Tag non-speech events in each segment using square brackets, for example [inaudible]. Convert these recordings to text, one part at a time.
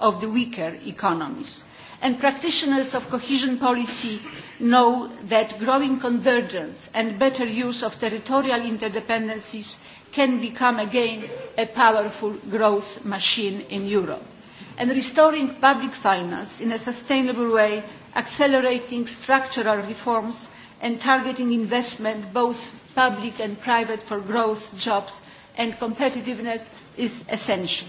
of the weaker economies. And practitioners of cohesion policy know that growing convergence and better use of territorial interdependencies can become again a powerful growth machine in Europe. And restoring public finance in a sustainable way, accelerating structural reforms and targeting investment, both public and private, for growth, jobs and competitiveness is essential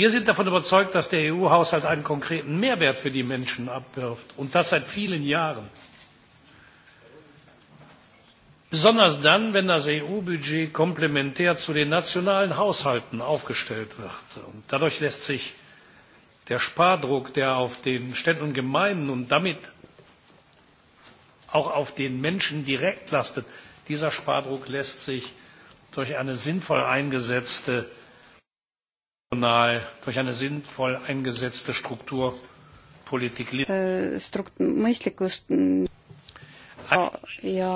wir sind davon überzeugt dass der eu haushalt einen konkreten mehrwert für die menschen abwirft und das seit vielen jahren besonders dann wenn das eu budget komplementär zu den nationalen haushalten aufgestellt wird. dadurch lässt sich der spardruck der auf den städten und gemeinden und damit auch auf den menschen direkt lastet dieser spardruck lässt sich durch eine sinnvoll eingesetzte durch eine sinnvoll eingesetzte Strukturpolitik äh, Struk-, mõistlikust ja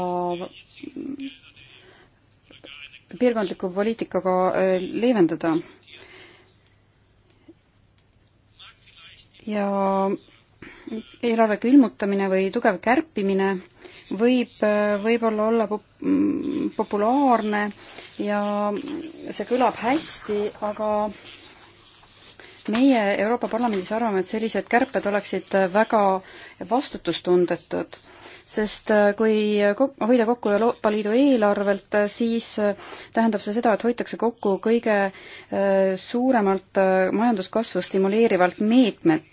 piirkondliku poliitikaga äh, leevendada. ja eelarve külmutamine või tugev kärpimine võib äh, võib-olla olla pop-, mm, populaarne ja see kõlab hästi, aga meie Euroopa Parlamendis arvame, et sellised kärped oleksid väga vastutustundetud, sest äh, kui hoida kokku Euroopa Liidu eelarvelt, äh, siis äh, tähendab see seda, et hoitakse kokku kõige suuremalt majanduskasvu stimuleerivalt meetmelt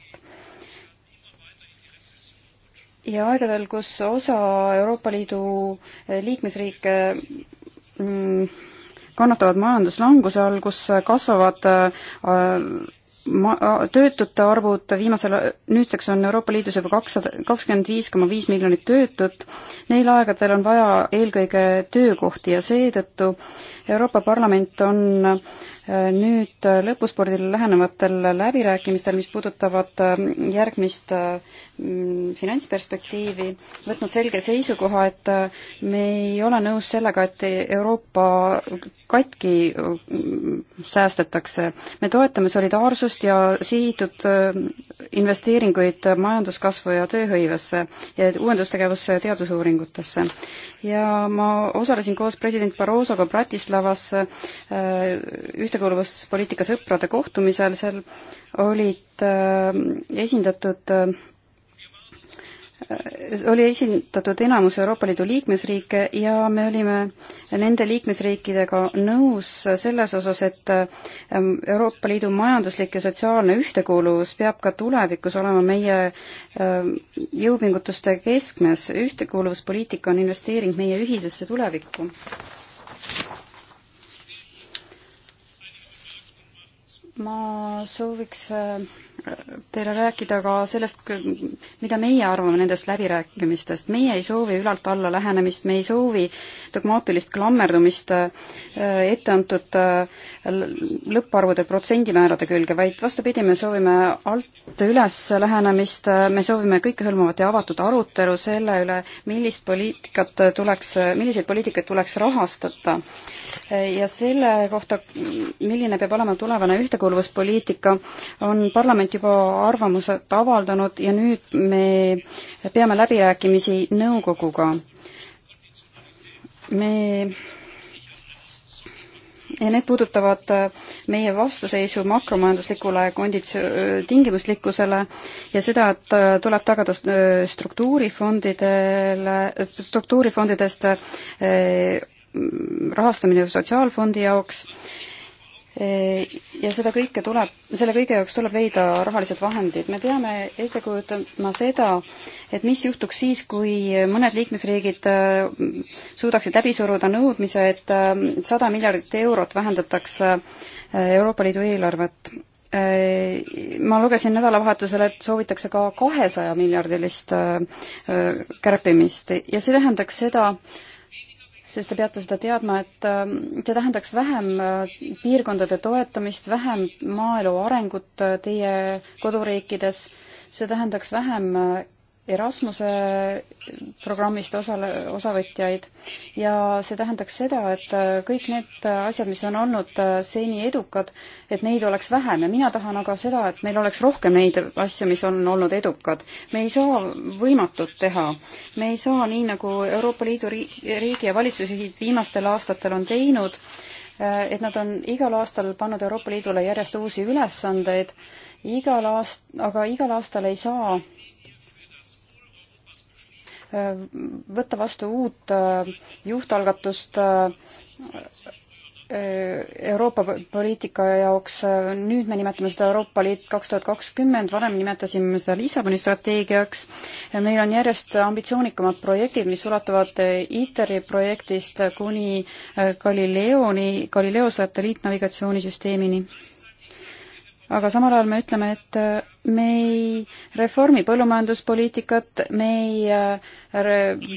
ja aegadel, kus osa Euroopa Liidu liikmesriike mm, kannatavad majanduslanguse all, kus kasvavad ma-, töötute arvud viimasel, nüüdseks on Euroopa Liidus juba kakssada, kakskümmend viis koma viis miljonit töötut, neil aegadel on vaja eelkõige töökohti ja seetõttu Euroopa Parlament on äh, nüüd lõpuspordile lähenevatel läbirääkimistel, mis puudutavad äh, järgmist äh, mm, finantsperspektiivi, võtnud selge seisukoha, et me ei ole nõus sellega, et Euroopa katki säästetakse. me toetame solidaarsust ja sihitud äh, investeeringuid majanduskasvu ja tööhõivesse ja uuendustegevusse ja teadusuuringutesse. ja ma osalesin koos president Barrosoga Bratislavas äh, ühtekuuluvuspoliitika sõprade kohtumisel, seal olid äh, esindatud oli esindatud enamus Euroopa Liidu liikmesriike ja me olime nende liikmesriikidega nõus selles osas, et ähm, Euroopa Liidu majanduslik ja sotsiaalne ühtekuuluvus peab ka tulevikus olema meie ähm, jõupingutuste keskmes. ühtekuuluvuspoliitika on investeering meie ühisesse tulevikku. ma sooviks äh, teile rääkida ka sellest, mida meie arvame nendest läbirääkimistest. meie ei soovi ülalt alla lähenemist, me ei soovi dogmaatilist klammerdumist Äh, ette antud äh, lõpparvude protsendimäärade külge, vaid vastupidi, me soovime alt üles lähenemist, äh, me soovime kõikehõlmavat ja avatud arutelu selle üle, millist poliitikat tuleks, milliseid poliitikaid tuleks rahastada. ja selle kohta, milline peab olema tulevane ühtekuuluvuspoliitika, on parlament juba arvamused avaldanud ja nüüd me peame läbirääkimisi nõukoguga. me ja need puudutavad äh, meie vastuseisu makromajanduslikule kondits-, äh, tingimuslikkusele ja seda, et äh, tuleb tagada struktuurifondidele, struktuurifondidest rahastamine sotsiaalfondi jaoks ja seda kõike tuleb, selle kõige jaoks tuleb leida rahalised vahendid. me peame ette kujutama seda, et mis juhtuks siis, kui mõned liikmesriigid äh, suudaksid läbi suruda nõudmise, et äh, sada miljardit eurot vähendatakse äh, Euroopa Liidu eelarvet. Ma lugesin nädalavahetusel, et soovitakse ka kahesaja miljardilist kärpimist ja see tähendaks seda, sest te peate seda teadma, et äh, see tähendaks vähem äh, piirkondade toetamist, vähem maaelu arengut äh, teie koduriikides, see tähendaks vähem Erasmuse programmist osale, osavõtjaid ja see tähendaks seda, et äh, kõik need äh, asjad, mis on olnud äh, seni edukad, et neid oleks vähem ja mina tahan aga seda, et meil oleks rohkem neid asju, mis on olnud edukad. me ei saa võimatut teha. me ei saa nii, nagu Euroopa Liidu riigi ja valitsusjuhid viimastel aastatel on teinud, et nad on igal aastal pannud Euroopa Liidule järjest uusi ülesandeid, igal aast-, aga igal aastal ei saa Äh, võtta vastu uut äh, juhtalgatust äh, Euroopa poliitika jaoks, nüüd me nimetame seda Euroopa Liit kaks tuhat kakskümmend, varem nimetasime seda Lissaboni strateegiaks, meil on järjest ambitsioonikamad projektid, mis ulatuvad ITER-i projektist kuni Galileoni, Galileo satelliitnavigatsioonisüsteemini aga samal ajal me ütleme, et äh, me ei reformi põllumajanduspoliitikat, me ei äh,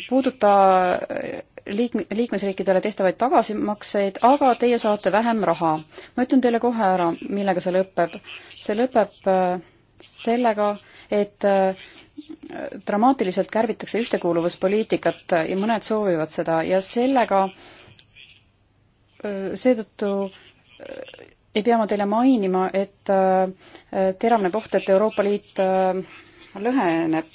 puuduta äh, liikme, liikmesriikidele tehtavaid tagasimakseid, aga teie saate vähem raha. ma ütlen teile kohe ära, millega see lõpeb. see lõpeb sellega, et dramaatiliselt kärbitakse ühtekuuluvuspoliitikat ja mõned soovivad seda ja sellega seetõttu ei pea ma teile mainima, et äh, teravneb oht, et Euroopa Liit äh, lõheneb.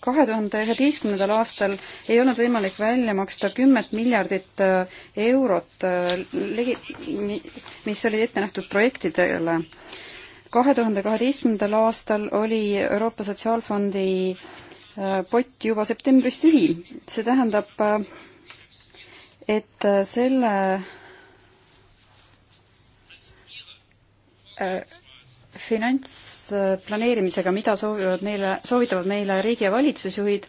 kahe tuhande üheteistkümnendal aastal ei olnud võimalik välja maksta kümmet miljardit äh, eurot, mis oli ette nähtud projektidele. kahe tuhande kaheteistkümnendal aastal oli Euroopa Sotsiaalfondi pott juba septembris tühi, see tähendab, et selle Äh, finantsplaneerimisega, mida soovivad meile, soovitavad meile riigi- ja valitsusjuhid,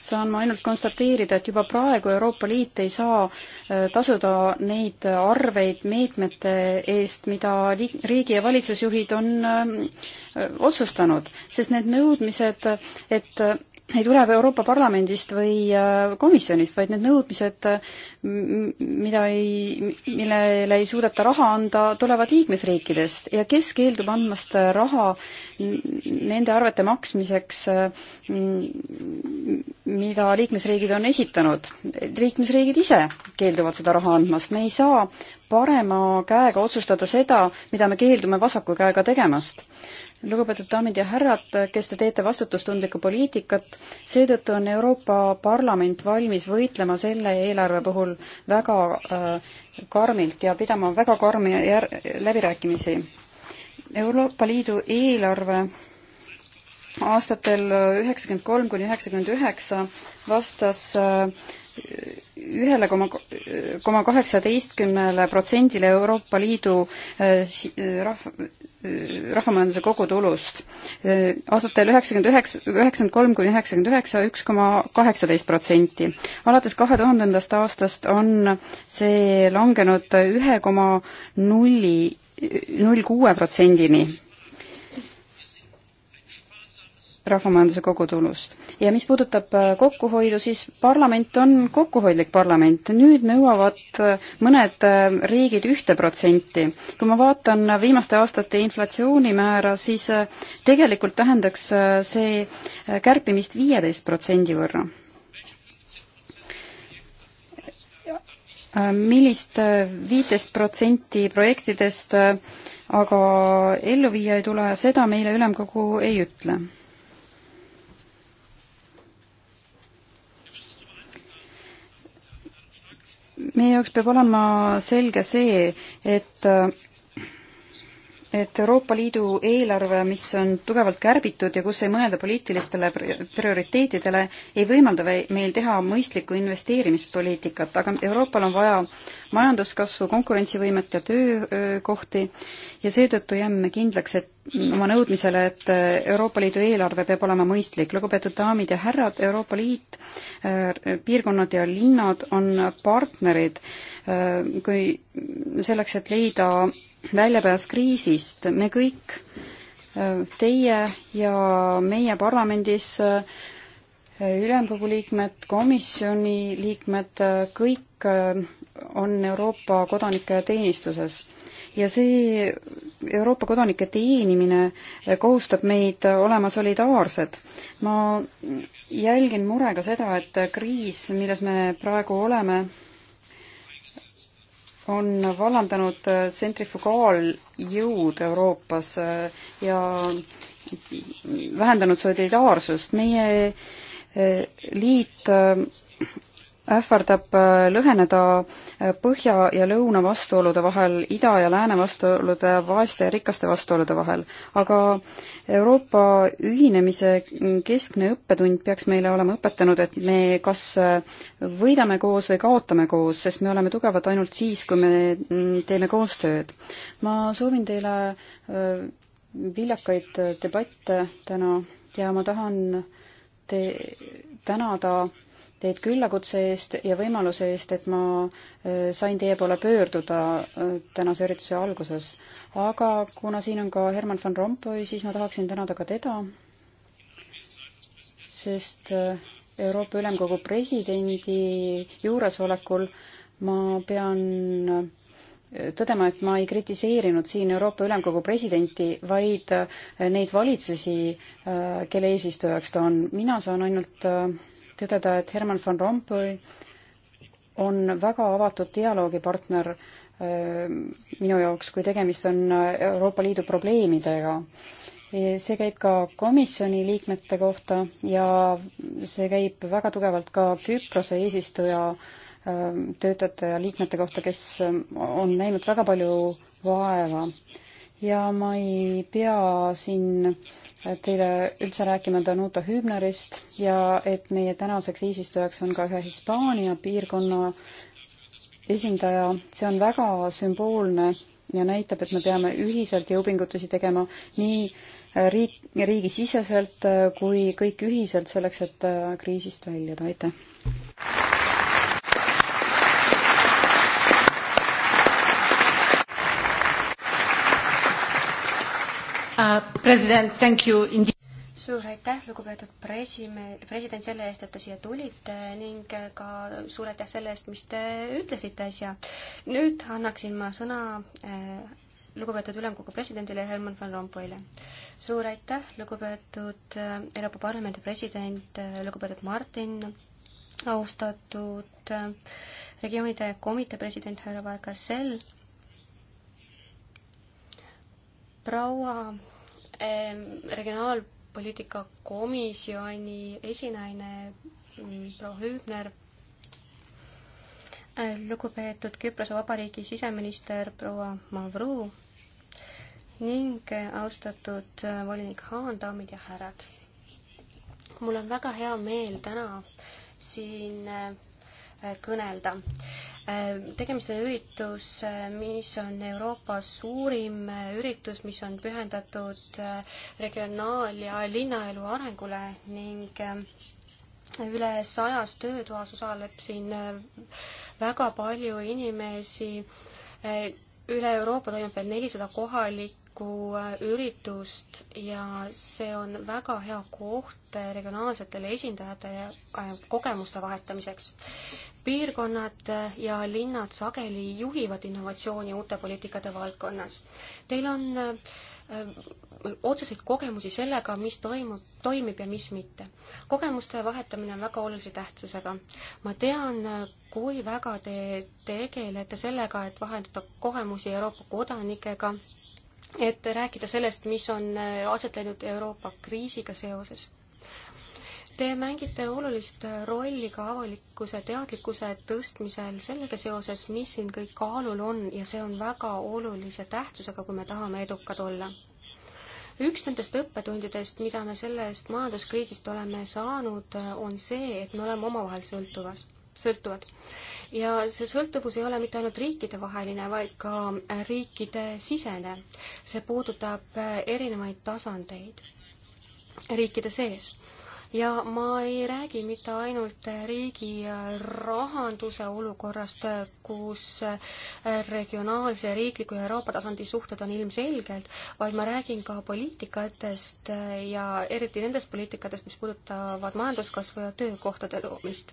saan ma ainult konstateerida, et juba praegu Euroopa Liit ei saa äh, tasuda neid arveid meetmete eest, mida riigi- ja valitsusjuhid on äh, otsustanud, sest need nõudmised, et ei tule Euroopa Parlamendist või äh, komisjonist, vaid need nõudmised, mida ei, millele ei suudeta raha anda, tulevad liikmesriikidest ja kes keeldub andmast äh, raha nende arvete maksmiseks, äh, mida liikmesriigid on esitanud. liikmesriigid ise keelduvad seda raha andmast, me ei saa parema käega otsustada seda, mida me keeldume vasaku käega tegemast lugupeetud daamid ja härrad, kes te teete vastutustundlikku poliitikat, seetõttu on Euroopa Parlament valmis võitlema selle eelarve puhul väga äh, karmilt ja pidama väga karmi jär-, läbirääkimisi. Euroopa Liidu eelarve aastatel üheksakümmend kolm kuni üheksakümmend üheksa vastas äh, ühele koma, koma kaheksateistkümnele protsendile Euroopa Liidu äh, äh, rahv-, Äh, rahvamajanduse kogutulust. Äh, aastatel üheksakümmend üheksa, üheksakümmend kolm kuni üheksakümmend üheksa üks koma kaheksateist protsenti. alates kahe tuhandendast aastast on see langenud ühe koma nulli, null kuue protsendini rahvamajanduse kogutulust. ja mis puudutab äh, kokkuhoidu, siis parlament on kokkuhoidlik parlament, nüüd nõuavad äh, mõned äh, riigid ühte protsenti. kui ma vaatan viimaste aastate inflatsioonimäära, siis tegelikult tähendaks see kärpimist viieteist protsendi võrra millist viiteist protsenti projektidest aga ellu viia ei tule, seda meile ülemkogu ei ütle. meie jaoks peab olema selge see, et et Euroopa Liidu eelarve, mis on tugevalt kärbitud ja kus ei mõelda poliitilistele prioriteetidele, ei võimalda meil teha mõistlikku investeerimispoliitikat, aga Euroopal on vaja majanduskasvu, konkurentsivõimet ja töökohti ja seetõttu jääme me kindlaks, et oma nõudmisele, et Euroopa Liidu eelarve peab olema mõistlik. lugupeetud daamid ja härrad, Euroopa Liit, äh, piirkonnad ja linnad on partnerid, äh, kui selleks, et leida väljapääs kriisist, me kõik, äh, teie ja meie parlamendis, äh, ülemkogu liikmed, komisjoni liikmed, äh, kõik on Euroopa kodanike teenistuses. ja see Euroopa kodanike teenimine kohustab meid olema solidaarsed. ma jälgin murega seda, et kriis, milles me praegu oleme, on vallandanud tsentrifugaaljõud Euroopas äh, ja vähendanud solidaarsust. meie äh, liit äh, ähvardab äh, lõheneda äh, põhja ja lõuna vastuolude vahel, ida ja lääne vastuolude, vaeste ja rikaste vastuolude vahel. aga Euroopa ühinemise keskne õppetund peaks meile olema õpetanud, et me kas äh, võidame koos või kaotame koos, sest me oleme tugevad ainult siis, kui me mm, teeme koostööd. ma soovin teile viljakaid debatte täna ja ma tahan te tänada teid küllakutse eest ja võimaluse eest, et ma äh, sain teie poole pöörduda äh, tänase ürituse alguses. aga kuna siin on ka Herman van Rompuy, siis ma tahaksin tänada ka teda, sest äh, Euroopa Ülemkogu presidendi juuresolekul ma pean tõdema, et ma ei kritiseerinud siin Euroopa Ülemkogu presidenti, vaid neid valitsusi, kelle eesistujaks ta on. mina saan ainult tõdeda, et Herman van Rompuy on väga avatud dialoogipartner äh, minu jaoks, kui tegemist on Euroopa Liidu probleemidega. see käib ka komisjoni liikmete kohta ja see käib väga tugevalt ka Küprose eesistuja äh, töötajate ja liikmete kohta, kes äh, on näinud väga palju vaeva ja ma ei pea siin teile üldse rääkima Danuta Hübnerist ja et meie tänaseks eesistujaks on ka ühe Hispaania piirkonna esindaja, see on väga sümboolne ja näitab, et me peame ühiselt jõupingutusi tegema nii riik, riigisiseselt kui kõik ühiselt selleks, et kriisist väljuda, aitäh! uh,. suur aitäh, lugupeetud presime-, president, selle eest, et te siia tulite ning ka suur aitäh selle eest, mis te ütlesite äsja. nüüd annaksin ma sõna äh, lugupeetud ülemkogu presidendile Herman Van Rompuyle. suur aitäh, lugupeetud eh, Euroopa Parlamendi president, eh, lugupeetud Martin, austatud regioonide komitee president härra Vargasell proua ähm, regionaalpoliitika komisjoni esinaine mm, proua Hüübner, äh, lugupeetud Küprose Vabariigi siseminister proua Mavru ning äh, austatud äh, volinik Haan, daamid ja härrad. mul on väga hea meel täna siin Äh, kõnelda. Äh, tegemist on üritus, äh, mis on Euroopa suurim üritus, mis on pühendatud regionaal- ja linnaelu arengule ning üle sajas töötoas osaleb siin väga palju inimesi üle Euroopa toimub veel nelisada kohalikku arenguüritust äh, ja see on väga hea koht äh, regionaalsetele esindajatele äh, kogemuste vahetamiseks. piirkonnad ja linnad sageli juhivad innovatsiooni uute poliitikate valdkonnas. Teil on otseseid kogemusi sellega, mis toimub, toimib ja mis mitte. kogemuste vahetamine on väga olulise tähtsusega. ma tean, kui väga te tegelete sellega, et vahendada kogemusi Euroopa kodanikega et rääkida sellest, mis on äh, aset leidnud Euroopa kriisiga seoses. Te mängite olulist rolli ka avalikkuse teadlikkuse tõstmisel sellega seoses, mis siin kõik kaalul on ja see on väga olulise tähtsusega, kui me tahame edukad olla. üks nendest õppetundidest, mida me sellest majanduskriisist oleme saanud, äh, on see, et me oleme omavahel sõltuvas sõltuvad. ja see sõltuvus ei ole mitte ainult riikidevaheline, vaid ka riikidesisene. see puudutab erinevaid tasandeid riikide sees ja ma ei räägi mitte ainult riigi rahanduse olukorrast, kus regionaalse, riikliku ja Euroopa tasandi suhted on ilmselgelt, vaid ma räägin ka poliitikatest ja eriti nendest poliitikatest, mis puudutavad majanduskasvu ja töökohtade loomist.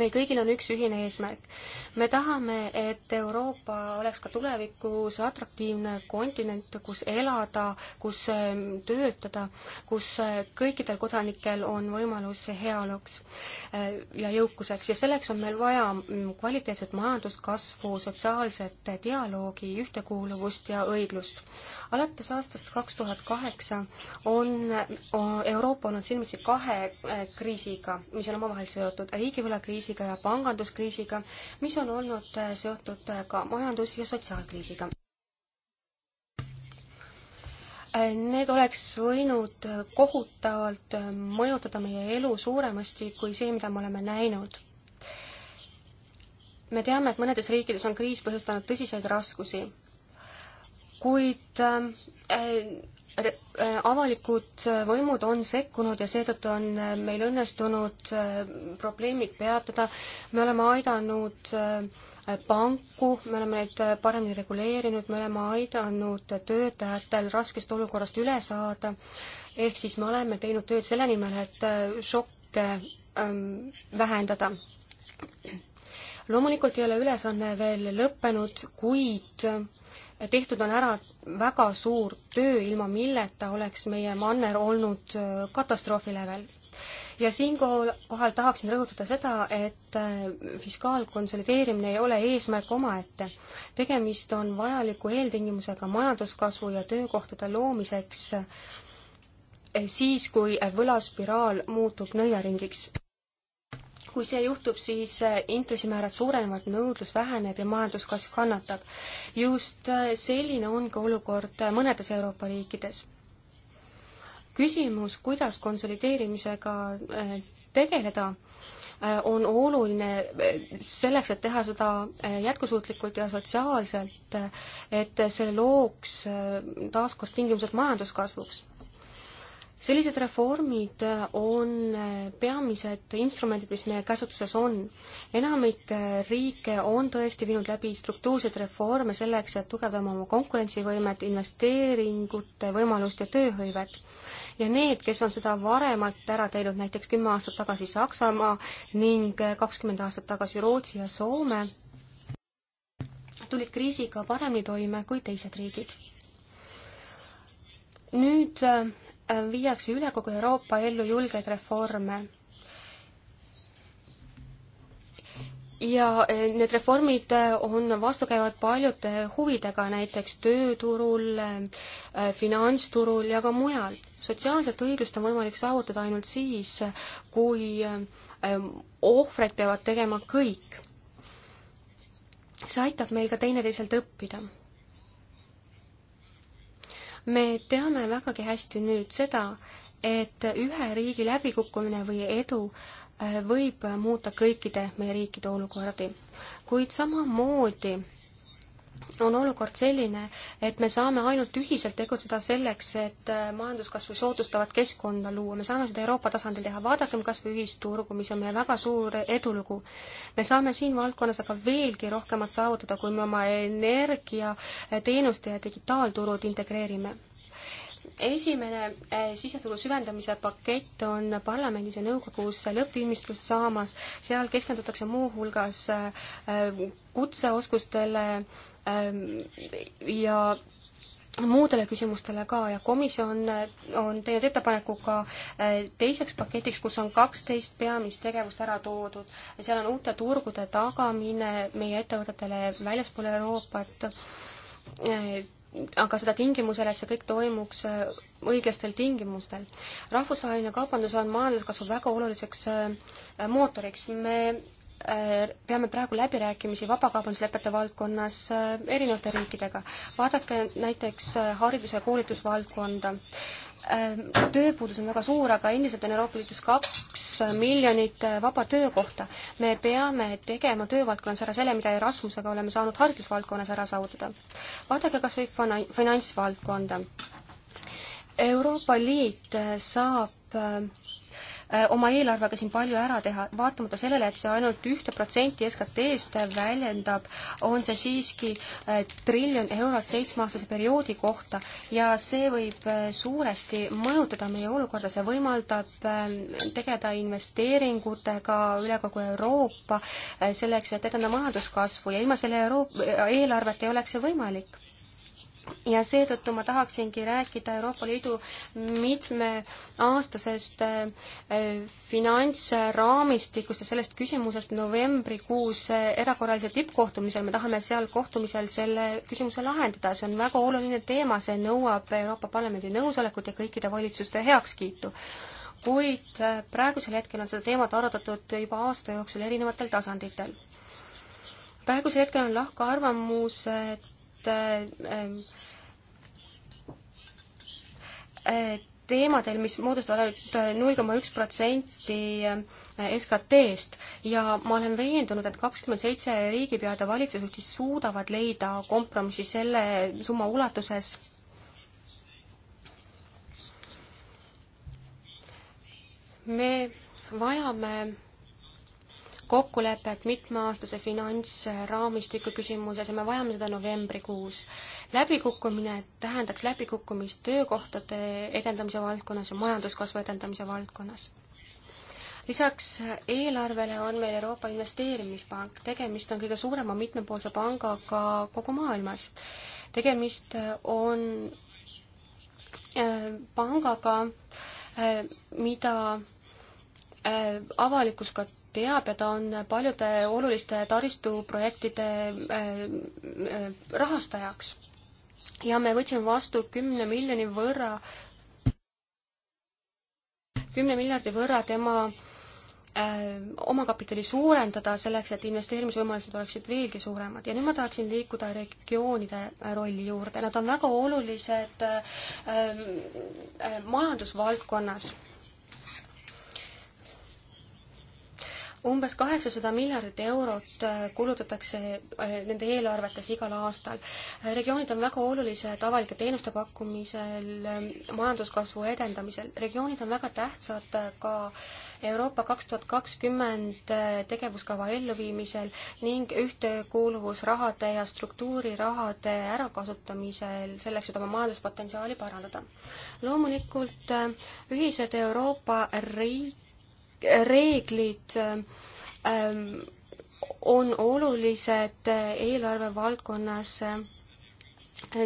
meil kõigil on üks ühine eesmärk. me tahame, et Euroopa oleks ka tulevikus atraktiivne kontinent, kus elada, kus ähm, töötada, kus äh, kõikidel kodanikel on võimalus heaoluks äh, ja jõukuseks ja selleks on meil vaja mm, kvaliteetset majanduskasvu, sotsiaalset dialoogi, ühtekuuluvust ja õiglust. alates aastast kaks tuhat kaheksa on äh, Euroopa olnud silmitsi kahe kriisiga, mis on omavahel seotud, riigi võlakriis kriisiga ja panganduskriisiga, mis on olnud äh, seotud äh, ka majandus- ja sotsiaalkriisiga. Äh, need oleks võinud kohutavalt mõjutada meie elu suuremasti kui see, mida me oleme näinud. me teame, et mõnedes riikides on kriis põhjustanud tõsiseid raskusi, kuid äh, Äh, avalikud äh, võimud on sekkunud ja seetõttu on äh, meil õnnestunud probleemid peatada. me oleme aidanud panku, me oleme neid paremini reguleerinud, me oleme aidanud töötajatel raskest olukorrast üle saada, ehk siis me oleme teinud tööd selle nimel, et šokke ähm, vähendada. loomulikult ei ole ülesanne veel lõppenud, kuid äh, tehtud on ära väga suur töö, ilma milleta oleks meie manner olnud äh, katastroofi lävel. ja siinkohal tahaksin rõhutada seda, et äh, fiskaalkonsolideerimine ei ole eesmärk omaette. tegemist on vajaliku eeltingimusega majanduskasvu ja töökohtade loomiseks äh, siis, kui võlaspiraal muutub nõiaringiks kui see juhtub, siis äh, intressimäärad suurenevad, nõudlus väheneb ja majanduskasv kannatab. just äh, selline on ka olukord äh, mõnedes Euroopa riikides. küsimus, kuidas konsolideerimisega tegeleda, on oluline selleks, et teha seda jätkusuutlikult ja sotsiaalselt, et see looks taaskord tingimused majanduskasvuks sellised reformid äh, on äh, peamised instrumendid, mis meie käsutuses on. enamik äh, riike on tõesti viinud läbi struktuurseid reforme selleks, et tugevdama oma konkurentsivõimet, investeeringute võimalust ja tööhõivet. ja need, kes on seda varemalt ära teinud, näiteks kümme aastat tagasi Saksamaa ning kakskümmend aastat tagasi Rootsi ja Soome, tulid kriisiga paremini toime kui teised riigid. nüüd viiakse üle kogu Euroopa ellu julgeid reforme. ja eh, need reformid eh, on vastukäivad paljude huvidega, näiteks tööturul, eh, finantsturul ja ka mujal. sotsiaalset õiglust on võimalik saavutada ainult siis, kui ohvreid peavad tegema kõik. see aitab meil ka teineteiselt õppida me teame vägagi hästi nüüd seda, et ühe riigi läbikukkumine või edu äh, võib muuta kõikide meie riikide olukordi, kuid samamoodi on olukord selline, et me saame ainult ühiselt tegutseda selleks, et äh, majanduskasvu soodustavat keskkonda luua, me saame seda Euroopa tasandil teha, vaadakem kas või ühisturgu, mis on meie väga suur edulugu. me saame siin valdkonnas aga veelgi rohkemat saavutada, kui me oma energiateenuste äh, ja digitaalturud integreerime esimene äh, siseturu süvendamise pakett on parlamendis ja nõukogus lõppilmistrust saamas, seal keskendutakse muuhulgas kutseoskustele, Ähm, ja muudele küsimustele ka ja komisjon äh, on teinud ettepaneku ka äh, teiseks paketiks, kus on kaksteist peamist tegevust ära toodud. seal on uute turgude tagamine meie ettevõtetele väljaspool Euroopat, äh, aga seda tingimusel, et see kõik toimuks õiglastel tingimustel. rahvusvaheline kaubandus on majanduskasvu väga oluliseks mootoriks. me Äh, peame praegu läbirääkimisi vabakaubanduslepete valdkonnas äh, erinevate riikidega. vaadake näiteks äh, haridus- ja koolitusvaldkonda. Tööpuudus on väga suur, aga endiselt on Euroopa Liidus kaks miljonit vaba töökohta. me peame tegema töövaldkonnas ära selle, mida Erasmusega oleme saanud haridusvaldkonnas ära saavutada. vaadake kas või finantsvaldkonda. Euroopa Liit saab Äh, oma eelarvega siin palju ära teha, vaatamata sellele, et see ainult ühte protsenti SKT-st väljendab, on see siiski äh, triljon eurot seitsmeaastase perioodi kohta ja see võib äh, suuresti mõjutada meie olukorda, see võimaldab tegeleda investeeringutega üle kogu Euroopa selleks, et edendada majanduskasvu ja ilma selle Euroop-, eelarvet ei oleks see võimalik ja seetõttu ma tahaksingi rääkida Euroopa Liidu mitmeaastasest äh, finantsraamistikust ja sellest küsimusest novembrikuus äh, erakorralisel tippkohtumisel. me tahame seal kohtumisel selle küsimuse lahendada, see on väga oluline teema, see nõuab Euroopa Parlamendi nõusolekut ja kõikide valitsuste heakskiitu kuid äh, praegusel hetkel on seda teemat arutatud juba aasta jooksul erinevatel tasanditel. praegusel hetkel on lahkarvamus Ähm, teemadel, mis moodustavad ainult null koma üks protsenti äh, SKT-st ja ma olen veendunud, et kakskümmend seitse riigipead ja valitsusjuhti suudavad leida kompromissi selle summa ulatuses. me vajame kokkulepet mitmeaastase finantsraamistiku küsimuses ja me vajame seda novembrikuus. läbikukkumine tähendaks läbikukkumist töökohtade edendamise valdkonnas ja majanduskasvu edendamise valdkonnas. lisaks eelarvele on meil Euroopa Investeerimispank, tegemist on kõige suurema mitmepoolse pangaga kogu maailmas. tegemist on äh, pangaga, äh, mida äh, avalikkus ka teab ja ta on paljude oluliste taristuprojektide äh, äh, rahastajaks. ja me võtsime vastu kümne miljoni võrra, kümne miljardi võrra tema äh, omakapitali suurendada selleks, et investeerimisvõimalused oleksid veelgi suuremad ja nüüd ma tahaksin liikuda regioonide rolli juurde, nad on väga olulised äh, äh, majandusvaldkonnas umbes kaheksasada miljardit eurot äh, kulutatakse äh, nende eelarvetes igal aastal. Äh, regioonid on väga olulised avalike teenuste pakkumisel, ähm, majanduskasvu edendamisel. regioonid on väga tähtsad ka Euroopa kaks tuhat kakskümmend tegevuskava elluviimisel ning ühtekuuluvusrahade ja struktuurirahade ärakasutamisel selleks, et oma majanduspotentsiaali parandada. loomulikult ühised Euroopa riik reeglid ähm, on olulised äh, eelarve valdkonnas.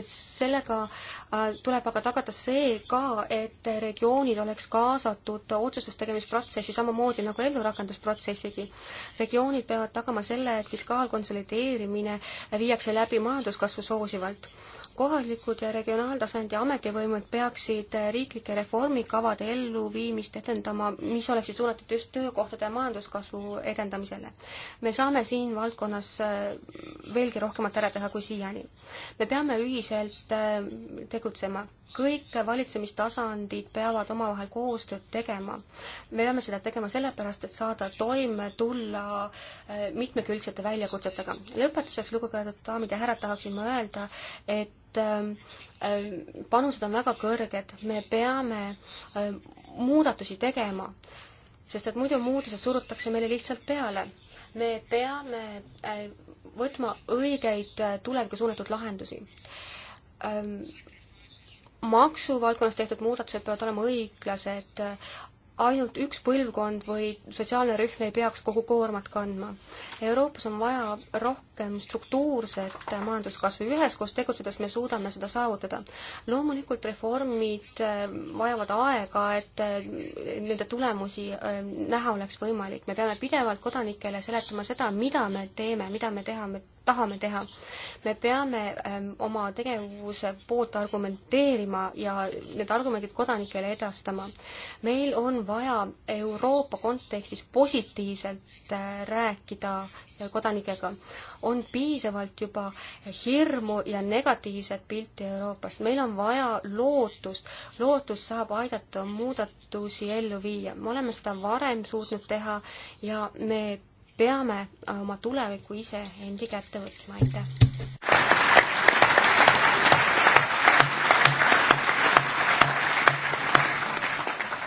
sellega äh, tuleb aga tagada see ka, et regioonid oleks kaasatud otsustustegemisprotsessi samamoodi nagu ellurakendusprotsessigi. regioonid peavad tagama selle, et fiskaalkonsolideerimine viiakse läbi majanduskasvu soosivalt kohalikud ja regionaaltasandi ametivõimud peaksid riiklike reformikavade elluviimist edendama, mis oleksid suunatud just töökohtade ja majanduskasvu edendamisele. me saame siin valdkonnas eh, veelgi rohkemat ära teha kui siiani. me peame ühiselt eh, tegutsema kõik valitsemistasandid peavad omavahel koostööd tegema. me peame seda tegema sellepärast, et saada toime tulla äh, mitmekülgsete väljakutsetega. lõpetuseks, lugupeetud daamid ja härrad, tahaksin ma öelda, et ähm, äh, panused on väga kõrged, me peame äh, muudatusi tegema, sest et muidu muutused surutakse meile lihtsalt peale. me peame võtma õigeid tulevikku suunatud lahendusi ähm, maksuvaldkonnas tehtud muudatused peavad olema õiglased, ainult üks põlvkond või sotsiaalne rühm ei peaks kogu koormat kandma. Euroopas on vaja rohkem struktuurset majanduskasvu, üheskoos tegutsedes me suudame seda saavutada. loomulikult reformid äh, vajavad aega, et äh, nende tulemusi äh, näha oleks võimalik. me peame pidevalt kodanikele seletama seda, mida me teeme, mida me teha, me tahame teha. me peame ähm, oma tegevuse poolt argumenteerima ja need argumendid kodanikele edastama. meil on vaja Euroopa kontekstis positiivselt äh, rääkida äh, kodanikega. on piisavalt juba hirmu ja negatiivset pilti Euroopast, meil on vaja lootust. lootus saab aidata muudatusi ellu viia. me oleme seda varem suutnud teha ja me peame äh, oma tuleviku ise endi kätte võtma, aitäh!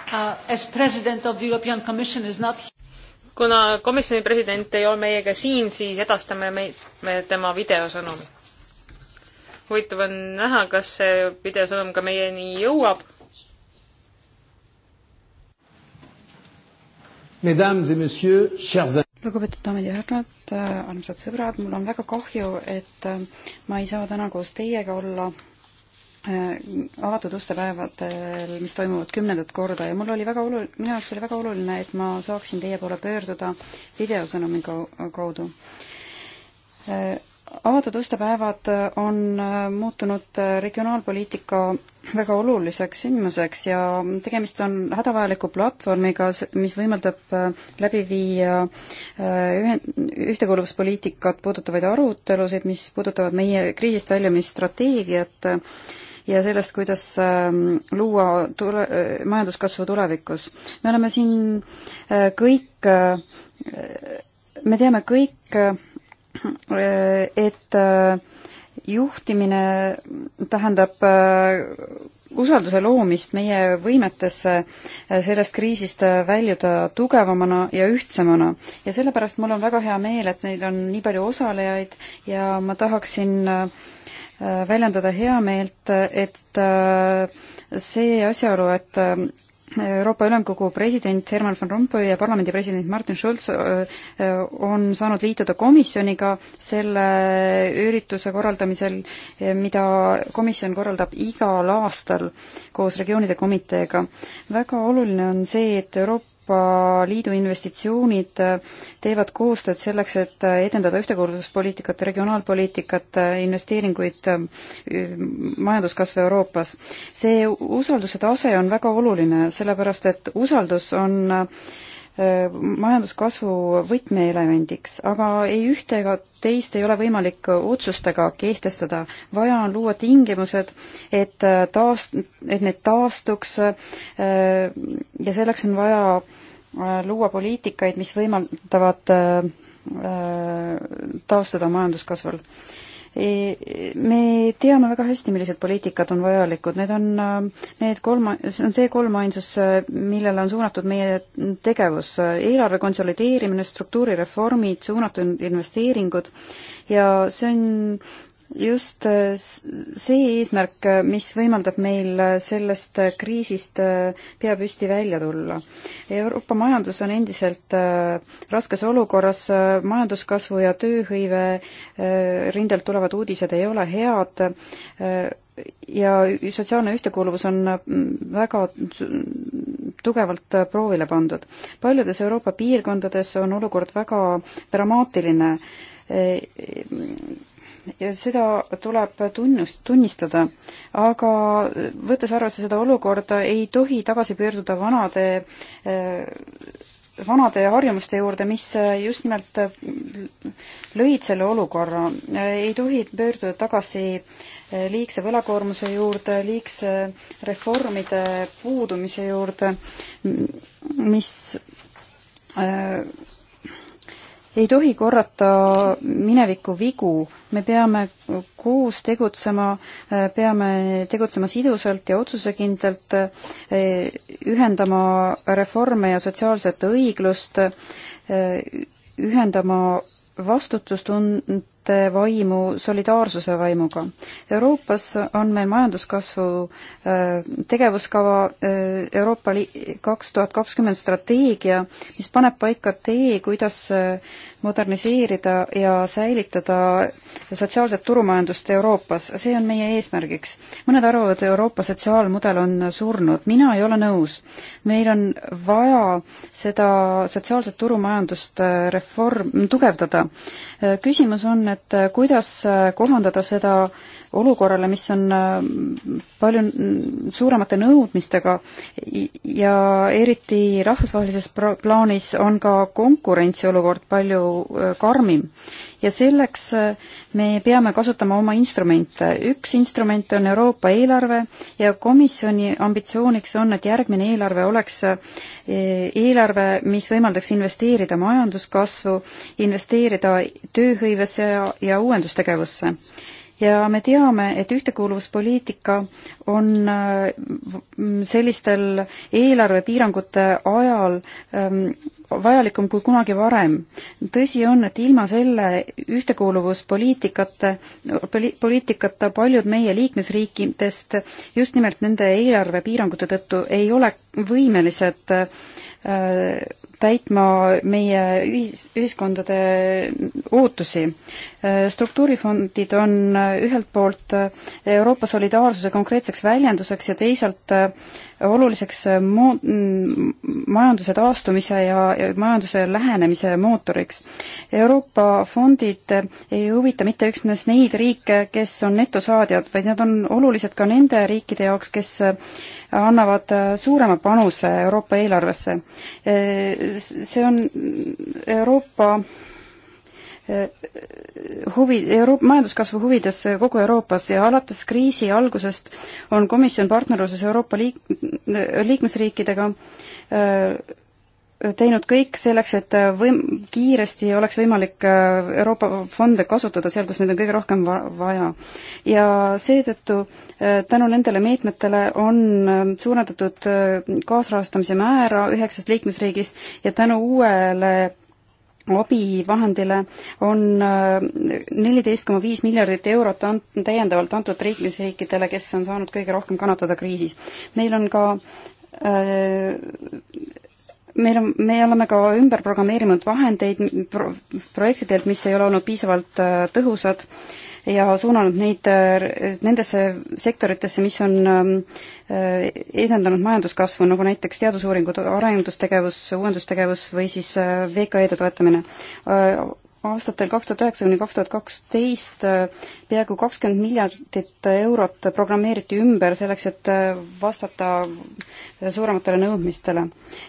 Uh, as president of the European Commission is not kuna komisjoni president ei ole meiega siin, siis edastame meid, me tema videosõnumi. huvitav on näha, kas see videosõnum ka meieni jõuab. Mesdames et messieurs, chers lugupeetud daamid ja härrad, äh, armsad sõbrad, mul on väga kahju, et äh, ma ei saa täna koos teiega olla äh, avatud ustepäevadel, mis toimuvad kümnendat korda ja mul oli väga olu-, minu jaoks oli väga oluline, et ma saaksin teie poole pöörduda videosõnumi kaudu avatud ustepäevad äh, on äh, muutunud äh, regionaalpoliitika väga oluliseks sündmuseks ja tegemist on hädavajaliku platvormiga, mis võimaldab läbi viia ühtekuuluvuspoliitikat puudutavaid arutelusid, mis puudutavad meie kriisist väljumisstrateegiat ja sellest, kuidas luua tule, majanduskasvu tulevikus. me oleme siin kõik, me teame kõik, [clears throat] et äh, juhtimine tähendab äh, usalduse loomist meie võimetesse äh, sellest kriisist väljuda tugevamana ja ühtsemana. ja sellepärast mul on väga hea meel, et meil on nii palju osalejaid ja ma tahaksin väljendada heameelt, et see asjaolu, et Euroopa Ülemkogu president Herman Van Rompuy ja parlamendi president Martin Schulz on saanud liituda komisjoniga selle ürituse korraldamisel, mida komisjon korraldab igal aastal koos regioonide komiteega. väga oluline on see, et Euroopa Euroopa Liidu investitsioonid äh, teevad koostööd selleks, et äh, edendada ühtekuuluvuspoliitikat, regionaalpoliitikat, äh, investeeringuid, majanduskasvu Euroopas. see usalduse tase on väga oluline, sellepärast et usaldus on majanduskasvu võtmeelemendiks, aga ei ühte ega teist ei ole võimalik otsustega kehtestada. vaja on luua tingimused, et taas, et need taastuks ja selleks on vaja Äh, luua poliitikaid, mis võimaldavad äh, äh, taastuda majanduskasvul. E, me teame väga hästi, millised poliitikad on vajalikud, need on need kolm, see on see kolmainsus, millele on suunatud meie tegevus, eelarve konsolideerimine, struktuurireformid, suunatud investeeringud ja see on just äh, see eesmärk, äh, mis võimaldab meil äh, sellest kriisist pea püsti välja tulla. Euroopa majandus on endiselt raskes olukorras, majanduskasvu ja tööhõive rindelt tulevad uudised ei ole head ja sotsiaalne ühtekuuluvus on mm, väga tugevalt proovile pandud. paljudes Euroopa piirkondades on olukord väga dramaatiline ja seda tuleb tunnust, tunnistada. aga võttes arvesse seda olukorda, ei tohi tagasi pöörduda vanade eh, vanade harjumuste juurde, mis eh, just nimelt eh, lõid selle olukorra. ei tohi pöörduda tagasi liigse võlakoormuse juurde, liigse reformide puudumise juurde, mis ei tohi korrata mineviku vigu, me peame koos tegutsema, peame tegutsema sidusalt ja otsusekindlalt, eh, ühendama reforme ja sotsiaalset õiglust, eh, ühendama vastutustund-, ettevõtete vaimu solidaarsuse vaimuga. Euroopas on meil majanduskasvu äh, tegevuskava äh, Euroopa kaks tuhat kakskümmend strateegia, mis paneb paika tee, kuidas äh, moderniseerida ja säilitada sotsiaalset turumajandust Euroopas, see on meie eesmärgiks. mõned arvavad, Euroopa sotsiaalmudel on surnud, mina ei ole nõus. meil on vaja seda sotsiaalset turumajandust äh, reform, tugevdada. Äh, küsimus on, et kuidas äh, kohandada seda äh, olukorrale, mis on äh, palju suuremate nõudmistega ja eriti rahvusvahelises plaanis on ka konkurentsiolukord palju äh, karmim. ja selleks äh, me peame kasutama oma instrumente. üks instrument on Euroopa eelarve ja komisjoni ambitsiooniks on, et järgmine eelarve oleks eelarve, mis võimaldaks investeerida majanduskasvu, investeerida tööhõivesse ja, ja uuendustegevusse ja me teame, et ühtekuuluvuspoliitika on äh, sellistel eelarvepiirangute ajal ähm, vajalikum kui kunagi varem. tõsi on, et ilma selle ühtekuuluvuspoliitikate, poliitikata paljud meie liikmesriikidest just nimelt nende eelarvepiirangute tõttu ei ole võimelised äh, täitma meie ühis, ühiskondade ootusi. struktuurifondid on ühelt poolt Euroopa solidaarsuse konkreetseks väljenduseks ja teisalt oluliseks mo-, majanduse taastumise ja majanduse lähenemise mootoriks. Euroopa fondid ei huvita mitte üksnes neid riike, kes on netosaadjad, vaid nad on olulised ka nende riikide jaoks, kes annavad suurema panuse Euroopa eelarvesse see on Euroopa eh, huvi, Euroopa majanduskasvu huvides kogu Euroopas ja alates kriisi algusest on komisjon partnerluses Euroopa liik-, liikmesriikidega äh, teinud kõik selleks, et äh, võim-, kiiresti oleks võimalik äh, Euroopa fonde kasutada seal, kus neid on kõige rohkem va-, vaja. ja seetõttu äh, tänu nendele meetmetele on suurendatud kaasrahastamise määra üheksast liikmesriigist ja tänu uuele abivahendile on neliteist koma viis miljardit eurot ant-, täiendavalt antud liikmesriikidele, kes on saanud kõige rohkem kannatada kriisis. meil on ka meil on, me oleme ka ümber programmeerinud vahendeid pro, projektidelt, mis ei ole olnud piisavalt äh, tõhusad ja suunanud neid äh, nendesse sektoritesse, mis on ähm, äh, edendanud majanduskasvu, nagu näiteks teadusuuringud, arendustegevus, uuendustegevus või siis VKE-de toetamine aastatel kaks tuhat üheksa kuni kaks tuhat kaksteist peaaegu kakskümmend miljardit eurot programmeeriti ümber selleks, et vastata suurematele nõudmistele.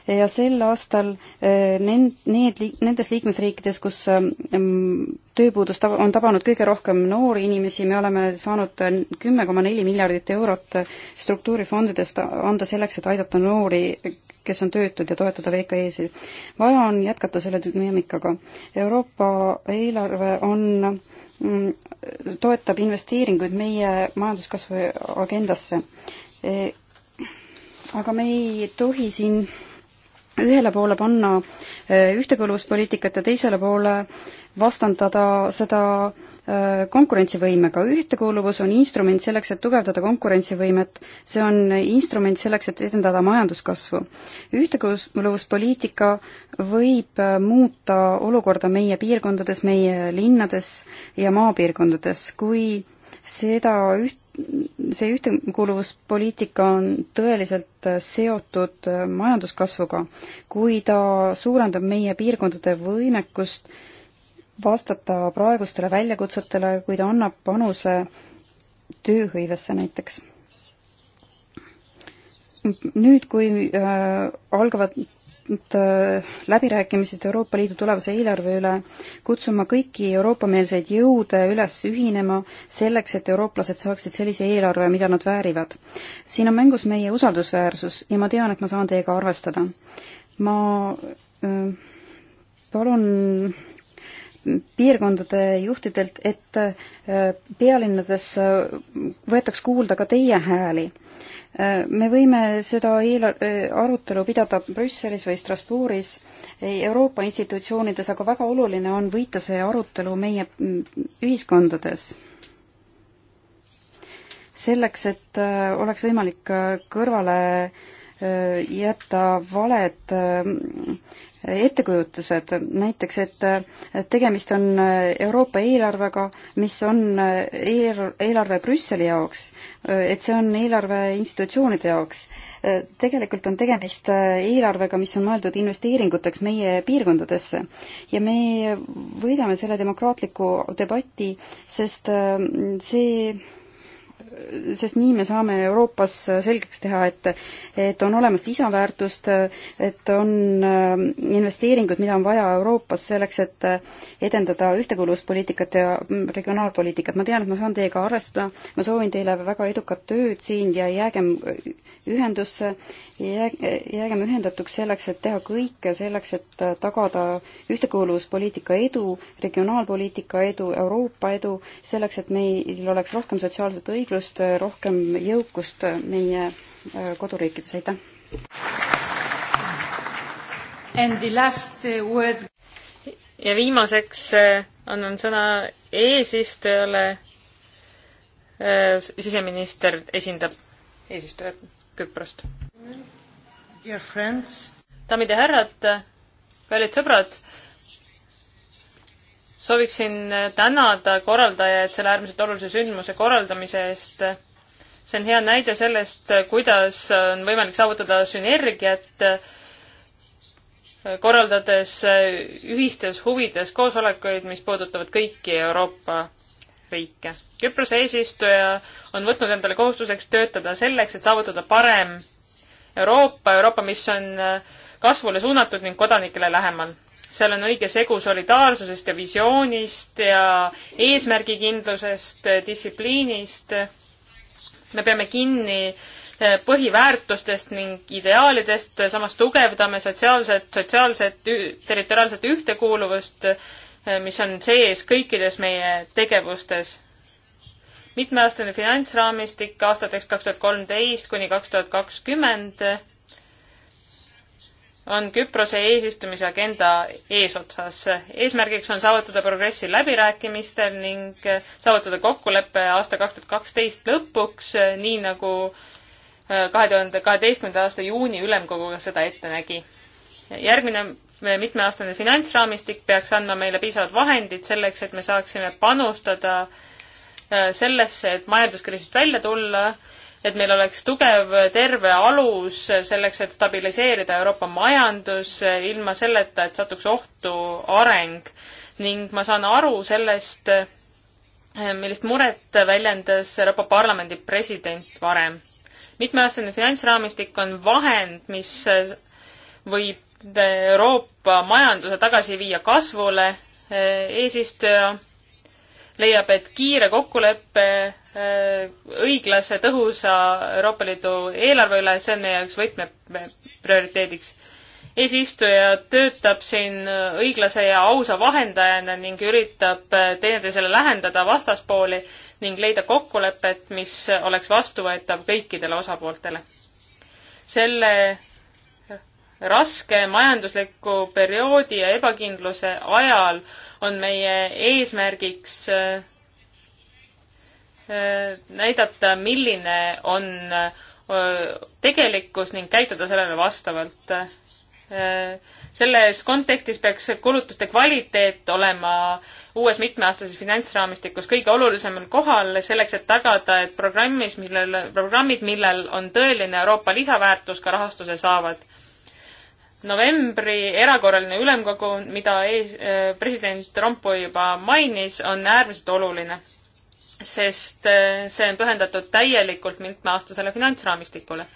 ja sel aastal eh, nend-, need, nendes liikmesriikides, kus ehm, tööpuudus tab-, on tabanud kõige rohkem noori inimesi, me oleme saanud eh, kümme koma neli miljardit eurot eh, struktuurifondidest anda selleks, et aidata noori, kes on töötud ja toetada VKE-sid. vaja on jätkata selle dünaamikaga. Euroopa eelarve on mm, toetab investeeringuid meie majanduskasvu agendasse. E, aga me ei tohi siin ühele poole panna äh, ühtekõlbuspoliitikat ja teisele poole vastandada seda äh, konkurentsivõimega. ühtekuuluvus on instrument selleks, et tugevdada konkurentsivõimet, see on instrument selleks, et edendada majanduskasvu. ühtekuuluvuspoliitika võib äh, muuta olukorda meie piirkondades, meie linnades ja maapiirkondades, kui seda üht, see ühtekuuluvuspoliitika on tõeliselt seotud majanduskasvuga. kui ta suurendab meie piirkondade võimekust vastata praegustele väljakutsetele, kui ta annab panuse tööhõivesse näiteks. nüüd, kui äh, algavad Äh, läbirääkimised Euroopa Liidu tulevase eelarve üle, kutsuma kõiki Euroopa-meelseid jõude üles ühinema selleks, et eurooplased saaksid sellise eelarve, mida nad väärivad. siin on mängus meie usaldusväärsus ja ma tean, et ma saan teiega arvestada. ma äh, palun piirkondade juhtidelt, et äh, pealinnades võetaks kuulda ka teie hääli Äh, me võime seda eel-, äh, arutelu pidada Brüsselis või Strasbourgis, Euroopa institutsioonides, aga väga oluline on võita see arutelu meie mm, ühiskondades. selleks, et äh, oleks võimalik kõrvale jätta valed ettekujutused, näiteks et tegemist on äh, Euroopa eelarvega, mis on äh, eel-, eelarve Brüsseli jaoks, äh, et see on eelarve institutsioonide jaoks. tegelikult on tegemist eelarvega, mis on mõeldud investeeringuteks meie piirkondadesse. ja me võidame selle demokraatliku debati, sest see sest nii me saame Euroopas selgeks teha, et et on olemas lisaväärtust, et on äh, investeeringud, mida on vaja Euroopas selleks, et äh, edendada ühtekuuluvuspoliitikat ja mm, regionaalpoliitikat. ma tean, et ma saan teiega arvestada, ma soovin teile väga edukat tööd siin ja jäägem ühendusse, jäägem ühendatuks selleks, et teha kõike selleks, et tagada ühtekuuluvuspoliitika edu, regionaalpoliitika edu, Euroopa edu, selleks, et meil oleks rohkem sotsiaalset õiglust, võimekust, äh, rohkem jõukust äh, meie äh, koduriikides, aitäh! ja viimaseks annan sõna eesistujale. siseminister esindab eesistujat Küprost. daamid ja härrad, kallid sõbrad sooviksin tänada korraldajaid selle äärmiselt olulise sündmuse korraldamise eest. see on hea näide sellest, kuidas on võimalik saavutada sünergiat, eh, korraldades eh, ühistes huvides koosolekuid, mis puudutavad kõiki Euroopa riike. Küprose eesistuja on võtnud endale kohustuseks töötada selleks, et saavutada parem Euroopa, Euroopa, mis on eh, kasvule suunatud ning kodanikele lähemal seal on õige segu solidaarsusest ja visioonist ja eesmärgikindlusest, distsipliinist. me peame kinni eh, põhiväärtustest ning ideaalidest, samas tugevdame sotsiaalset, sotsiaalset, territoriaalset ühtekuuluvust, eh, mis on sees kõikides meie tegevustes. mitmeaastane finantsraamistik aastateks kaks tuhat kolmteist kuni kaks tuhat kakskümmend on Küprose eesistumise agenda eesotsas. eesmärgiks on saavutada progressi läbirääkimistel ning saavutada kokkulepe aasta kaks tuhat kaksteist lõpuks, nii nagu äh, kahe tuhande kaheteistkümnenda aasta juuni ülemkoguga seda ette nägi. järgmine äh, mitmeaastane finantsraamistik peaks andma meile piisavad vahendid selleks, et me saaksime panustada äh, sellesse, et majanduskriisist välja tulla et meil oleks tugev terve alus selleks, et stabiliseerida Euroopa majandus ilma selleta, et satuks ohtu areng. ning ma saan aru sellest, millist muret väljendas Euroopa Parlamendi president varem. mitmeaastane finantsraamistik on vahend, mis võib Euroopa majanduse tagasi viia kasvule, eesistuja leiab, et kiire kokkulepe äh, õiglase, tõhusa Euroopa Liidu eelarve üle, see on meie jaoks võtme prioriteediks. eesistuja töötab siin äh, õiglase ja ausa vahendajana ning üritab äh, teineteisele lähendada vastaspooli ning leida kokkulepet, mis oleks vastuvõetav kõikidele osapooltele. selle raske majandusliku perioodi ja ebakindluse ajal on meie eesmärgiks äh, äh, näidata, milline on äh, tegelikkus ning käituda sellele vastavalt. selles kontekstis peaks kulutuste kvaliteet olema uues mitmeaastases finantsraamistikus kõige olulisemal kohal selleks, et tagada, et programmis, millel, programmid, millel on tõeline Euroopa lisaväärtus, ka rahastuse saavad novembri erakorraline ülemkogu, mida ees, äh, president Rompuy juba mainis, on äärmiselt oluline, sest äh, see on pühendatud täielikult mitmeaastasele finantsraamistikule.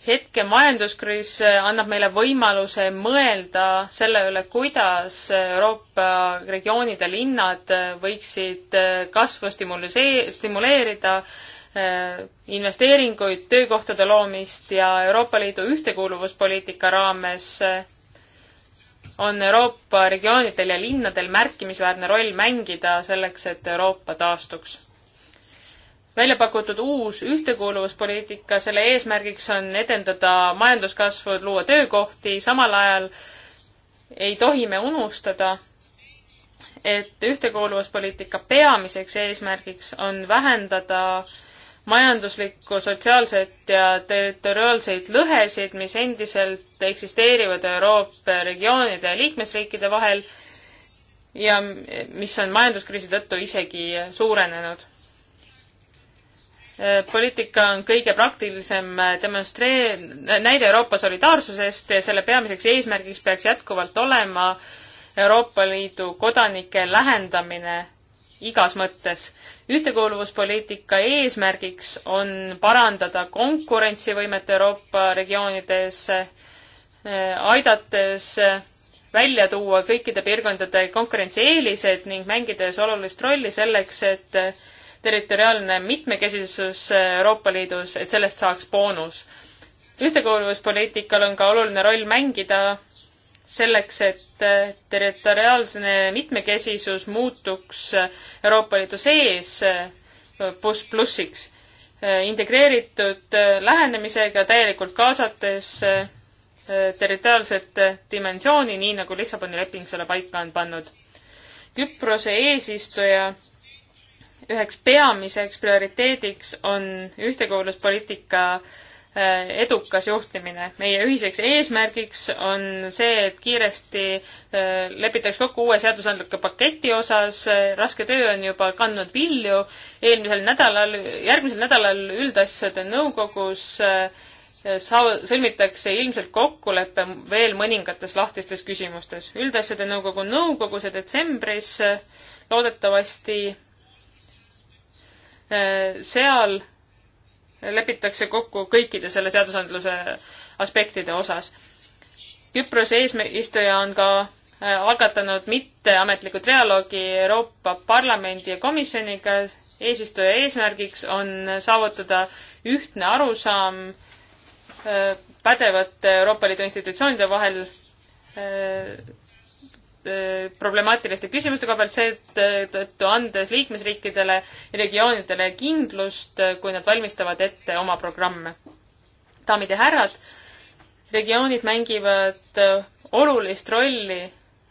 hetke majanduskriis äh, annab meile võimaluse mõelda selle üle, kuidas Euroopa regioonide linnad võiksid kasvu stimuleerida, Äh, investeeringuid, töökohtade loomist ja Euroopa Liidu ühtekuuluvuspoliitika raames äh, on Euroopa regioonidel ja linnadel märkimisväärne roll mängida selleks, et Euroopa taastuks. välja pakutud uus ühtekuuluvuspoliitika, selle eesmärgiks on edendada majanduskasvu, luua töökohti, samal ajal ei tohi me unustada, et ühtekuuluvuspoliitika peamiseks eesmärgiks on vähendada äh, majanduslikku, sotsiaalset ja territoriaalseid lõhesid, mis endiselt eksisteerivad Euroopa regioonide ja liikmesriikide vahel ja mis on majanduskriisi tõttu isegi suurenenud. poliitika on kõige praktilisem demonstree-, näide Euroopa solidaarsusest ja selle peamiseks eesmärgiks peaks jätkuvalt olema Euroopa Liidu kodanike lähendamine igas mõttes ühtekuuluvuspoliitika eesmärgiks on parandada konkurentsivõimet Euroopa regioonides, äh, aidates äh, välja tuua kõikide piirkondade konkurentsieelised ning mängides olulist rolli selleks, et äh, territoriaalne mitmekesisus Euroopa Liidus, et sellest saaks boonus. ühtekuuluvuspoliitikal on ka oluline roll mängida selleks, et äh, territoriaalne mitmekesisus muutuks äh, Euroopa Liidu sees äh, pluss plussiks, integreeritud lähenemisega, täielikult kaasates territoriaalset dimensiooni, nii nagu Lissaboni leping selle paika on pannud. Küprose eesistuja üheks peamiseks prioriteediks on ühtekuuluvuspoliitika äh, Äh, edukas juhtimine. meie ühiseks eesmärgiks on see, et kiiresti äh, lepitaks kokku uue seadusandliku paketi osas, raske töö on juba kandnud vilju, eelmisel nädalal, järgmisel nädalal üldasjade nõukogus äh, saa-, sõlmitakse ilmselt kokkulepe veel mõningates lahtistes küsimustes. üldasjade nõukogu nõukogus ja detsembris loodetavasti seal lepitakse kokku kõikide selle seadusandluse aspektide osas. Küprose eesistuja on ka äh, algatanud mitteametliku trialoogi Euroopa Parlamendi ja Komisjoniga. eesistuja eesmärgiks on saavutada ühtne arusaam äh, pädevate Euroopa Liidu institutsioonide vahel äh, Eh, problemaatiliste küsimustega pealt seetõttu andes liikmesriikidele ja regioonidele kindlust, eh, kui nad valmistavad ette oma programme. daamid ja härrad, regioonid mängivad eh, olulist rolli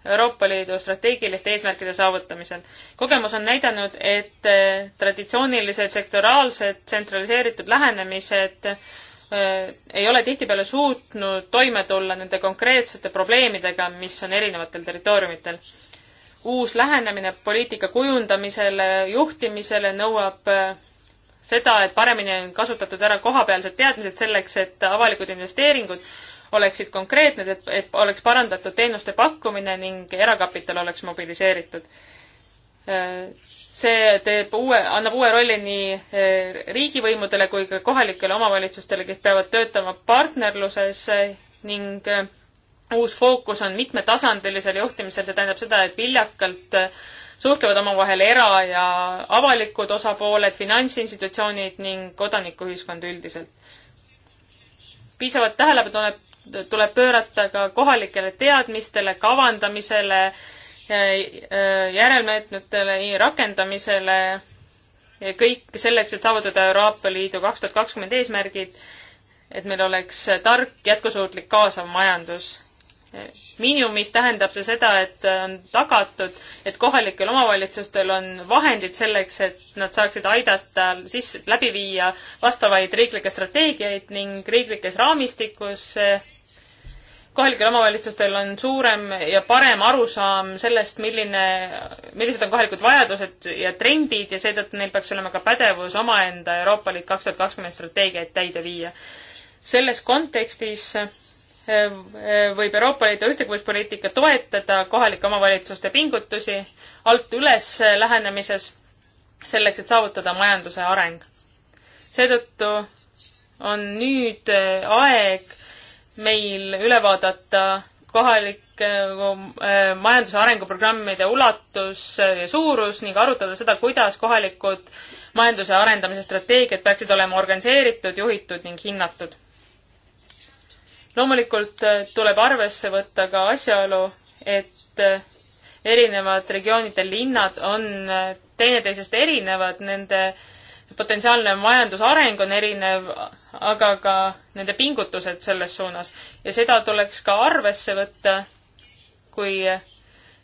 Euroopa Liidu strateegiliste eesmärkide saavutamisel. kogemus on näidanud, et traditsioonilised sektoraalsed tsentraliseeritud lähenemised Äh, ei ole tihtipeale suutnud toime tulla nende konkreetsete probleemidega, mis on erinevatel territooriumitel. uus lähenemine poliitika kujundamisele, juhtimisele nõuab äh, seda, et paremini on kasutatud ära kohapealsed teadmised selleks, et avalikud investeeringud oleksid konkreetned, et, et oleks parandatud teenuste pakkumine ning erakapital oleks mobiliseeritud äh, see teeb uue, annab uue rolli nii eh, riigivõimudele kui ka kohalikele omavalitsustele, kes peavad töötama partnerluses eh, ning eh, uus fookus on mitmetasandilisel juhtimisel, see tähendab seda, et viljakalt suhtlevad omavahel era- ja avalikud osapooled, finantsinstitutsioonid ning kodanikuühiskond üldiselt. piisavalt tähelepanu tuleb, tuleb pöörata ka kohalikele teadmistele, kavandamisele, Äh, järelmeetmetele, rakendamisele ja kõik selleks, et saavutada Euroopa Liidu kaks tuhat kakskümmend eesmärgid, et meil oleks tark, jätkusuutlik, kaasav majandus. miinimumis tähendab see seda, et on tagatud, et kohalikel omavalitsustel on vahendid selleks, et nad saaksid aidata siis läbi viia vastavaid riiklikke strateegiaid ning riiklikes raamistikus kohalikel omavalitsustel on suurem ja parem arusaam sellest, milline, millised on kohalikud vajadused ja trendid ja seetõttu neil peaks olema ka pädevus omaenda Euroopa Liit kaks tuhat kakskümmend strateegiaid täide viia. selles kontekstis eh, eh, võib Euroopa Liidu ühtekuuluvuspoliitika toetada kohalike omavalitsuste pingutusi alt üles lähenemises selleks, et saavutada majanduse areng. seetõttu on nüüd eh, aeg meil üle vaadata kohalike äh, majanduse arenguprogrammide ulatus ja suurus ning arutada seda, kuidas kohalikud majanduse arendamise strateegiad peaksid olema organiseeritud, juhitud ning hinnatud. loomulikult äh, tuleb arvesse võtta ka asjaolu, et äh, erinevad regioonid ja linnad on äh, teineteisest erinevad, nende äh, potentsiaalne majandusareng on erinev, aga ka nende pingutused selles suunas. ja seda tuleks ka arvesse võtta, kui äh,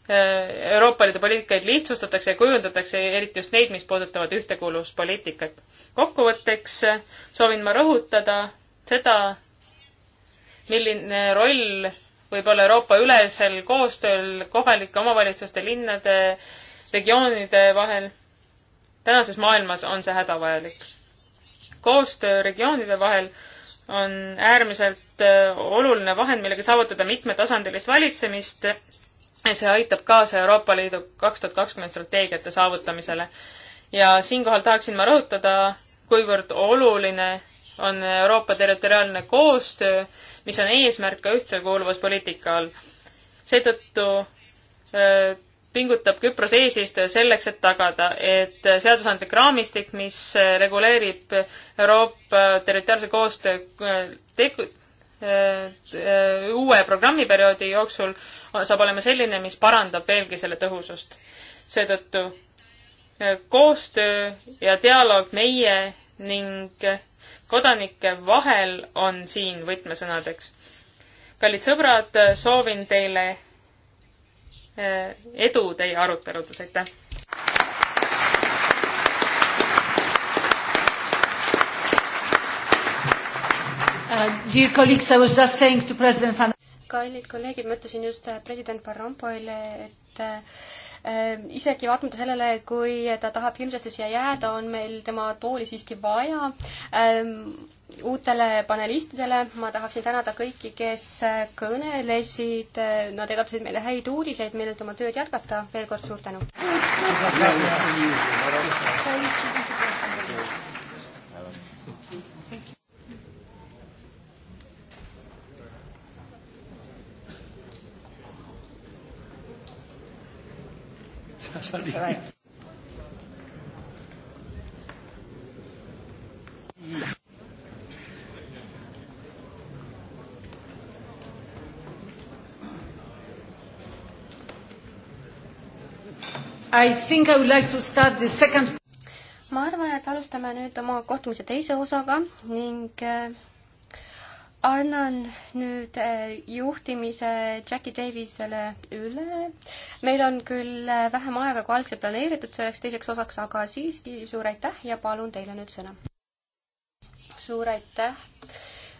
Euroopa Liidu poliitikaid lihtsustatakse ja kujundatakse, eriti just neid, mis puudutavad ühtekuuluvuspoliitikat. kokkuvõtteks äh, soovin ma rõhutada seda, milline roll võib olla Euroopa ülesel koostööl kohalike omavalitsuste, linnade, regioonide vahel tänases maailmas on see hädavajalik. koostöö regioonide vahel on äärmiselt äh, oluline vahend, millega saavutada mitmetasandilist valitsemist. see aitab kaasa Euroopa Liidu kaks tuhat kakskümmend strateegiate saavutamisele. ja siinkohal tahaksin ma rõhutada, kuivõrd oluline on Euroopa territoriaalne koostöö, mis on eesmärk ka ühtse kuuluvuspoliitika all. seetõttu äh, pingutab Küprose eesistuja selleks, et tagada, et seadusandlik raamistik, mis reguleerib Euroopa territoriaalse koostöö äh, tegu-, äh, uue programmiperioodi jooksul, saab olema selline, mis parandab veelgi selle tõhusust. seetõttu äh, koostöö ja dialoog meie ning kodanike vahel on siin võtmesõnadeks. kallid sõbrad, soovin teile Eh, edu teie aruteludes, aitäh! Uh, kallid kolleegid, ma ütlesin just äh, president Van Rompuyle, et äh, Ehm, isegi vaatamata sellele, kui ta tahab hirmsasti siia jääda, on meil tema tooli siiski vaja. Ehm, uutele panelistidele ma tahaksin tänada kõiki, kes äh, kõnelesid, ehm, nad edastasid meile häid uudiseid, meil on oma tööd jätkata, veel kord suur tänu! That's all right. I think I would like to start the second ma arvan, et alustame nüüd oma kohtumise teise osaga ning äh, annan nüüd äh, juhtimise Jackie Davisele üle. meil on küll äh, vähem aega kui algselt planeeritud selleks teiseks osaks, aga siiski suur aitäh ja palun teile nüüd sõna. suur aitäh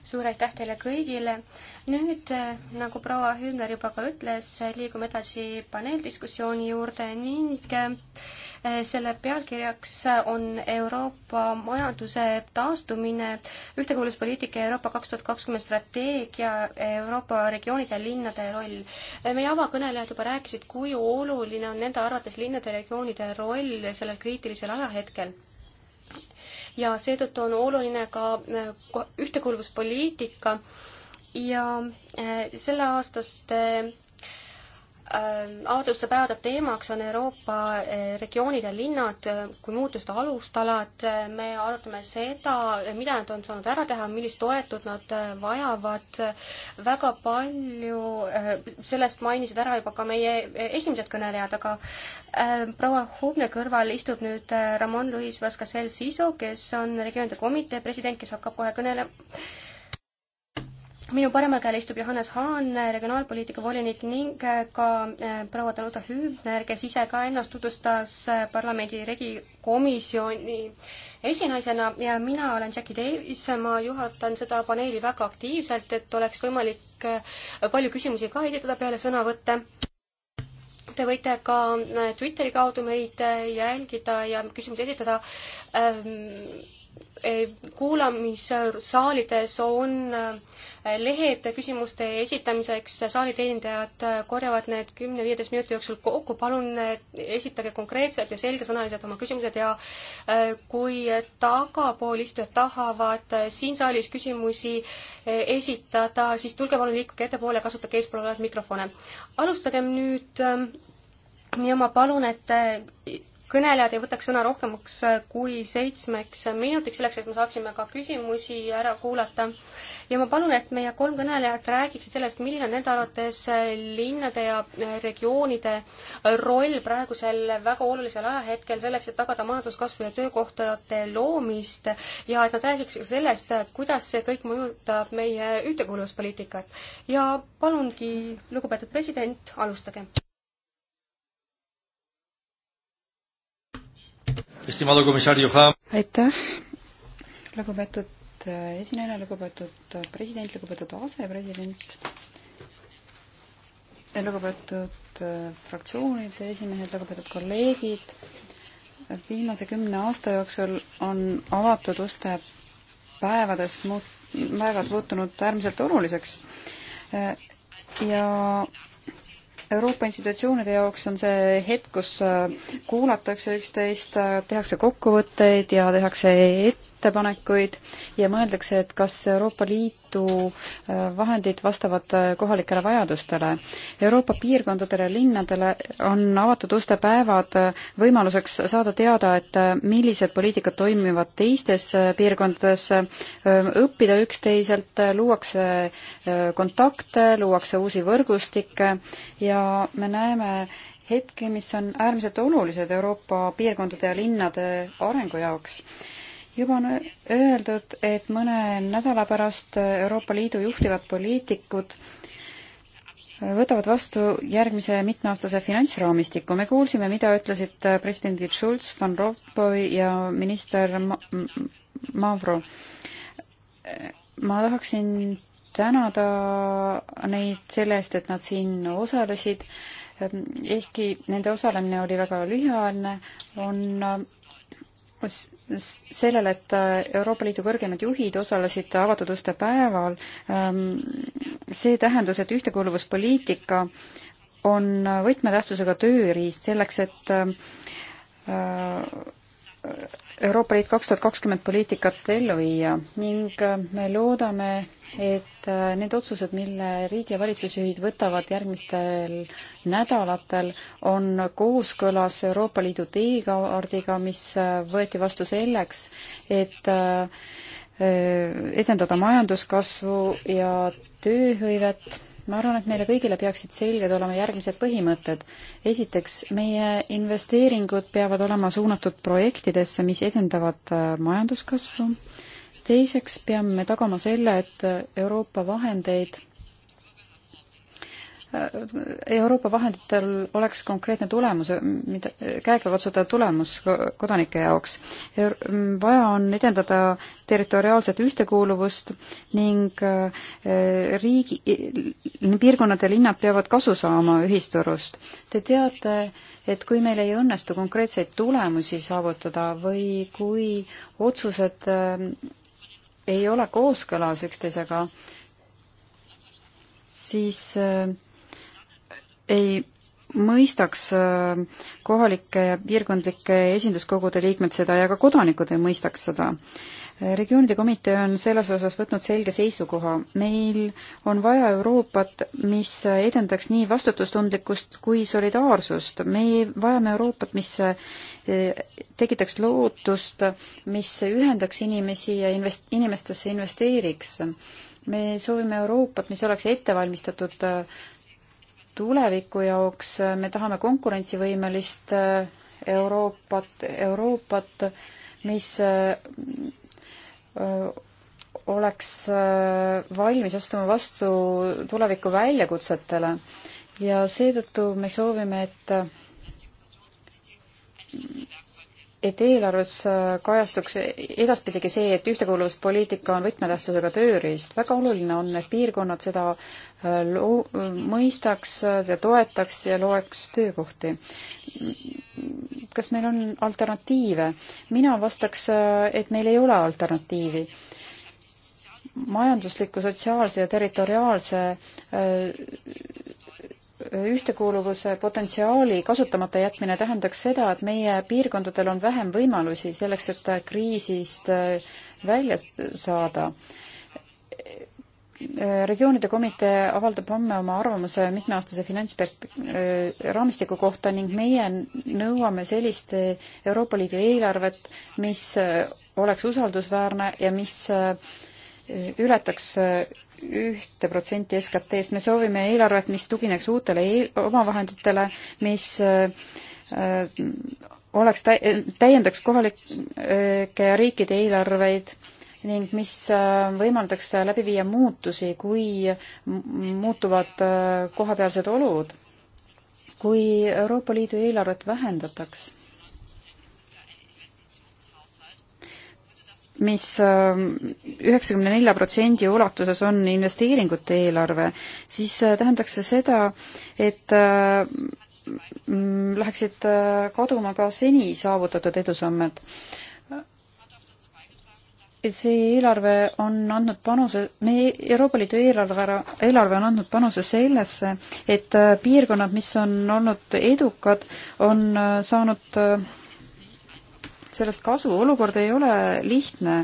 suur aitäh teile kõigile. nüüd, äh, nagu proua Hübner juba ka ütles, äh, liigume edasi paneeldiskussiooni juurde ning äh, selle pealkirjaks on Euroopa majanduse taastumine, ühtekuuluvuspoliitika Euroopa kaks tuhat kakskümmend strateegia, Euroopa regioonide ja linnade roll. meie avakõnelejad juba rääkisid, kui oluline on nende arvates linnade ja regioonide roll sellel kriitilisel ajahetkel ja seetõttu on oluline ka äh, ühtekuuluvuspoliitika ja äh, selleaastaste Ähm, avaduste päevade teemaks on Euroopa äh, regioonid ja linnad äh, kui muutuste alustalad. Äh, me arutame seda, mida nad on saanud ära teha, millist toetust nad vajavad. väga palju sellest mainisid ära juba ka meie esimesed kõnelejad, aga proua Hubne kõrval istub nüüd Ramon Luis Vascasel Siso, kes on regioonide komitee president, kes hakkab kohe kõnelema minu parema käel istub Johannes Haan, regionaalpoliitika volinik ning äh, ka äh, proua Danuta Hübner, kes ise ka ennast tutvustas äh, parlamendi regikomisjoni esinaisena ja mina olen Jackie Davis, ma juhatan seda paneeli väga aktiivselt, et oleks võimalik palju küsimusi ka esitada peale sõnavõtte. Te võite ka Twitteri kaudu meid jälgida ja küsimusi esitada ähm, Eh, kuulamissaalides on eh, lehed küsimuste esitamiseks, saaliteenindajad eh, korjavad need kümne-viieteist minuti jooksul kokku, palun esitage konkreetsed ja selgesõnaliselt oma küsimused ja kui tagapool istujad tahavad siin saalis küsimusi esitada, siis tulge palun liikuge ettepoole ja kasutage eespool olevaid mikrofone. alustagem nüüd ja ma palun, et kõnelejad ei võtaks sõna rohkemaks äh, kui seitsmeks minutiks, selleks et me saaksime ka küsimusi ära kuulata. ja ma palun, et meie kolm kõnelejat räägiksid sellest, milline on nende arvates linnade ja äh, regioonide äh, roll praegusel väga olulisel ajahetkel selleks, et tagada majanduskasvu ja töökohtade loomist ja et nad räägiks ka sellest, kuidas see kõik mõjutab meie ühtekuuluvuspoliitikat. ja palungi, lugupeetud president, alustage aitäh, lugupeetud äh, esineja, lugupeetud äh, president, lugupeetud asepresident, äh, lugupeetud fraktsioonide esimehed, lugupeetud kolleegid. viimase kümne aasta jooksul on avatud uste päevadest muut-, päevad muutunud äärmiselt oluliseks ja Euroopa institutsioonide jaoks on see hetk, kus äh, kuulatakse üksteist, äh, tehakse kokkuvõtteid ja tehakse et-, ettepanekuid ja mõeldakse, et kas Euroopa Liidu äh, vahendid vastavad äh, kohalikele vajadustele. Euroopa piirkondadele ja linnadele on avatud uste päevad äh, võimaluseks saada teada, et millised poliitikad toimivad teistes piirkondades, õppida üksteiselt, luuakse kontakte, luuakse uusi võrgustikke ja me näeme, hetki, mis on äärmiselt olulised Euroopa piirkondade ja linnade arengu jaoks juba on öeldud, et mõne nädala pärast Euroopa Liidu juhtivad poliitikud võtavad vastu järgmise mitmeaastase finantsraamistiku. me kuulsime, mida ütlesid äh, presidendid Schulz, Van Rompuy ja minister Ma Mavro. Äh, ma tahaksin tänada neid selle eest, et nad siin osalesid, äh, ehkki nende osalemine oli väga lühiajaline, on sellele, et äh, Euroopa Liidu kõrgemad juhid osalesid avatud uste päeval, ähm, see tähendas, et ühtekuuluvuspoliitika on võtmetähtsusega tööriist selleks, et äh, Euroopa Liit kaks tuhat kakskümmend poliitikat ellu viia ning me loodame, et äh, need otsused, mille riigi ja valitsusjuhid võtavad järgmistel nädalatel, on kooskõlas Euroopa Liidu teekaardiga, mis äh, võeti vastu selleks, et äh, edendada majanduskasvu ja tööhõivet ma arvan, et meile kõigile peaksid selged olema järgmised põhimõtted. esiteks, meie investeeringud peavad olema suunatud projektidesse, mis edendavad äh, majanduskasvu. teiseks peame tagama selle, et Euroopa vahendeid Äh, Euroopa vahenditel oleks konkreetne tulemus, mida, käegakatsutav tulemus kodanike jaoks. vaja on edendada territoriaalset ühtekuuluvust ning äh, riigi, piirkonnad ja linnad peavad kasu saama ühisturust. Te teate, et kui meil ei õnnestu konkreetseid tulemusi saavutada või kui otsused äh, ei ole kooskõlas üksteisega, siis äh, ei mõistaks äh, kohalike ja piirkondlike esinduskogude liikmed seda ja ka kodanikud ei mõistaks seda. regioonide komitee on selles osas võtnud selge seisukoha. meil on vaja Euroopat, mis edendaks nii vastutustundlikkust kui solidaarsust. me vajame Euroopat, mis äh, tekitaks lootust, mis ühendaks inimesi ja invest-, inimestesse investeeriks me soovime Euroopat, mis oleks ettevalmistatud äh, tuleviku jaoks, me tahame konkurentsivõimelist äh, Euroopat, Euroopat, mis äh, oleks äh, valmis astuma vastu tuleviku väljakutsetele ja seetõttu me soovime, et et eelarves äh, kajastuks edaspidigi see, et ühtekuuluvuspoliitika on võtmetähtsusega tööriist. väga oluline on, et piirkonnad seda äh, loo-, mõistaks äh, ja toetaks ja loeks töökohti. kas meil on alternatiive? mina vastaks, et meil ei ole alternatiivi majandusliku, sotsiaalse ja territoriaalse ühtekuuluvuse potentsiaali kasutamata jätmine tähendaks seda, et meie piirkondadel on vähem võimalusi selleks, et kriisist äh, välja saada. regioonide komitee avaldab homme oma arvamuse mitmeaastase finantspers-, äh, raamistiku kohta ning meie nõuame sellist Euroopa Liidu eelarvet, mis oleks usaldusväärne ja mis äh, ületaks ühte protsenti SKT-st, SKT me soovime eelarvet, mis tugineks uutele omavahenditele, mis äh, oleks tä-, täiendaks kohalike riikide eelarveid ning mis äh, võimaldaks läbi viia muutusi, kui muutuvad äh, kohapealsed olud. kui Euroopa Liidu eelarvet vähendataks mis ähm, üheksakümne nelja protsendi ulatuses on investeeringute eelarve, siis äh, tähendaks see seda, et äh, läheksid äh, kaduma ka seni saavutatud edusammed. see eelarve on andnud panuse, meie Euroopa Liidu eelarve, eelarve on andnud panuse sellesse, et piirkonnad, mis on olnud edukad, on saanud sellest kasu, olukord ei ole lihtne.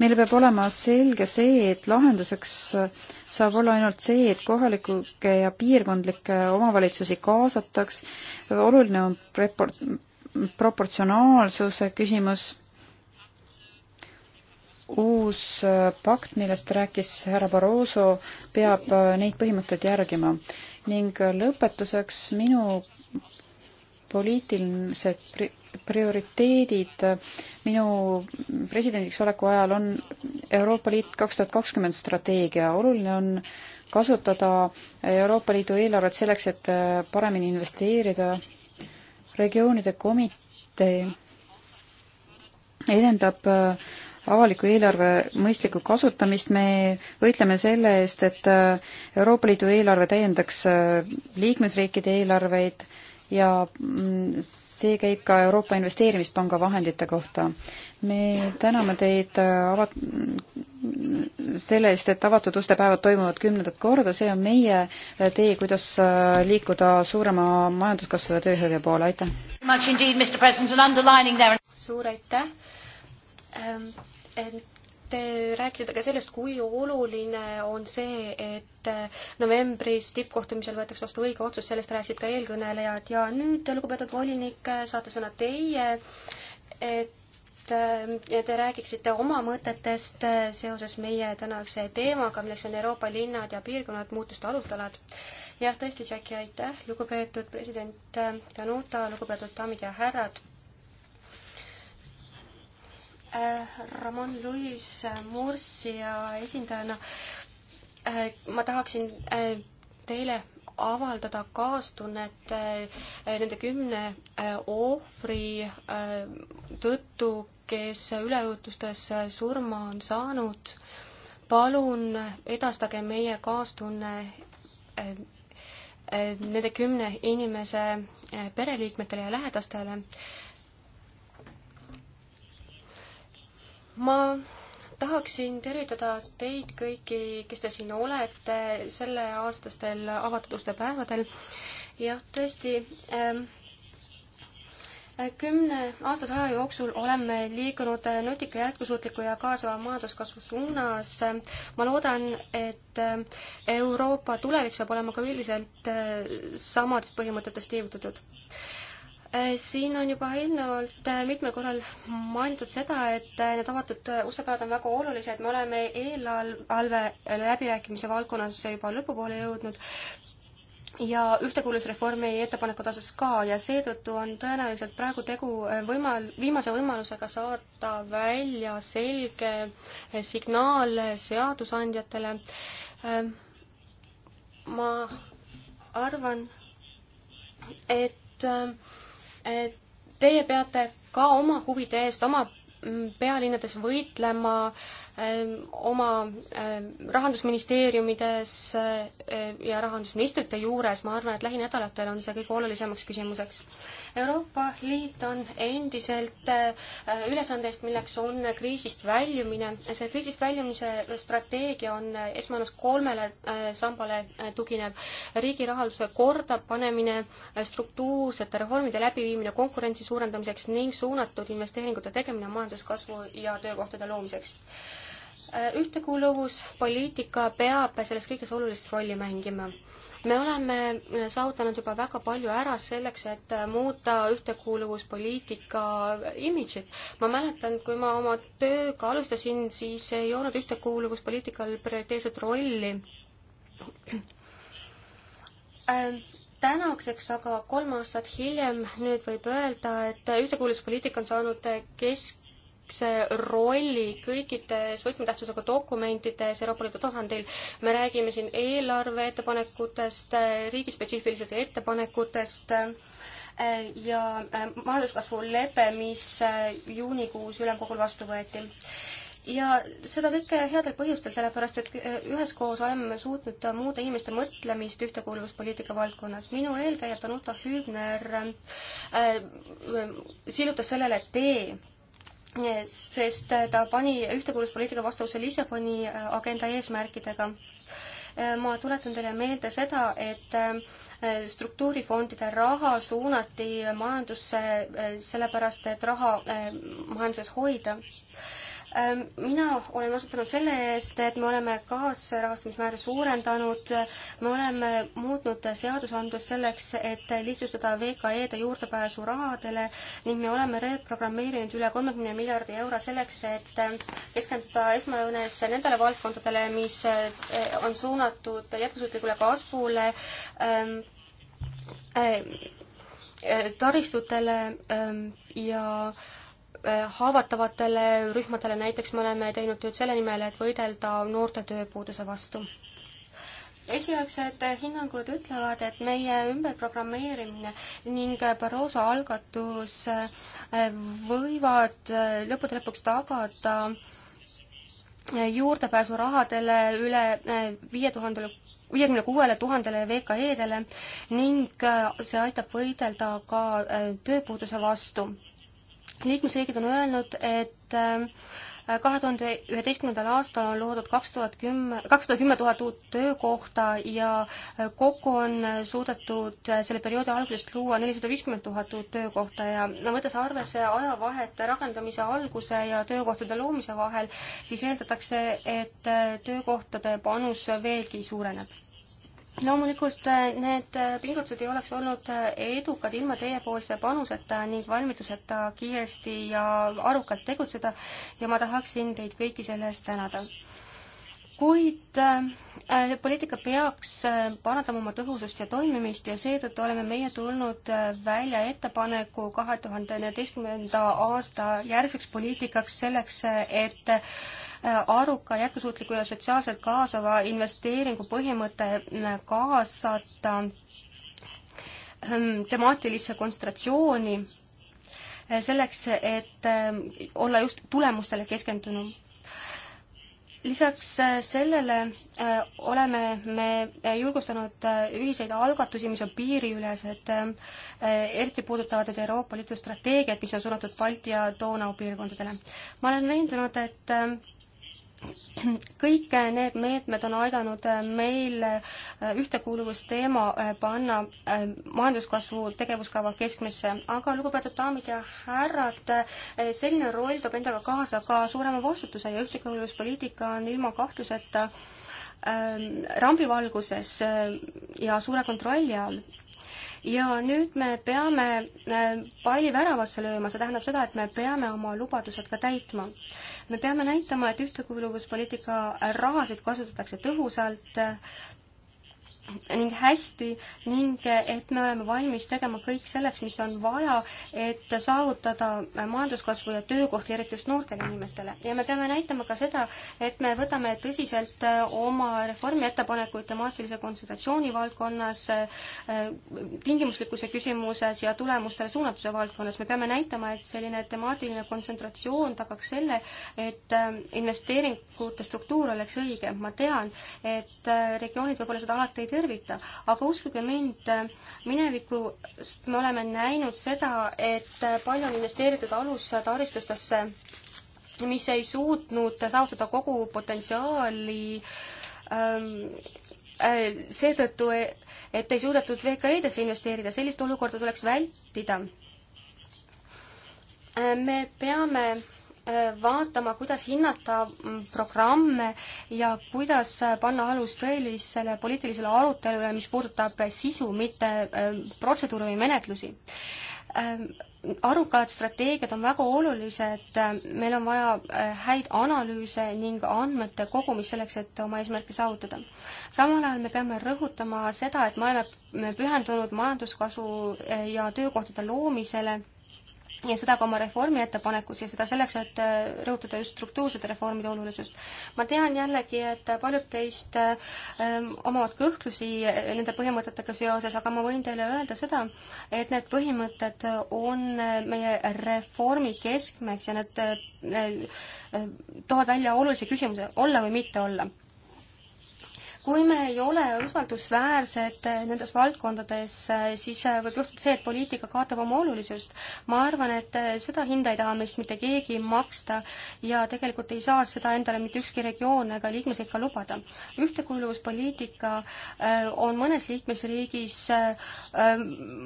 meil peab olema selge see, et lahenduseks saab olla ainult see, et kohalikke ja piirkondlikke omavalitsusi kaasataks, oluline on report-, proportsionaalsuse küsimus, uus pakt, millest rääkis härra Barroso, peab neid põhimõtteid järgima. ning lõpetuseks minu poliitilised pri-, prioriteedid minu presidendiks oleku ajal on Euroopa Liit kaks tuhat kakskümmend strateegia, oluline on kasutada Euroopa Liidu eelarvet selleks, et paremini investeerida, regioonide komitee edendab avaliku eelarve mõistlikku kasutamist, me võitleme selle eest, et Euroopa Liidu eelarve täiendaks liikmesriikide eelarveid, ja mm, see käib ka Euroopa Investeerimispanga vahendite kohta. me täname teid äh, ava-, selle eest, et avatud uste päevad toimuvad kümnendat korda, see on meie äh, tee, kuidas äh, liikuda suurema majanduskasvu ja tööhõive poole, aitäh! suur aitäh! Ähm, saate rääkida ka sellest, kui oluline on see, et eh, novembris tippkohtumisel võetakse vastu õige otsus, sellest rääkisid ka eelkõnelejad ja nüüd, lugupeetud volinik, eh, saate sõna teie, et eh, ja te räägiksite oma mõtetest seoses meie tänase teemaga, milleks on Euroopa linnad ja piirkonnad, muutuste alustalad. jah, tõesti, Jackie, aitäh, lugupeetud president Danuta, lugupeetud daamid ja härrad Äh, Ramon Luis Murcia esindajana äh, ma tahaksin äh, teile avaldada kaastunnet nende kümne ohvri tõttu, kes üleujutustes surma on saanud. palun edastage meie kaastunne nende kümne inimese pereliikmetele ja lähedastele. ma tahaksin tervitada teid kõiki, kes te siin olete selleaastastel avatud uste päevadel. jah, tõesti ähm, kümne aastase aja jooksul oleme liikunud nutika, jätkusuutliku ja kaasava majanduskasvu suunas. ma loodan, et ähm, Euroopa tulevik saab olema ka üldiselt äh, samadest põhimõtetest liigutatud. Äh, siin on juba eelnevalt äh, mitmel korral mainitud seda, et äh, need avatud ustepäevad on väga olulised, me oleme eelarve läbirääkimise valdkonnas juba lõpupoole jõudnud ja ühtekuuluvusreformi ettepanekud asjas ka ja seetõttu on tõenäoliselt praegu tegu võimal-, viimase võimalusega saata välja selge signaal seadusandjatele. Ähm, ma arvan, et et teie peate ka oma huvide eest oma mm, pealinnades võitlema äh, Ähm, oma ähm, rahandusministeeriumides äh, ja rahandusministrite juures, ma arvan, et lähinädalatel on see kõige olulisemaks küsimuseks. Euroopa Liit on endiselt äh, ülesande eest, milleks on kriisist väljumine. see kriisist väljumise strateegia on esmanes kolmele äh, sambale tuginev. riigi rahanduse kordapanemine, struktuursete reformide läbiviimine konkurentsi suurendamiseks ning suunatud investeeringute tegemine majanduskasvu ja töökohtade loomiseks Äh, ühtekuuluvuspoliitika peab selles kõiges olulist rolli mängima. me oleme äh, saavutanud juba väga palju ära selleks, et äh, muuta ühtekuuluvuspoliitika imidžit. ma mäletan, kui ma oma tööga alustasin, siis ei olnud ühtekuuluvuspoliitikal prioriteetset rolli [clears throat] tänaseks aga kolm aastat hiljem nüüd võib öelda, et ühtekuuluvuspoliitika on saanud kesk, tähtsa rolli kõikides võtmetähtsusega dokumentides Euroopa Liidu tasandil. me räägime siin eelarve ettepanekutest, äh, riigispetsiifilisest ettepanekutest äh, ja äh, majanduskasvu lepe, mis juunikuus ülemkogul vastu võeti ja seda kõike headel põhjustel, sellepärast et üheskoos oleme suutnud muuda inimeste mõtlemist ühtekuuluvuspoliitika valdkonnas. minu eelkäija Danuta Hübner äh, sillutas sellele tee sest ta pani ühtekuuluvuspoliitika vastavuse Lissaboni äh, agenda eesmärkidega. Äh, ma tuletan teile meelde seda, et äh, struktuurifondide raha suunati majandusse sellepärast, et raha majanduses hoida Ehm, mina olen vastutanud selle eest, et me oleme kaasrahastamismäära suurendanud, me oleme muutnud seadusandlust selleks, et lihtsustada VKE-de juurdepääsu rahadele ning me oleme reprogrammeerinud üle kolmekümne miljardi euro selleks, et keskenduda esmajoones nendele valdkondadele, mis eh, on suunatud jätkusuutlikule kasvule ehm, eh, eh, taristutele ehm, ja Eh, haavatavatele rühmadele, näiteks me oleme teinud tööd selle nimel, et võidelda noorte tööpuuduse vastu. esialgsed hinnangud ütlevad, et meie ümberprogrammeerimine ning Barroso algatus eh, võivad eh, lõppude lõpuks tagada juurdepääsu rahadele üle viie tuhandele, viiekümne kuuele tuhandele VKE-dele ning see aitab võidelda ka tööpuuduse vastu liikmesriigid on öelnud, et äh, kahe tuhande üheteistkümnendal aastal on loodud kaks tuhat kümme, kakssada kümme tuhat uut töökohta ja äh, kokku on suudetud äh, selle perioodi algusest luua nelisada viiskümmend tuhat uut töökohta ja no võttes arvesse ajavahet rakendamise alguse ja töökohtade loomise vahel, siis eeldatakse, et töökohtade panus veelgi suureneb loomulikult äh, need äh, pingutused ei oleks olnud äh, edukad ilma teiepoolse panuseta ning valmiduseta kiiresti ja arukalt tegutseda ja ma tahaksin teid kõiki selle eest tänada. kuid äh, poliitika peaks parandama oma tõhusust ja toimimist ja seetõttu oleme meie tulnud välja ettepaneku kahe tuhande neljateistkümnenda aasta järgseks poliitikaks selleks, et äh, aruka, jätkusuutliku ja sotsiaalselt kaasava investeeringu põhimõte mm, kaasata mm, temaatilisse kontsentratsiooni, eh, selleks, et eh, olla just tulemustele keskendunum. lisaks eh, sellele oleme me julgustanud ühiseid algatusi, mis on piiriülesed, eriti puudutavad need Euroopa Liidu strateegiat, mis on suunatud Balti ja Donau piirkondadele. ma olen veendunud, et kõik need meetmed on aidanud meil äh, ühtekuuluvusteema äh, panna äh, majanduskasvu tegevuskava keskmesse. aga lugupeetud daamid ja härrad, selline roll toob endaga kaasa ka suurema vastutuse ja ühtekuuluvuspoliitika on ilma kahtluseta ähm, rambivalguses ja suure kontrolli all ja nüüd me peame palli väravasse lööma, see tähendab seda, et me peame oma lubadused ka täitma me peame näitama, et ühtekuuluvuspoliitika rahasid kasutatakse tõhusalt, ning hästi ning et me oleme valmis tegema kõik selleks, mis on vaja, et saavutada majanduskasvu ja töökohti, eriti just noortele inimestele. ja me peame näitama ka seda, et me võtame tõsiselt eh, oma reformi ettepanekuid temaatilise konsultatsiooni valdkonnas, eh, tingimuslikkuse küsimuses ja tulemustele suunatuse valdkonnas. me peame näitama, et selline temaatiline kontsentratsioon tagaks selle, et eh, investeeringute struktuur oleks õige. ma tean, et regioonid võib-olla seda alati raport ei tervita, aga uskuge mind, minevikust me oleme näinud seda, et palju on investeeritud alustaristustesse, mis ei suutnud saavutada kogu potentsiaali ähm, äh, seetõttu, et ei suudetud VKE-desse investeerida, sellist olukorda tuleks vältida. Äh, me peame Äh, vaatama, kuidas hinnata mm, programme ja kuidas äh, panna alus tõelisele poliitilisele arutelule, mis puudutab äh, sisu, mitte protseduure või menetlusi ähm, arukad strateegiad on väga olulised, meil on vaja häid analüüse ning andmete kogumist selleks, et oma eesmärke saavutada. samal ajal me peame rõhutama seda, et me oleme pühendunud majanduskasvu ja töökohtade loomisele ja seda ka oma reformi ettepanekus ja seda selleks, et äh, rõhutada just struktuursete reformide olulisust. ma tean jällegi, et paljud teist ähm, omavad kõhklusi äh, nende põhimõtetega seoses, aga ma võin teile öelda seda, et need põhimõtted on äh, meie reformi keskmeks ja need toovad välja olulise küsimuse olla või mitte olla kui me ei ole usaldusväärsed eh, nendes valdkondades, eh, siis eh, võib juhtuda see, et poliitika kaotab oma olulisust. ma arvan, et seda hinda ei taha meist mitte keegi maksta ja tegelikult ei saa seda endale mitte ükski regioon ega liikmesriik ka lubada. ühtekuuluvuspoliitika on mõnes liikmesriigis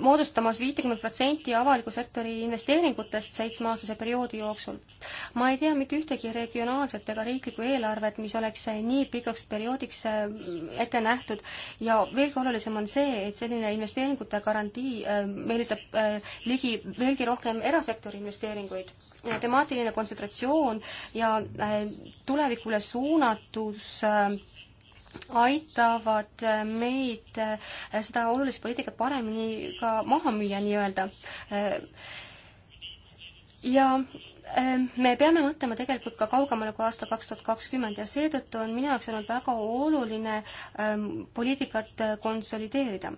moodustamas viitekümmet protsenti avaliku sektori investeeringutest seitsmeaastase perioodi jooksul. ma ei tea mitte ühtegi regionaalset ega riiklikku eelarvet, mis oleks nii pikaks perioodiks ette nähtud ja veelgi olulisem on see, et selline investeeringute garantii äh, meelitab äh, ligi veelgi rohkem erasektori investeeringuid. temaatiline kontsentratsioon ja äh, tulevikule suunatus aitavad meid seda olulist poliitikat paremini ka maha müüa nii-öelda. ja Ehm, me peame mõtlema tegelikult ka kaugemale kui aasta kaks tuhat kakskümmend ja seetõttu on minu jaoks olnud väga oluline ehm, poliitikat eh, konsolideerida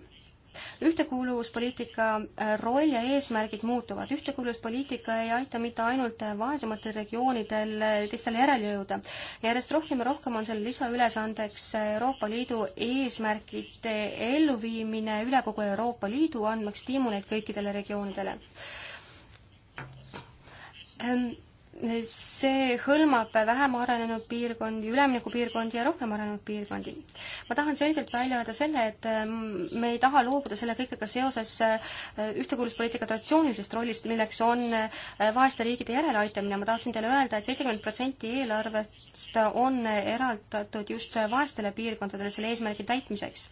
ühtekuuluvuspoliitika eh, roll ja eesmärgid muutuvad. ühtekuuluvuspoliitika ei aita mitte ainult eh, vaesematel regioonidel teistele järele jõuda. järjest rohkem ja rohkem on selle lisaülesandeks Euroopa Liidu eesmärkide elluviimine üle kogu Euroopa Liidu, andmaks stiimuleid kõikidele regioonidele. Ähm, see hõlmab vähem arenenud piirkondi, üleminekupiirkondi ja rohkem arenenud piirkondi. ma tahan selgelt välja öelda selle, et mm, me ei taha loobuda selle kõigega seoses äh, ühtekuuluvuspoliitika traditsioonilisest rollist, milleks on äh, vaeste riikide järeleaitamine. ma tahaksin teile öelda et, et seitsekümmend protsenti eelarvest on eraldatud just vaestele piirkondadele selle eesmärgi täitmiseks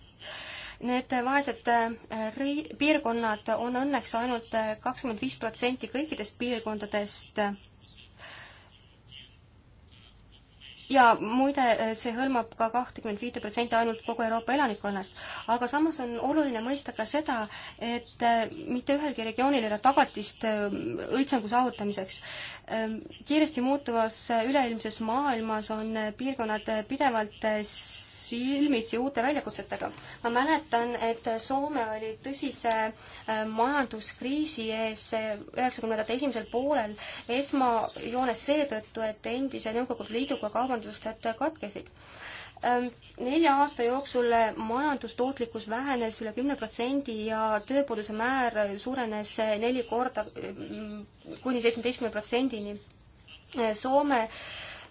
Need vaesed äh, piirkonnad on õnneks ainult äh, kakskümmend viis protsenti kõikidest piirkondadest. ja muide, äh, see hõlmab ka kahtekümmet viite protsenti ainult kogu Euroopa elanikkonnast. aga samas on oluline mõista ka seda, et mitte ühelgi regioonil ei ole tagatist õitsengu saavutamiseks. Ähm, kiiresti muutuvas üleilmses maailmas on piirkonnad pidevalt silmitsi uute väljakutsetega. ma mäletan, et Soome oli tõsise äh, majanduskriisi ees üheksakümnendate esimesel poolel esmajoones seetõttu, et endise Nõukogude Liiduga kaubandused katkesid ähm, nelja aasta jooksul majandustootlikkus vähenes üle kümne protsendi ja tööpuuduse määr suurenes neli korda mm, kuni seitsmeteistkümne protsendini. Soome äh,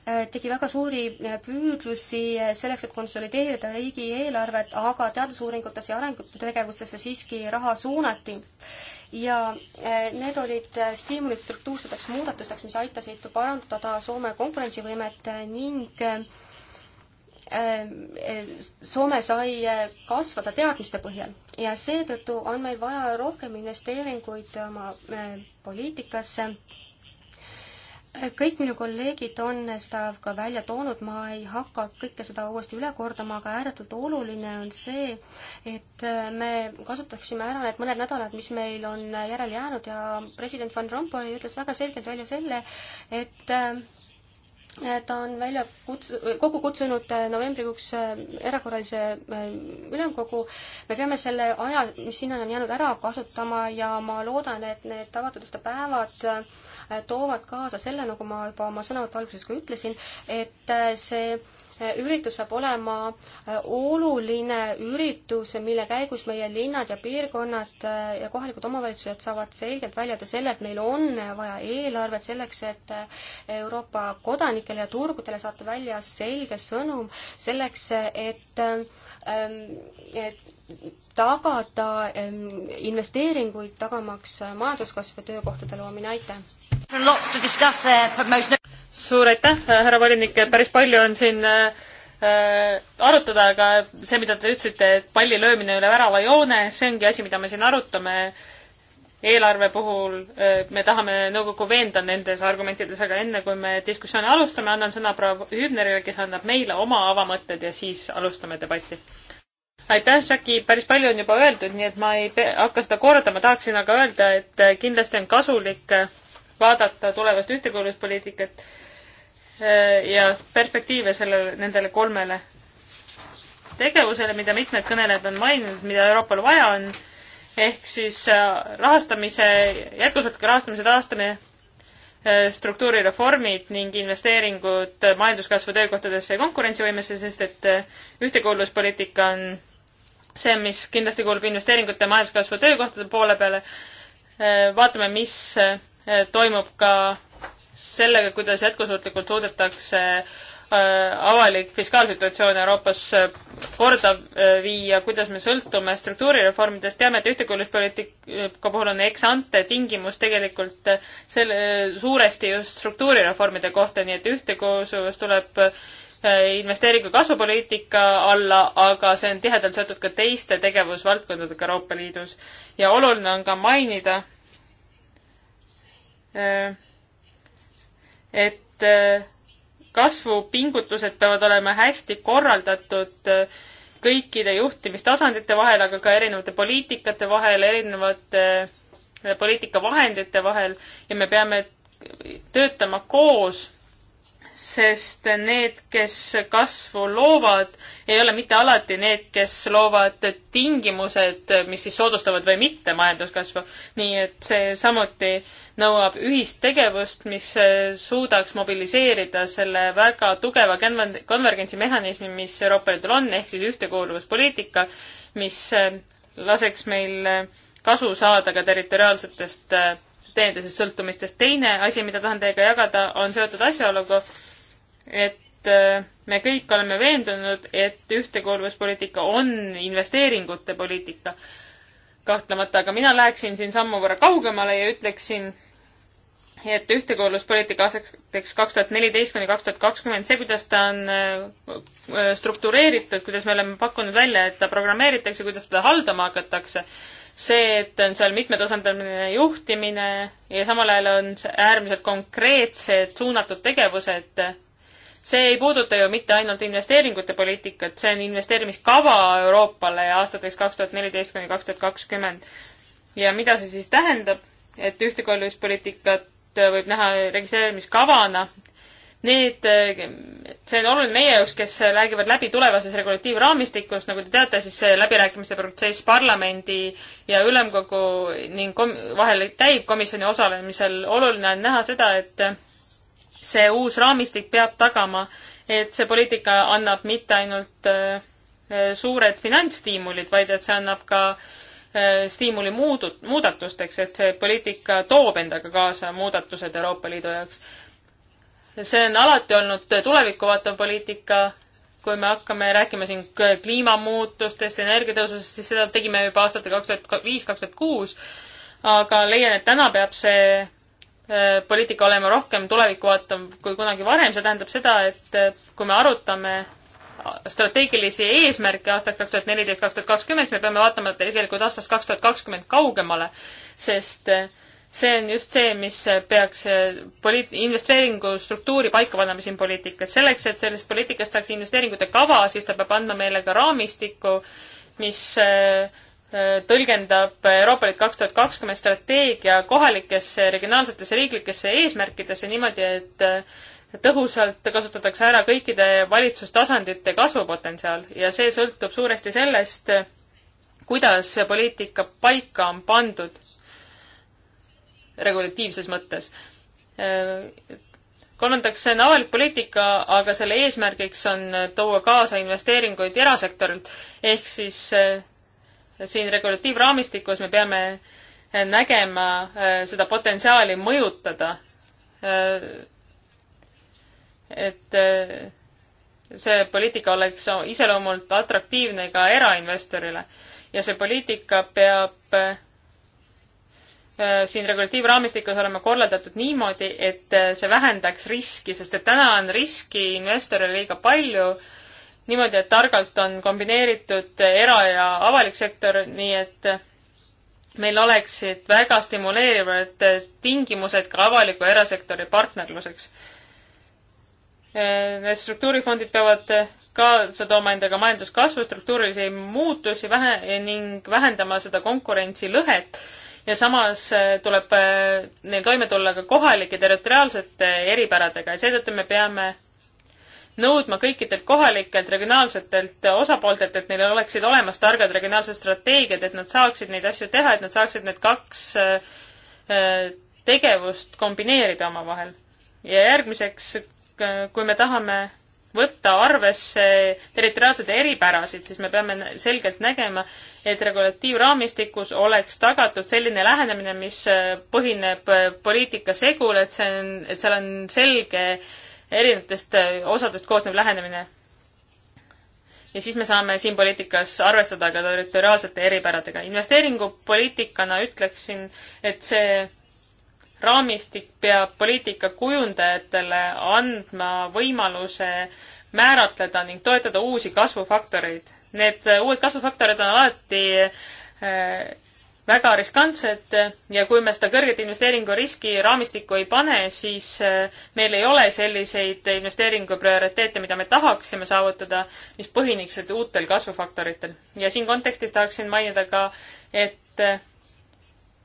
tegi väga suuri eh, püüdlusi eh, selleks, et konsolideerida riigieelarvet, aga teadusuuringutes ja arengutegevustesse siiski raha suunati. ja eh, need olid stiimulid struktuurseteks muudatusteks, mis aitasid parandada Soome konkurentsivõimet ning Soome sai kasvada teadmiste põhjal ja seetõttu on meil vaja rohkem investeeringuid oma poliitikasse kõik minu kolleegid on seda ka välja toonud, ma ei hakka kõike seda uuesti üle kordama, aga ääretult oluline on see, et me kasutaksime ära need mõned nädalad, mis meil on järele jäänud ja president Van Rompuy ütles väga selgelt välja selle, et äh, Äh, ta on välja kuts-, äh, kokku kutsunud äh, novembrikuuks erakorralise ülemkogu. me peame selle aja, mis sinnani on jäänud, ära kasutama ja ma loodan, et need avatud uste päevad toovad kaasa selle, nagu ma juba oma sõnavõtu alguses ka ütlesin, et see üritus saab olema äh, oluline üritus, mille käigus meie linnad ja piirkonnad äh, ja kohalikud omavalitsused saavad selgelt väljada selle, et meil on vaja eelarvet selleks, et äh, Euroopa kodanikele ja turgudele saata välja selge sõnum selleks, et, ähm, et tagada ähm, investeeringuid, tagamaks majanduskasv ja töökohtade loomine, aitäh! suur aitäh, äh, härra volinik, päris palju on siin äh, arutada, aga see, mida te ütlesite, et palli löömine üle värava joone, see ongi asi, mida me siin arutame. eelarve puhul äh, me tahame nõukogu veenda nendes argumentides, aga enne kui me diskussiooni alustame, annan sõna proua Hübnerile, kes annab meile oma avamõtted ja siis alustame debatti aitäh, Jackie, päris palju on juba öeldud, nii et ma ei hakka seda kordama, tahaksin aga öelda, et kindlasti on kasulik äh, vaadata tulevast ühtekuuluvuspoliitikat äh, ja perspektiive sellele, nendele kolmele tegevusele, mida mitmed kõnelejad on maininud, mida Euroopal vaja on, ehk siis äh, rahastamise, jätkusuutliku rahastamise taastamine, äh, struktuurireformid ning investeeringud majanduskasvu töökohtadesse ja konkurentsivõimesse, sest et ühtekuuluvuspoliitika on see, mis kindlasti kuulub investeeringute majanduskasvu töökohtade poole peale. vaatame, mis Eh, toimub ka sellega, kuidas jätkusuutlikult suudetakse eh, avalik fiskaalsituatsioon Euroopas eh, korda viia, kuidas me sõltume struktuurireformidest, teame, et ühtekuuluvuspoliitika puhul on ex-ante tingimus tegelikult selle, suuresti just struktuurireformide kohta, nii et ühtekuuluvus tuleb investeeringu kasvupoliitika alla, aga see on tihedalt seotud ka teiste tegevusvaldkondadega Euroopa Liidus. ja oluline on ka mainida, Äh, et äh, kasvupingutused peavad olema hästi korraldatud äh, kõikide juhtimistasandite vahel, aga ka erinevate poliitikate vahel, erinevate poliitikavahendite vahel ja me peame töötama koos sest need, kes kasvu loovad, ei ole mitte alati need, kes loovad tingimused, mis siis soodustavad või mitte majanduskasvu. nii et see samuti nõuab ühist tegevust, mis suudaks mobiliseerida selle väga tugeva konvergentsimehhanismi, mis Euroopa Liidul on, ehk siis ühtekuuluvuspoliitika, mis laseks meil kasu saada ka territoriaalsetest teenindusest sõltumistest. teine asi, mida tahan teiega jagada, on seotud asjaoluga, et äh, me kõik oleme veendunud, et ühtekuuluvuspoliitika on investeeringute poliitika kahtlemata, aga mina läheksin siin sammu võrra kaugemale ja ütleksin, et ühtekuuluvuspoliitika aastateks kaks tuhat neliteist kuni kaks tuhat kakskümmend, see, kuidas ta on äh, struktureeritud, kuidas me oleme pakkunud välja, et ta programmeeritakse, kuidas seda haldama hakatakse, see, et on seal mitmetasandiline juhtimine ja samal ajal on äärmiselt konkreetsed suunatud tegevused see ei puuduta ju mitte ainult investeeringute poliitikat, see on investeerimiskava Euroopale ja aastateks kaks tuhat neliteist kuni kaks tuhat kakskümmend. ja mida see siis tähendab, et ühtekorralduspoliitikat võib näha registreerimiskavana, need, see on oluline meie jaoks, kes räägivad läbi tulevases regulatiivraamistikus, nagu te teate, siis see läbirääkimiste protsess parlamendi ja ülemkogu ning kom-, vahel käib komisjoni osalemisel, oluline on näha seda, et see uus raamistik peab tagama, et see poliitika annab mitte ainult äh, äh, suured finantsstiimulid, vaid et see annab ka äh, stiimuli muudu-, muudatusteks, et see poliitika toob endaga kaasa muudatused Euroopa Liidu jaoks. see on alati olnud tulevikku vaatav poliitika, kui me hakkame rääkima siin kliimamuutustest, energiatõusust, siis seda tegime juba aastatel kaks tuhat viis, kaks tuhat kuus, aga leian, et täna peab see Äh, poliitika olema rohkem tulevikku vaatav kui kunagi varem, see tähendab seda, et äh, kui me arutame strateegilisi eesmärke aastaks kaks tuhat neliteist, kaks tuhat kakskümmend, siis me peame vaatama tegelikult aastast kaks tuhat kakskümmend kaugemale, sest äh, see on just see, mis peaks poliit-, investeeringu struktuuri paika panema siin poliitikas. selleks, et sellest poliitikast saaks investeeringute kava, siis ta peab andma meile ka raamistiku, mis äh, tõlgendab Euroopa Liit kaks tuhat kakskümmend strateegia kohalikesse, regionaalsetesse, riiklikesse eesmärkidesse niimoodi, et tõhusalt kasutatakse ära kõikide valitsustasandite kasvupotentsiaal ja see sõltub suuresti sellest, kuidas poliitika paika on pandud regulatiivses mõttes. kolmandaks, see on avalik poliitika, aga selle eesmärgiks on tuua kaasa investeeringuid erasektorilt, ehk siis siin regulatiivraamistikus me peame eh, nägema eh, seda potentsiaali mõjutada. Eh, et see poliitika oleks iseloomult atraktiivne ka erainvestorile ja see poliitika peab siin regulatiivraamistikus olema korraldatud niimoodi, et see vähendaks riski, sest et täna on riski investorile liiga palju äh, niimoodi, et targalt on kombineeritud era- ja avalik sektor, nii et meil oleksid väga stimuleerivad tingimused ka avaliku ja erasektori partnerluseks. Need struktuurifondid peavad kaasa tooma endaga majanduskasvu, struktuurilisi muutusi vähe ning vähendama seda konkurentsilõhet ja samas tuleb neil toime tulla ka kohalike territoriaalsete eripäradega ja seetõttu me peame nõudma kõikidelt kohalikelt regionaalsetelt osapooltelt, et neil oleksid olemas targad regionaalsed strateegiad, et nad saaksid neid asju teha, et nad saaksid need kaks äh, äh, tegevust kombineerida omavahel. ja järgmiseks, äh, kui me tahame võtta arvesse territoriaalseid eripärasid, siis me peame selgelt nägema, et regulatiivraamistikus oleks tagatud selline lähenemine, mis põhineb poliitika segul, et see on, et seal on selge erinevatest äh, osadest koosnev lähenemine. ja siis me saame siin poliitikas arvestada ka territoriaalsete eripäradega. investeeringupoliitikana ütleksin, et see raamistik peab poliitika kujundajatele andma võimaluse määratleda ning toetada uusi kasvufaktoreid. Need äh, uued kasvufaktorid on alati äh, väga riskantsed ja kui me seda kõrget investeeringuriski raamistikku ei pane, siis äh, meil ei ole selliseid investeeringu prioriteete, mida me tahaksime saavutada, mis põhineksid uutel kasvufaktoritel. ja siin kontekstis tahaksin mainida ka, et äh,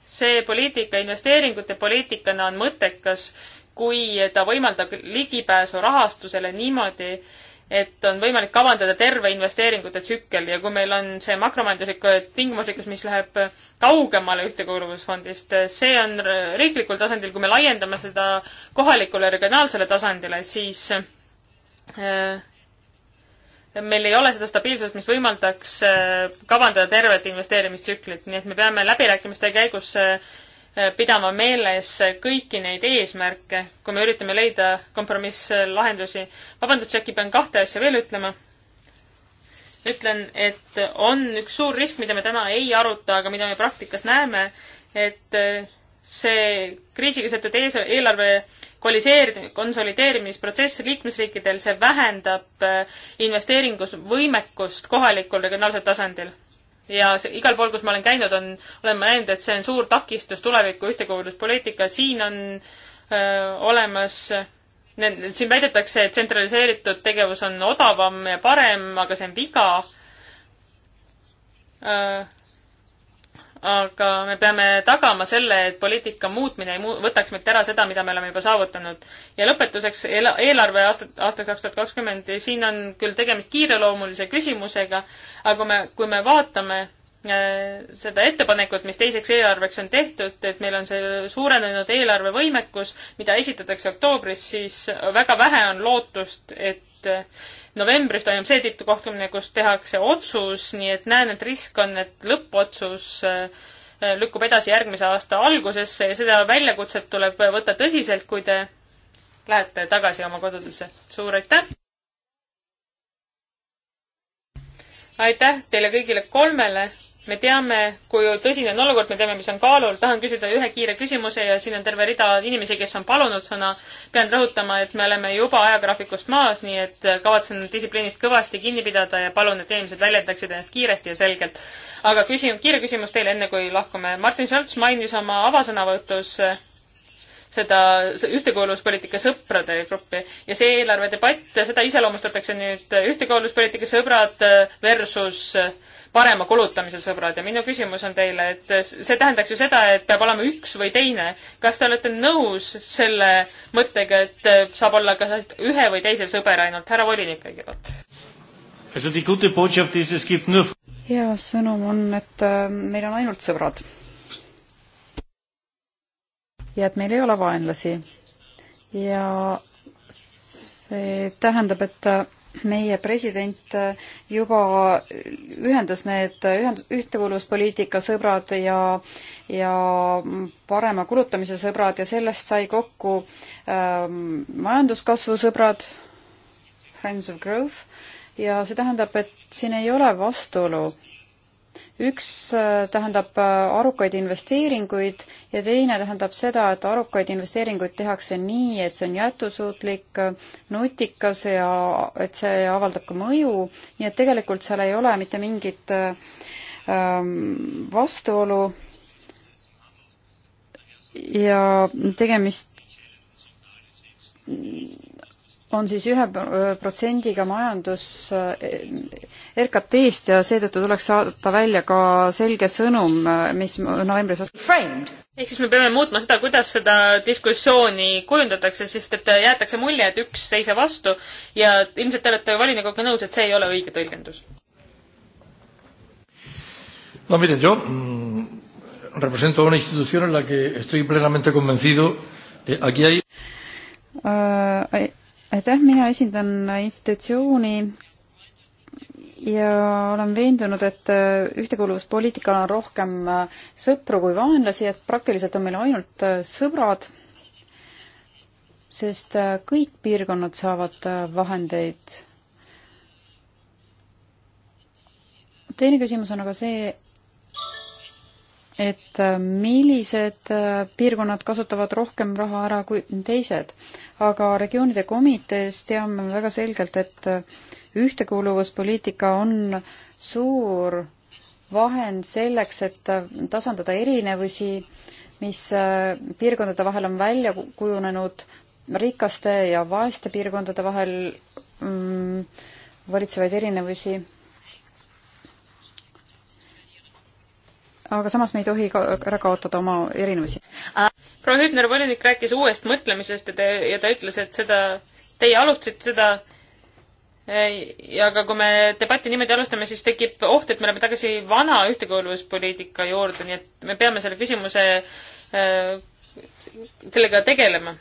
see poliitika, investeeringute poliitikana on mõttekas, kui ta võimaldab ligipääsu rahastusele niimoodi, et on võimalik kavandada terve investeeringute tsükkel ja kui meil on see makromajanduslik tingimuslikkus, mis läheb kaugemale ühtekuuluvusfondist, see on riiklikul tasandil, kui me laiendame seda kohalikule regionaalsele tasandile, siis äh, meil ei ole seda stabiilsust, mis võimaldaks äh, kavandada tervet investeerimistsüklit, nii et me peame läbirääkimiste käigus äh, pidama meeles kõiki neid eesmärke, kui me üritame leida kompromisslahendusi. vabandust, Jackie, pean kahte asja veel ütlema. ütlen, et on üks suur risk, mida me täna ei aruta, aga mida me praktikas näeme, et see kriisiga seotud ees, eelarve koliseer-, konsolideerimisprotsess liikmesriikidel, see vähendab investeeringuvõimekust kohalikul regionaalsel tasandil ja see, igal pool, kus ma olen käinud, on, olen ma näinud, et see on suur takistus tuleviku ühtekuuluvuspoliitika, siin on öö, olemas siin väidetakse, et tsentraliseeritud tegevus on odavam ja parem, aga see on viga aga me peame tagama selle, et poliitika muutmine ei muu-, võtaks meilt ära seda, mida me oleme juba saavutanud. ja lõpetuseks eel-, eelarve aastat, aastal kaks tuhat kakskümmend, siin on küll tegemist kiireloomulise küsimusega, aga kui me, kui me vaatame äh, seda ettepanekut, mis teiseks eelarveks on tehtud, et meil on see suurenenud eelarvevõimekus, mida esitatakse oktoobris, siis väga vähe on lootust, et äh, novembris toimub see tippkohtumine, kus tehakse otsus, nii et näen, et risk on, et lõppotsus äh, lükkub edasi järgmise aasta algusesse ja seda väljakutset tuleb võtta tõsiselt, kui te lähete tagasi oma kodudesse. suur aitäh! aitäh teile kõigile kolmele! me teame, kui tõsine on olukord, me teame, mis on kaalul, tahan küsida ühe kiire küsimuse ja siin on terve rida inimesi, kes on palunud sõna. pean rõhutama, et me oleme juba ajagraafikust maas, nii et kavatsen distsipliinist kõvasti kinni pidada ja palun, et inimesed väljendaksid ennast kiiresti ja selgelt. aga küsin, kiire küsimus teile, enne kui lahkume. Martin Schultz mainis oma avasõnavõtus seda ühtekuuluvuspoliitika sõprade gruppi ja see eelarvedebatt, seda iseloomustatakse nüüd ühtekuuluvuspoliitika sõbrad versus äh, parema kulutamise sõbrad ja minu küsimus on teile, et see tähendaks ju seda, et peab olema üks või teine. kas te olete nõus selle mõttega, et äh, saab olla ka ühe või teise sõber ainult? härra volinik kõigepealt. hea sõnum on, et äh, meil on ainult sõbrad. ja et meil ei ole vaenlasi. ja see tähendab, et äh, meie president juba ühendas need ühend-, ühtekuuluvuspoliitika sõbrad ja, ja parema kulutamise sõbrad ja sellest sai kokku ähm, majanduskasvu sõbrad, Friends of Growth, ja see tähendab, et siin ei ole vastuolu üks äh, tähendab äh, arukaid investeeringuid ja teine tähendab seda, et arukaid investeeringuid tehakse nii, et see on jätkusuutlik, nutikas ja et see avaldab ka mõju, nii et tegelikult seal ei ole mitte mingit äh, ähm, vastuolu ja tegemist on siis ühe protsendiga majandus RKT-st ja seetõttu tuleks saata välja ka selge sõnum, mis novembris ehk siis me peame muutma seda, kuidas seda diskussiooni kujundatakse, sest et jäetakse mulje, et üks seise vastu ja ilmselt te olete valinekoguga nõus, et see ei ole õige tõlgendus. no miren, yo mm, represento una institución en la que estoy plenamente convencido eh, aquí hay uh, I aitäh, mina esindan institutsiooni ja olen veendunud, et ühtekuuluvuspoliitikal on rohkem sõpru kui vaenlasi, et praktiliselt on meil ainult sõbrad, sest kõik piirkonnad saavad vahendeid. teine küsimus on aga see, et äh, millised äh, piirkonnad kasutavad rohkem raha ära kui teised. aga regioonide komitees teame väga selgelt, et äh, ühtekuuluvuspoliitika on suur vahend selleks, et tasandada erinevusi, mis piirkondade vahel on välja kujunenud, rikaste ja vaeste piirkondade vahel mm, valitsevaid erinevusi aga samas me ei tohi ka ära kaotada oma erinevusi. proua Hübner, volinik rääkis uuest mõtlemisest ja te, ja ta ütles, et seda, teie alustasite seda eh, ja aga kui me debatti niimoodi alustame, siis tekib oht, et me oleme tagasi vana ühtekuuluvuspoliitika juurde, nii et me peame selle küsimuse, eh, sellega tegelema.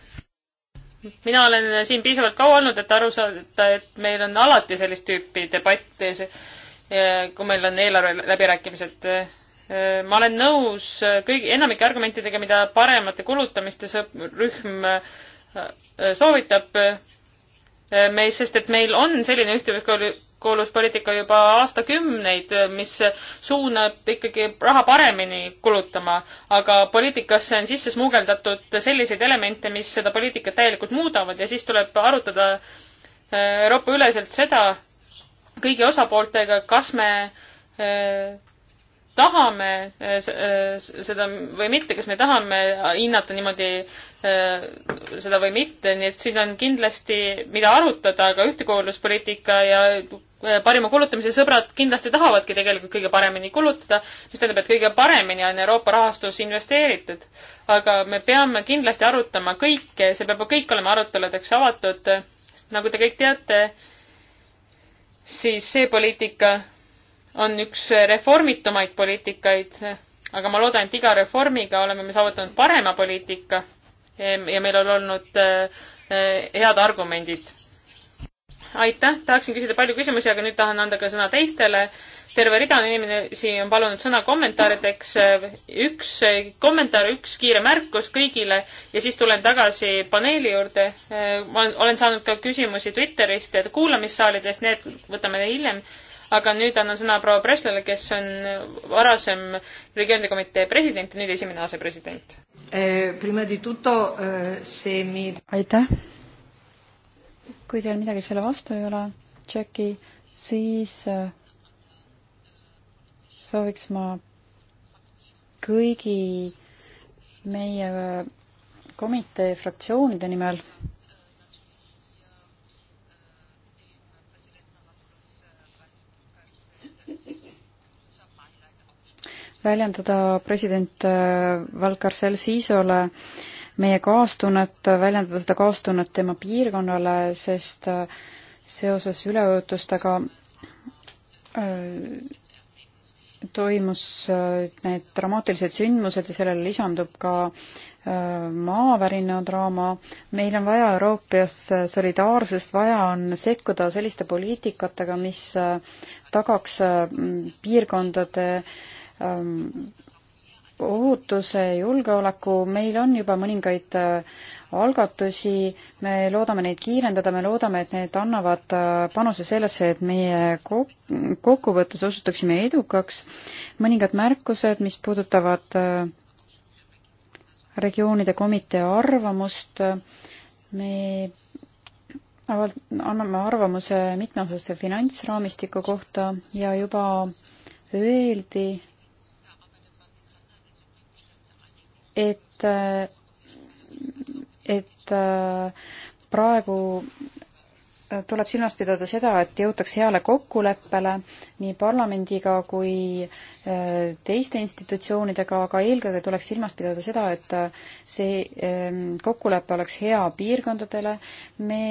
mina olen siin piisavalt kaua olnud, et aru saada, et meil on alati sellist tüüpi debatt, kui meil on eelarve läbirääkimised eh, Äh, ma olen nõus äh, kõigi, enamike argumentidega, mida paremate kulutamiste rühm äh, soovitab, me, sest et meil on selline ühtekuuluvuspoliitika juba aastakümneid, mis suunab ikkagi raha paremini kulutama, aga poliitikasse on sisse smugeldatud selliseid elemente, mis seda poliitikat täielikult muudavad ja siis tuleb arutada Euroopa üleselt seda kõigi osapooltega, kas me tahame eh, eh, seda või mitte, kas me tahame hinnata niimoodi eh, seda või mitte, nii et siin on kindlasti, mida arutada, aga ühtekuuluvuspoliitika ja parima kulutamise sõbrad kindlasti tahavadki tegelikult kõige paremini kulutada, mis tähendab, et kõige paremini on Euroopa rahastus investeeritud. aga me peame kindlasti arutama kõike, see peab kõik olema aruteludeks avatud. nagu te kõik teate, siis see poliitika on üks reformitumaid poliitikaid, aga ma loodan, et iga reformiga oleme me saavutanud parema poliitika ja meil on olnud äh, äh, head argumendid. aitäh, tahaksin küsida palju küsimusi, aga nüüd tahan anda ka sõna teistele. terve rida inimesi on palunud sõna kommentaarideks. üks kommentaar, üks kiire märkus kõigile ja siis tulen tagasi paneeli juurde. ma olen saanud ka küsimusi Twitterist ja kuulamissaalidest, need võtame hiljem aga nüüd annan sõna proua Breslale, kes on varasem regioonide komitee president ja nüüd esimene asepresident. Eh, eh, aitäh. kui teil midagi selle vastu ei ole, Tšeki, siis eh, sooviks ma kõigi meie komitee fraktsioonide nimel väljendada president äh, Valkarcel Sisole meie kaastunnet, väljendada seda kaastunnet tema piirkonnale, sest äh, seoses üleujutustega äh, toimus need dramaatilised sündmused ja sellele lisandub ka maavärina draama. meil on vaja Euroopas solidaarsust, vaja on sekkuda selliste poliitikatega, mis tagaks piirkondade äh, Ähm, ohutuse, julgeoleku, meil on juba mõningaid äh, algatusi, me loodame neid kiirendada, me loodame, et need annavad äh, panuse sellesse, et meie kok-, kokkuvõttes osutuksime edukaks. mõningad märkused, mis puudutavad äh, regioonide komitee arvamust, me aval-, anname arvamuse mitmeaastase finantsraamistiku kohta ja juba öeldi, et, et äh, praegu äh, tuleb silmas pidada seda, et jõutaks heale kokkuleppele nii parlamendiga kui äh, teiste institutsioonidega, aga eelkõige tuleks silmas pidada seda, et see ähm, kokkulepe oleks hea piirkondadele, me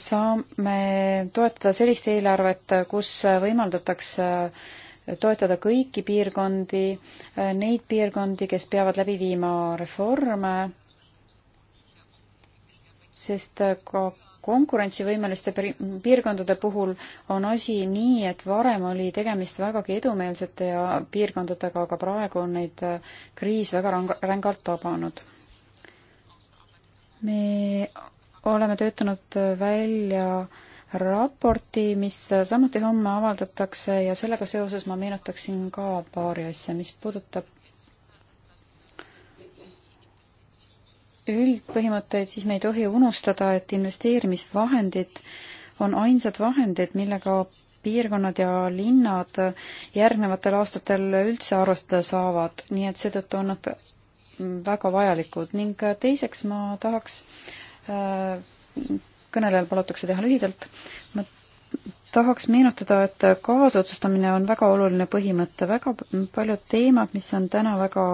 saame toetada sellist eelarvet, kus võimaldatakse toetada kõiki piirkondi, neid piirkondi, kes peavad läbi viima reforme, sest ka konkurentsivõimeliste piirkondade puhul on asi nii, et varem oli tegemist vägagi edumeelsete ja piirkondadega, aga praegu on neid äh, kriis väga rang-, rängalt tabanud. me oleme töötanud äh, välja äh, raporti, mis samuti homme avaldatakse ja sellega seoses ma meenutaksin ka paari asja, mis puudutab üldpõhimõtteid, siis me ei tohi unustada, et investeerimisvahendid on ainsad vahendid, millega piirkonnad ja linnad järgnevatel aastatel üldse arvestada saavad, nii et seetõttu on nad väga vajalikud ning teiseks ma tahaks äh, kõnelejal palutakse teha lühidalt. ma tahaks meenutada, et kaasotsustamine on väga oluline põhimõte, väga paljud teemad, mis on täna väga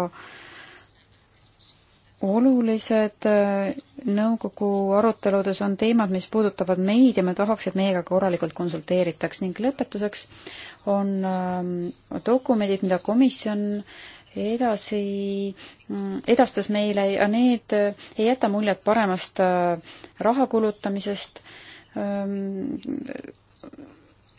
olulised äh, nõukogu aruteludes on teemad, mis puudutavad meid ja me tahaks, et meiega korralikult konsulteeritaks ning lõpetuseks on ähm, dokumendid, mida komisjon äh, edasi, mm, edastas meile ja need ei jäta muljet paremast äh, raha kulutamisest. Ähm,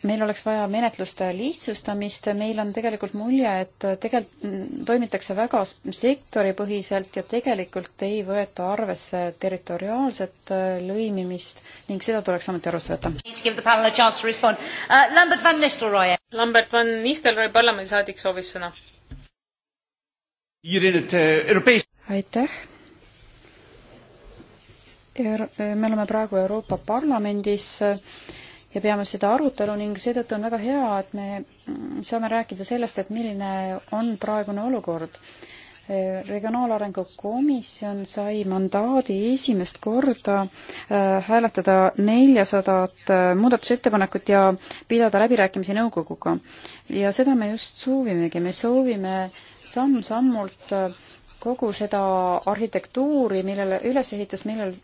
meil oleks vaja menetluste lihtsustamist, meil on tegelikult mulje, et tegelikult toimitakse väga sektoripõhiselt ja tegelikult ei võeta arvesse territoriaalset äh, lõimimist ning seda tuleks samuti arvesse võtta. Uh, Lambert van Nistelrooy parlamendisaadik soovis sõna Eh, aitäh. Eh, me oleme praegu Euroopa Parlamendis eh, ja peame seda arutelu ning seetõttu on väga hea, et me mm, saame rääkida sellest, et milline on praegune olukord. regionaalarengu komisjon sai mandaadi esimest korda hääletada neljasadat muudatusettepanekut ja pidada läbirääkimisi nõukoguga. ja seda me just soovimegi, me soovime äh, samm-sammult äh, kogu seda arhitektuuri, millele, ülesehitust, millel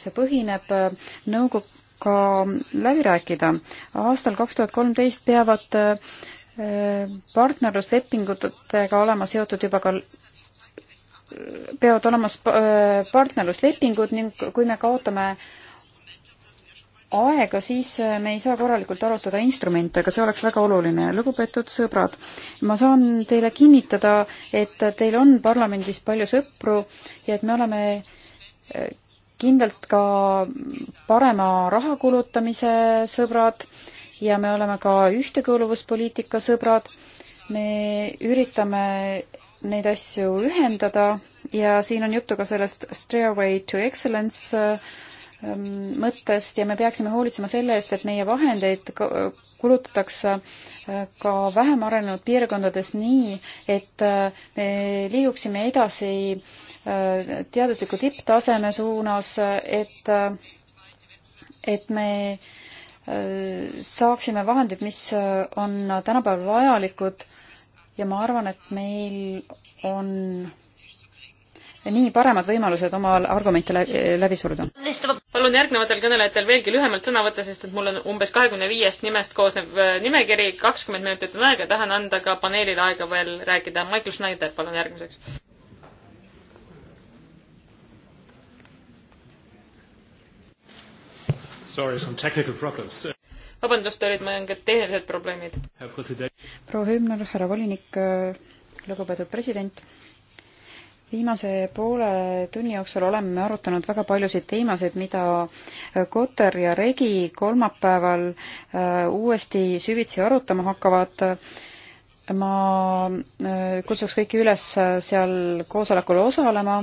see põhineb, äh, nõukoguga läbi rääkida. aastal kaks tuhat kolmteist peavad äh, partnerluslepingutega olema seotud juba ka peavad olema partnerluslepingud ning kui me kaotame äh, aega, siis äh, me ei saa korralikult arutada instrumente, aga see oleks väga oluline. lugupeetud sõbrad, ma saan teile kinnitada, et teil on parlamendis palju sõpru ja et me oleme äh, kindlalt ka parema raha kulutamise sõbrad ja me oleme ka ühtekuuluvuspoliitika sõbrad. me üritame neid asju ühendada ja siin on juttu ka sellest Stairway to Excellence äh, Ähm, mõttest ja me peaksime hoolitsema selle eest, et meie vahendeid kulutatakse äh, ka vähem arenenud piirkondades nii, et äh, me liiguksime edasi äh, teadusliku tipptaseme suunas, et, et me saaksime vahendid, mis on tänapäeval vajalikud ja ma arvan, et meil on nii paremad võimalused oma argumente läbi suruda. palun järgnevatel kõnelejatel veelgi lühemalt sõna võtta, sest et mul on umbes kahekümne viiest nimest koosnev äh, nimekiri, kakskümmend minutit on aega, tahan anda ka paneelile aega veel rääkida. Michael Schneider, palun järgmiseks. Sorry, some technical problems vabandust, olid mõningad tehnilised probleemid. proua Hübner, härra volinik, äh, lugupeetud president viimase poole tunni jooksul oleme arutanud väga paljusid teemasid, mida Koter ja Regi kolmapäeval äh, uuesti süvitsi arutama hakkavad. ma äh, kutsuks kõiki üles äh, seal koosolekul osalema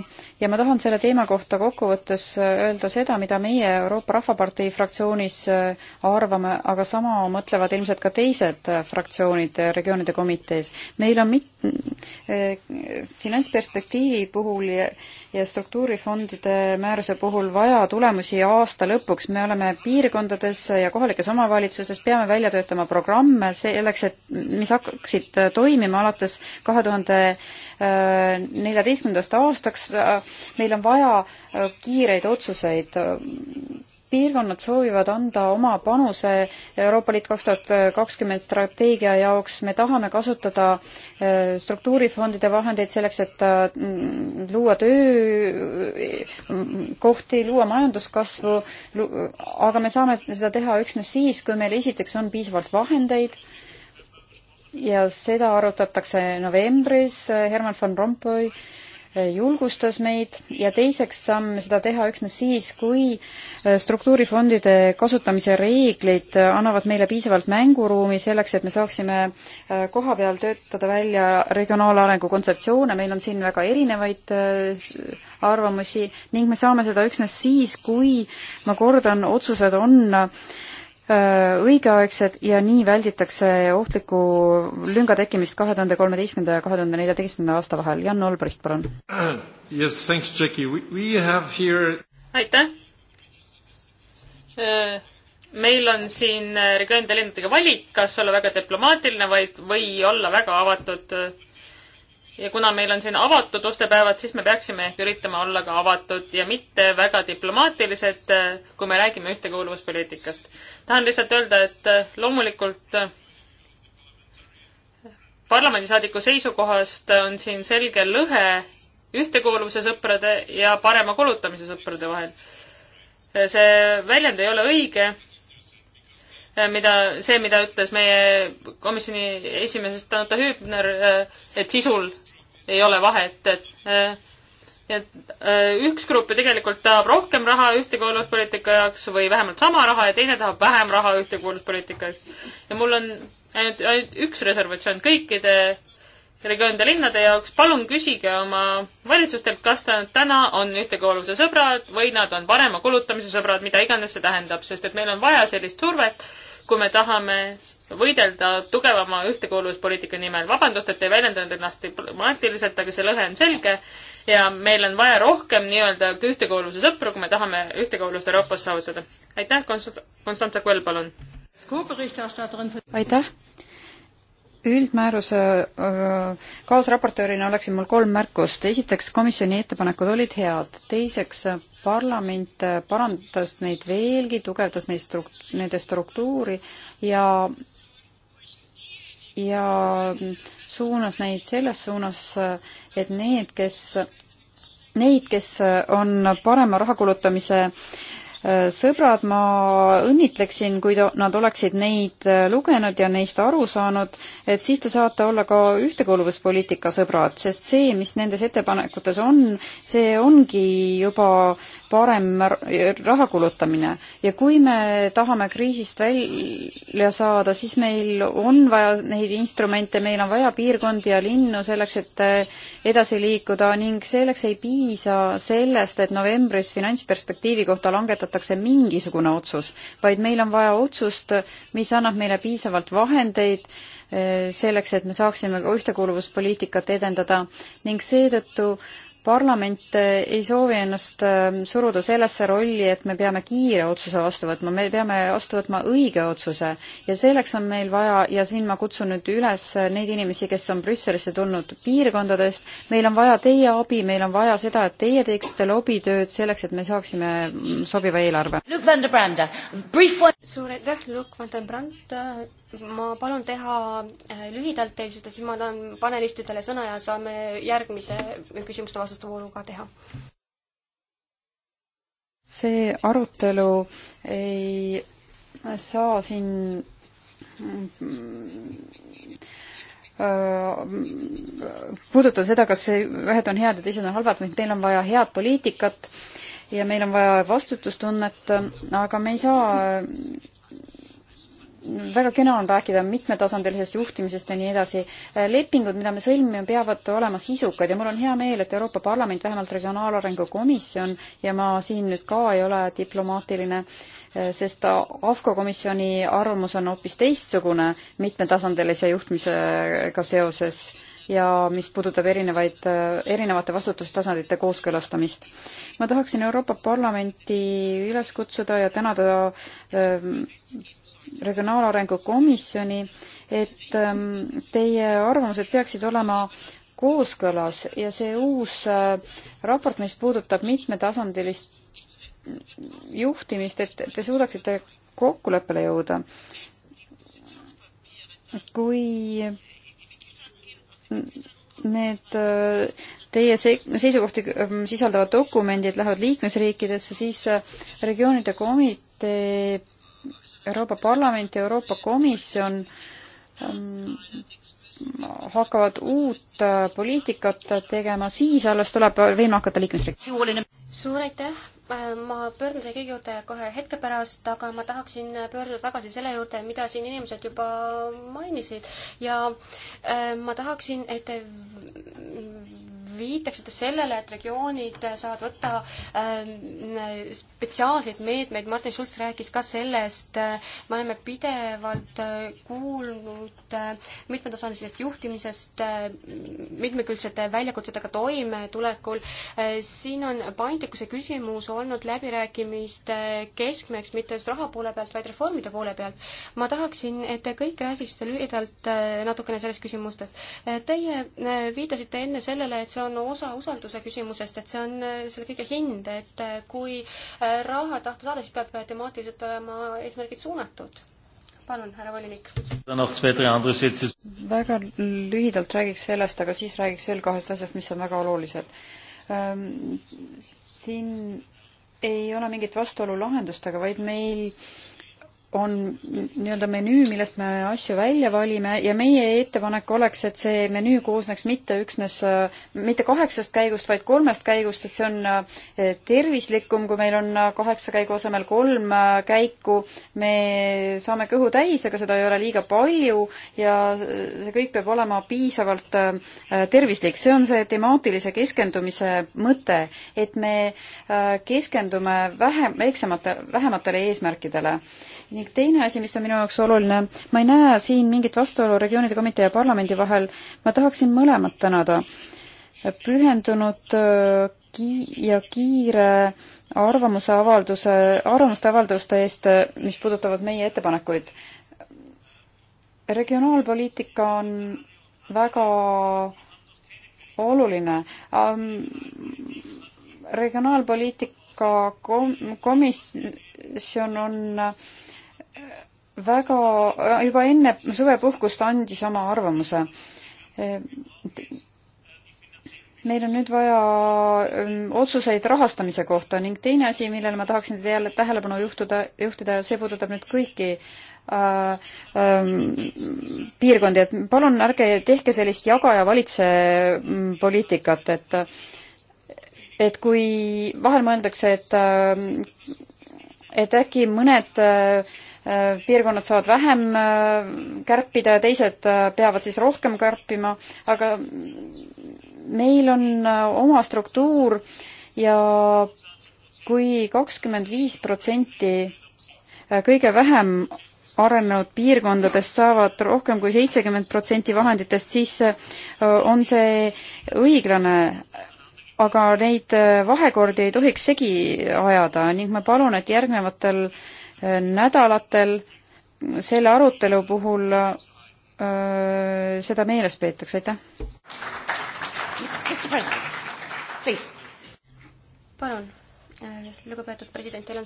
ja ma tahan selle teema kohta kokkuvõttes äh, öelda seda, mida meie Euroopa Rahvapartei fraktsioonis äh, arvame, aga sama mõtlevad ilmselt ka teised äh, fraktsioonid regioonide komitees. meil on mit-, finantsperspektiivi puhul ja, ja struktuurifondide määruse puhul vaja tulemusi aasta lõpuks, me oleme piirkondades ja kohalikes omavalitsuses, peame välja töötama programme selleks, et mis hakkaksid toimima alates kahe tuhande neljateistkümnendast aastaks, meil on vaja äh, kiireid otsuseid piirkonnad soovivad anda oma panuse Euroopa Liit kaks tuhat kakskümmend strateegia jaoks, me tahame kasutada äh, struktuurifondide vahendeid selleks, et äh, luua töökohti, luua majanduskasvu, aga me saame seda teha üksnes siis, kui meil esiteks on piisavalt vahendeid ja seda arutatakse novembris, Herman van Rompuy julgustas meid ja teiseks saame seda teha üksnes siis, kui äh, struktuurifondide kasutamise reeglid äh, annavad meile piisavalt mänguruumi selleks, et me saaksime äh, koha peal töötada välja regionaalarengu kontseptsioone, meil on siin väga erinevaid arvamusi ning me saame seda üksnes siis, kui, ma kordan, otsused on Äh, õigeaegsed ja nii välditakse ohtliku lünga tekkimist kahe tuhande kolmeteistkümnenda ja kahe tuhande neljateistkümnenda aasta vahel. Jan Olbrist, palun [clears throat] yes,. Here... aitäh. Äh, meil on siin äh, regionaalide lendadega valik, kas olla väga diplomaatiline vaid, või olla väga avatud ja kuna meil on siin avatud ostepäevad, siis me peaksime ehk üritama olla ka avatud ja mitte väga diplomaatilised, kui me räägime ühtekuuluvuspoliitikast. tahan lihtsalt öelda, et äh, loomulikult äh, parlamendisaadiku seisukohast on siin selge lõhe ühtekuuluvuse sõprade ja parema kulutamise sõprade vahel. Äh, see väljend ei ole õige Äh, mida, see, mida ütles meie komisjoni esimees Danuta Hübner, äh, et sisul ei ole vahet, et äh, et üks grupp ju tegelikult tahab rohkem raha ühtekuuluvuspoliitika jaoks või vähemalt sama raha ja teine tahab vähem raha ühtekuuluvuspoliitika jaoks. ja mul on ainult, ainult üks reservatsioon kõikide regioonide linnade jaoks, palun küsige oma valitsustelt, kas nad täna on ühtekuuluvuse sõbrad või nad on parema kulutamise sõbrad, mida iganes see tähendab, sest et meil on vaja sellist survet, kui me tahame võidelda tugevama ühtekuuluvuspoliitika nimel. vabandust, et ei väljendanud ennast diplomaatiliselt, aga see lõhe on selge ja meil on vaja rohkem nii-öelda ühtekuuluvuse sõpru, kui me tahame ühtekuuluvust Euroopas saavutada. aitäh, Konst-, Konstantse Kuell, palun! aitäh! üldmääruse kaasraportöörina oleksin mul kolm märkust. esiteks, komisjoni ettepanekud olid head. teiseks, parlament parandas neid veelgi, tugevdas neid struk-, nende struktuuri ja ja suunas neid selles suunas, et need, kes, neid, kes on parema raha kulutamise äh, Äh, sõbrad, ma õnnitleksin, kui nad oleksid neid äh, lugenud ja neist aru saanud, et siis te saate olla ka ühtekuuluvuspoliitika sõbrad, sest see, mis nendes ettepanekutes on, see ongi juba parem raha kulutamine. ja kui me tahame kriisist välja saada, siis meil on vaja neid instrumente, meil on vaja piirkondi ja linnu selleks, et äh, edasi liikuda ning selleks ei piisa sellest, et novembris finantsperspektiivi kohta langetatakse langetatakse mingisugune otsus, vaid meil on vaja otsust, mis annab meile piisavalt vahendeid eh, selleks, et me saaksime ka ühtekuuluvuspoliitikat edendada ning seetõttu äh, parlament äh, ei soovi ennast äh, suruda sellesse rolli, et me peame kiire otsuse vastu võtma, me peame vastu võtma õige otsuse ja selleks on meil vaja ja siin ma kutsun nüüd üles äh, neid inimesi, kes on Brüsselisse tulnud piirkondadest, meil on vaja teie abi, meil on vaja seda, et teie teeksite lobitööd selleks, et me saaksime mm, sobiva eelarve. suur aitäh, Luc van den Brand ma palun teha äh, lühidalt teil seda, siis ma annan panelistidele sõna ja saame järgmise küsimuste-vastuste vooruga teha. see arutelu ei saa siin äh, puudutada seda, kas ühed on head ja teised on halvad, vaid meil on vaja head poliitikat ja meil on vaja vastutustunnet, aga me ei saa väga kena on rääkida mitmetasandilisest juhtimisest ja nii edasi. Äh, lepingud, mida me sõlmime, peavad olema sisukad ja mul on hea meel, et Euroopa Parlament, vähemalt Regionaalarengu Komisjon ja ma siin nüüd ka ei ole diplomaatiline, äh, sest AFCO komisjoni arvamus on hoopis teistsugune mitmetasandilise juhtimisega seoses ja mis puudutab erinevaid, äh, erinevate vastutustasandite kooskõlastamist. ma tahaksin Euroopa Parlamenti üles kutsuda ja tänada ähm, Regionaalarengu Komisjoni, et ähm, teie arvamused peaksid olema kooskõlas ja see uus äh, raport, mis puudutab mitmetasandilist juhtimist, et te suudaksite kokkuleppele jõuda. kui need äh, teie seisukohti ähm, sisaldavad dokumendid lähevad liikmesriikidesse, siis äh, regioonide komitee Euroopa Parlament ja Euroopa Komisjon ähm, hakkavad uut äh, poliitikat tegema, siis alles tuleb veema hakata liikmesriike. suur aitäh, äh, ma pöördun teie kõigi juurde kohe hetke pärast, aga ma tahaksin pöörduda tagasi selle juurde, mida siin inimesed juba mainisid ja äh, ma tahaksin, et te viitaksite sellele, et regioonid saavad võtta ähm, spetsiaalseid meetmeid, Martin Schulz rääkis ka sellest, äh, me oleme pidevalt äh, kuulnud äh, mitmetasandilisest juhtimisest, mitmekülgsete väljakutsetega toimetulekul, siin on paindlikkuse küsimus olnud läbirääkimiste keskmeks, mitte just raha poole pealt, vaid reformide poole pealt. ma tahaksin, et te kõik räägiksite lühidalt natukene sellest küsimustest. Teie viitasite enne sellele, et see on osa usalduse küsimusest, et see on äh, selle kõige hind, et äh, kui äh, raha tahta saada, siis peab temaatiliselt olema eesmärgid suunatud. palun, härra volinik. väga lühidalt räägiks sellest, aga siis räägiks veel kahest asjast, mis on väga olulised. siin ei ole mingit vastuolu lahendustega, vaid meil on nii-öelda menüü, millest me asju välja valime ja meie ettepanek oleks, et see menüü koosneks mitte üksnes, mitte kaheksast käigust, vaid kolmest käigust, sest see on eh, tervislikum, kui meil on eh, kaheksa käigu asemel kolm eh, käiku. me saame kõhu täis, aga seda ei ole liiga palju ja see kõik peab olema piisavalt tervislik. see on see temaatilise keskendumise mõte, et me keskendume vähem, väiksematele, vähematele eesmärkidele ning teine asi, mis on minu jaoks oluline, ma ei näe siin mingit vastuolu regioonide komitee ja parlamendi vahel, ma tahaksin mõlemat tänada. pühendunud äh, ki- ja kiire arvamuse avalduse, arvamuste avalduste eest, äh, mis puudutavad meie ettepanekuid. regionaalpoliitika on väga oluline um,. regionaalpoliitika kom-, komisjon on uh, väga, juba enne suvepuhkust andis oma arvamuse. meil on nüüd vaja ähm, otsuseid rahastamise kohta ning teine asi, millele ma tahaksin teie jälle tähelepanu juhtuda, juhtida ja see puudutab nüüd kõiki äh, ähm, piirkondi, et palun ärge tehke sellist jaga ja valitse mm, poliitikat, et et kui vahel mõeldakse, et ähm, et äkki mõned äh, Äh, piirkonnad saavad vähem äh, kärpida ja teised äh, peavad siis rohkem kärpima, aga meil on oma struktuur ja kui kakskümmend viis protsenti kõige vähem arenenud piirkondadest saavad rohkem kui seitsekümmend protsenti vahenditest, siis on see õiglane aga neid vahekordi ei tohiks segi ajada ning ma palun, et järgnevatel nädalatel selle arutelu puhul öö, äh, seda meeles peetakse, aitäh. palun, äh, lugupeetud president, teil on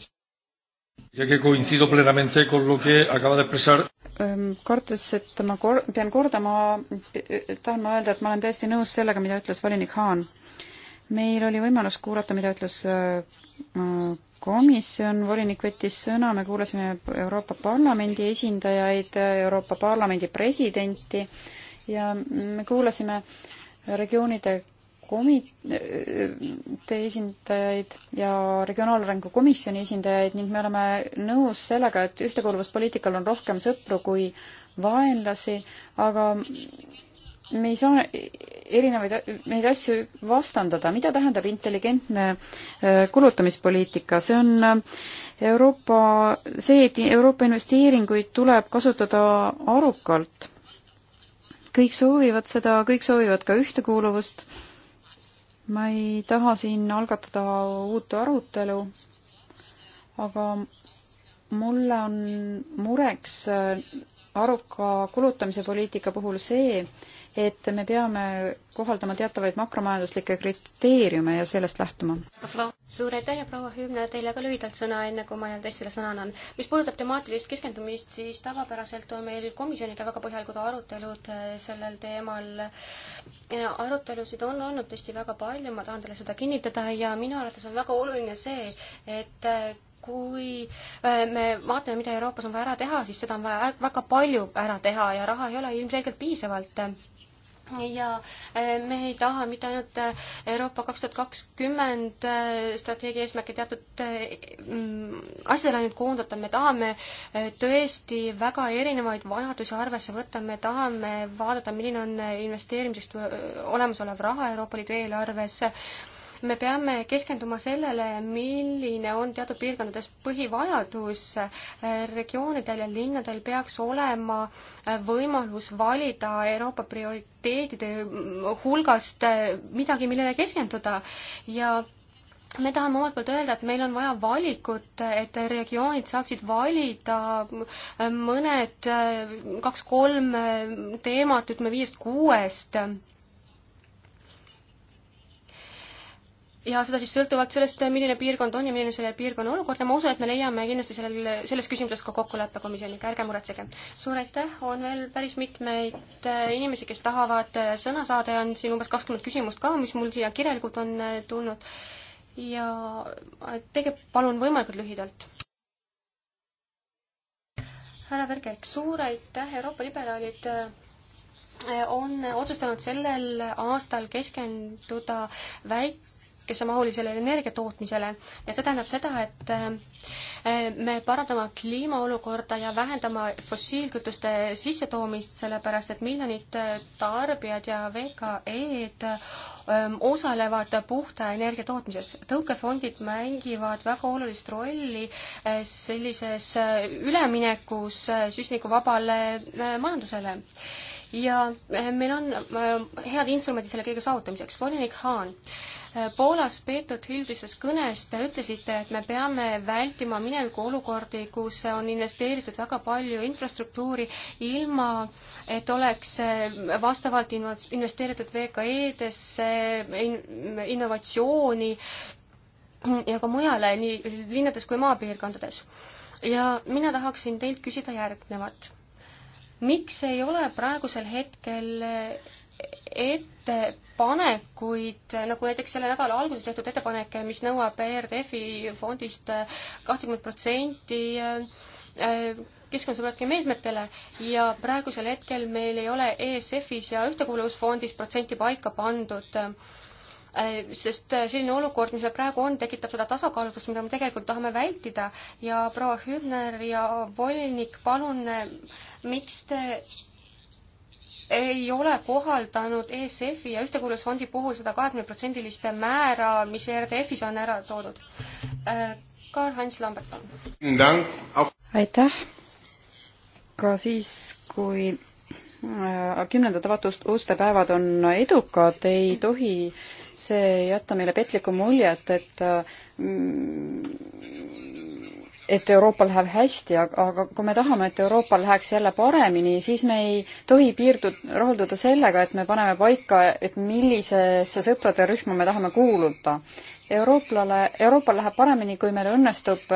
ya que coincido plenamente con lo que acaba de expresar ähm, kartes, et ma kor-, pean kordama, äh, tahan ma öelda, et ma olen täiesti nõus sellega, mida ütles volinik Haan. meil oli võimalus kuulata, mida ütles komisjon, volinik võttis sõna, me kuulasime Euroopa Parlamendi esindajaid, Euroopa Parlamendi presidenti ja me kuulasime regioonide komitee esindajaid ja Regionaalarengu Komisjoni esindajaid ning me oleme nõus sellega, et ühtekuuluvuspoliitikal on rohkem sõpru kui vaenlasi, aga me ei saa erinevaid neid asju vastandada, mida tähendab intelligentne äh, kulutamispoliitika, see on äh, Euroopa, see, et Euroopa investeeringuid tuleb kasutada arukalt. kõik soovivad seda, kõik soovivad ka ühtekuuluvust. ma ei taha siin algatada uut arutelu, aga mulle on mureks äh, aruka kulutamise poliitika puhul see, et me peame kohaldama teatavaid makromajanduslikke kriteeriume ja sellest lähtuma. suur aitäh ja proua Hümne, teile ka lühidalt sõna, enne kui ma teistele sõna annan. mis puudutab temaatilist keskendumist, siis tavapäraselt on meil komisjoniga väga põhjalikud arutelud eh, sellel teemal. arutelusid on olnud tõesti väga palju, ma tahan teile seda kinnitada ja minu arvates on väga oluline see, et eh, kui eh, me vaatame, mida Euroopas on vaja ära teha, siis seda on vaja väga palju ära teha ja raha ei ole ilmselgelt piisavalt ja äh, me ei taha mitte ainult äh, Euroopa kaks tuhat kakskümmend äh, strateegia eesmärke teatud mm, asjadele ainult koondada, me tahame tõesti väga erinevaid vajadusi arvesse võtta, me tahame vaadata, milline on investeerimiseks olemasolev raha Euroopa Liidu eelarves, me peame keskenduma sellele, milline on teatud piirkondades põhivajadus. regioonidel ja linnadel peaks olema võimalus valida Euroopa prioriteetide hulgast midagi, millele keskenduda ja me tahame omalt poolt öelda, et meil on vaja valikut, et regioonid saaksid valida mõned kaks-kolm teemat, ütleme viiest-kuuest ja seda siis sõltuvalt sellest, milline piirkond on ja milline selle piirkonna olukord ja ma usun, et me leiame kindlasti sellel, selles küsimuses ka kokkuleppe komisjoniga, ärge muretsege. suur aitäh, on veel päris mitmeid äh, inimesi, kes tahavad äh, sõna saada ja on siin umbes kakskümmend küsimust ka, mis mul siia kirjalikult on äh, tulnud. ja tege palun võimalikult lühidalt. härra Verkerk, suur aitäh, Euroopa liberaalid on otsustanud sellel aastal keskenduda väik-, kes on mahulisele energia tootmisele ja see tähendab seda, et äh, me parandame kliimaolukorda ja vähendame fossiilkütuste sissetoomist, sellepärast et miljonid äh, tarbijad ja VKE-d ähm, osalevad puhta energia tootmises. tõukefondid mängivad väga olulist rolli äh, sellises üleminekus süsinikuvabale majandusele ja meil on head instrumendid selle kõige saavutamiseks. volinik Haan, Poolas peetud üldises kõnes te ütlesite, et me peame vältima mineviku olukordi, kus on investeeritud väga palju infrastruktuuri, ilma et oleks eh, vastavalt investeeritud VKE-desse in, innovatsiooni ja ka mujale, nii linnades kui maapiirkondades. ja mina tahaksin teilt küsida järgnevat miks ei ole praegusel hetkel ettepanekuid, nagu näiteks selle nädala alguses tehtud ettepanek, mis nõuab ERDF-i fondist kahtekümmet protsenti äh, keskkonnasõbralikele meetmetele ja praegusel hetkel meil ei ole ESF-is ja Ühtekuuluvusfondis protsenti paika pandud, äh, sest selline olukord, mis meil praegu on, tekitab seda tasakaalutust, mida me tegelikult tahame vältida ja proua Hübner ja volinik, palun, äh, miks te ei ole kohaldanud ESF-i ja Ühtekuuluvusfondi puhul seda kahekümneprotsendilist määra, mis ERDF-is on ära toodud. Karl-Heinz Lambert, palun. aitäh. ka siis, kui äh, kümnendad avatust ustepäevad on edukad, ei tohi see jätta meile petlikku muljet, et äh, et Euroopal läheb hästi, aga, aga kui me tahame, et Euroopal läheks jälle paremini, siis me ei tohi piirdu-, rahulduda sellega, et me paneme paika, et millisesse sõprade rühma me tahame kuuluda. Eurooplale, Euroopal läheb paremini, kui meil õnnestub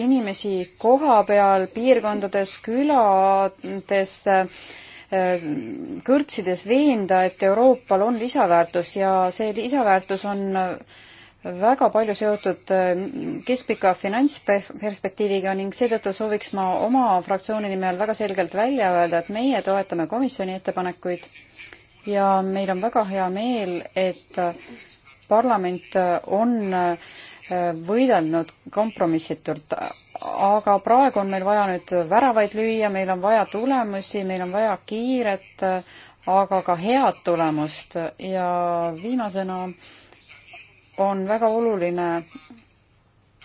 inimesi koha peal, piirkondades, külades, kõrtsides veenda, et Euroopal on lisaväärtus ja see lisaväärtus on väga palju seotud äh, keskpika finantsperspektiiviga ning seetõttu sooviks ma oma fraktsiooni nimel väga selgelt välja öelda, et meie toetame komisjoni ettepanekuid ja meil on väga hea meel, et parlament on äh, võidelnud kompromissitult, aga praegu on meil vaja nüüd väravaid lüüa, meil on vaja tulemusi, meil on vaja kiiret, äh, aga ka head tulemust ja viimasena on väga oluline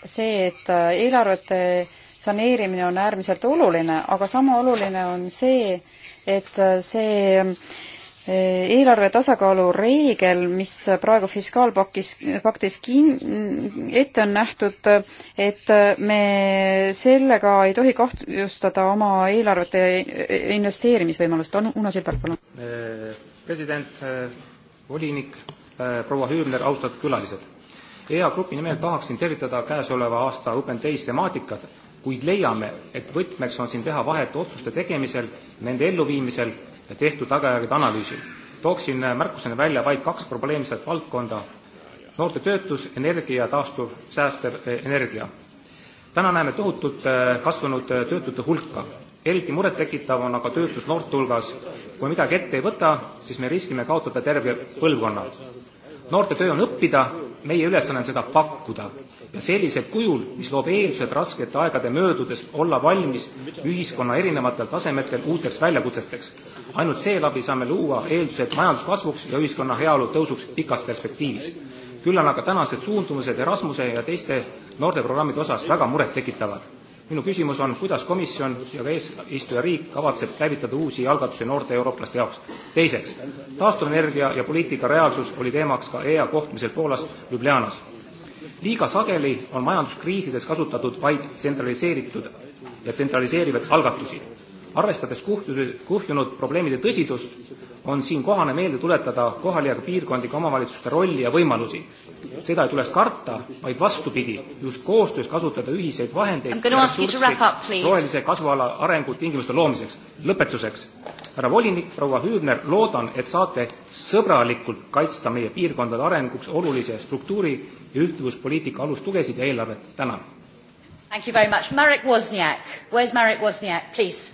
see, et äh, eelarvete saneerimine on äärmiselt oluline, aga sama oluline on see, et äh, see äh, eelarve tasakaalu reegel, mis praegu fiskaalpakis, paktis kin-, ette on nähtud, et me sellega ei tohi kahtlustada oma eelarvete investeerimisvõimalust. on Uno Silber, palun. Eh, president, eh, volinik Äh, proua Hüürler, austatud külalised. EA Grupi nimel tahaksin tervitada käesoleva aasta Open Days temaatikat, kuid leiame, et võtmeks on siin teha vahet otsuste tegemisel, nende elluviimisel ja tehtud tagajärgede analüüsil. tooksin äh, märkusena välja vaid kaks probleemset valdkonda, noorte töötus, energia ja taastuv säästev äh, energia. täna näeme tohutult kasvanud töötute hulka eriti murettekitav on aga töötus noorte hulgas kui midagi ette ei võta siis me riskime kaotada terve põlvkonna noorte töö on õppida meie ülesanne on seda pakkuda ja sellisel kujul mis loob eeldused raskete aegade möödudes olla valmis ühiskonna erinevatel tasemetel uuteks väljakutseteks ainult seeläbi saame luua eeldused majanduskasvuks ja ühiskonna heaolu tõusuks pikas perspektiivis küll on aga tänased suundumused Erasmuse ja teiste noorteprogrammide osas väga murettekitavad minu küsimus on, kuidas komisjon ja ka eesistujariik kavatseb käivitada uusi algatusi noorte eurooplaste jaoks? teiseks, taastuvenergia ja poliitika reaalsus oli teemaks ka EA kohtumisel Poolas Ljubljanas. liiga sageli on majanduskriisides kasutatud vaid tsentraliseeritud ja tsentraliseerivaid algatusi. arvestades kuhjunud, kuhjunud probleemide tõsidust, on siin kohane meelde tuletada kohalike piirkondlike omavalitsuste rolli ja võimalusi seda ei tuleks karta, vaid vastupidi, just koostöös kasutada ühiseid vahendeid rohelise kasvuala arengu tingimuste loomiseks. lõpetuseks, härra volinik, proua Hübner, loodan, et saate sõbralikult kaitsta meie piirkondade arenguks olulise struktuuri ja ühtluspoliitika alustugesid ja eelarvet. tänan. Thank you very much. Marek Wozniak, where's Marek Wozniak, please?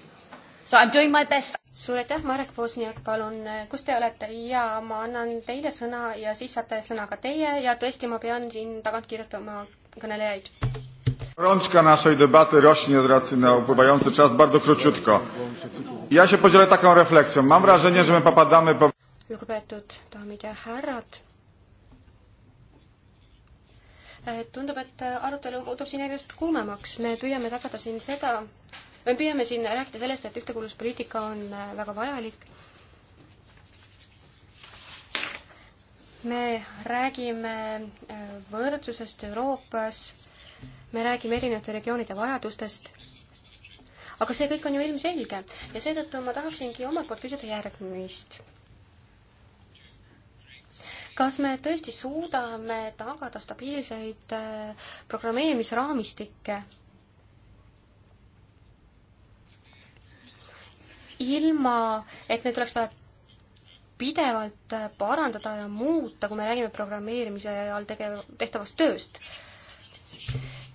So I'm doing my best suur aitäh, Marek Vosniak, palun, kus te olete? jaa, ma annan teile sõna ja siis saate sõna ka teie ja tõesti, ma pean siin tagant kirjutama kõnelejaid. Rączka naszej debaty rośnie z racji na upływający czas bardzo króciutko. Ja się podzielę taką refleksją. Mam wrażenie, że my popadamy po... Lugupeetud daamid ja härrad. Tundub, et arutelu muutub siin järjest kuumemaks. Me püüame tagada siin seda, me püüame siin rääkida sellest, et ühtekuuluvuspoliitika on äh, väga vajalik. me räägime äh, võrdsusest Euroopas, me räägime erinevate regioonide vajadustest, aga see kõik on ju ilmselge ja seetõttu ma tahaksingi omalt poolt küsida järgmist kas me tõesti suudame tagada stabiilseid äh, programmeerimisraamistikke ilma et need oleks vaja pidevalt parandada ja muuta, kui me räägime programmeerimise all tegev, tehtavast tööst.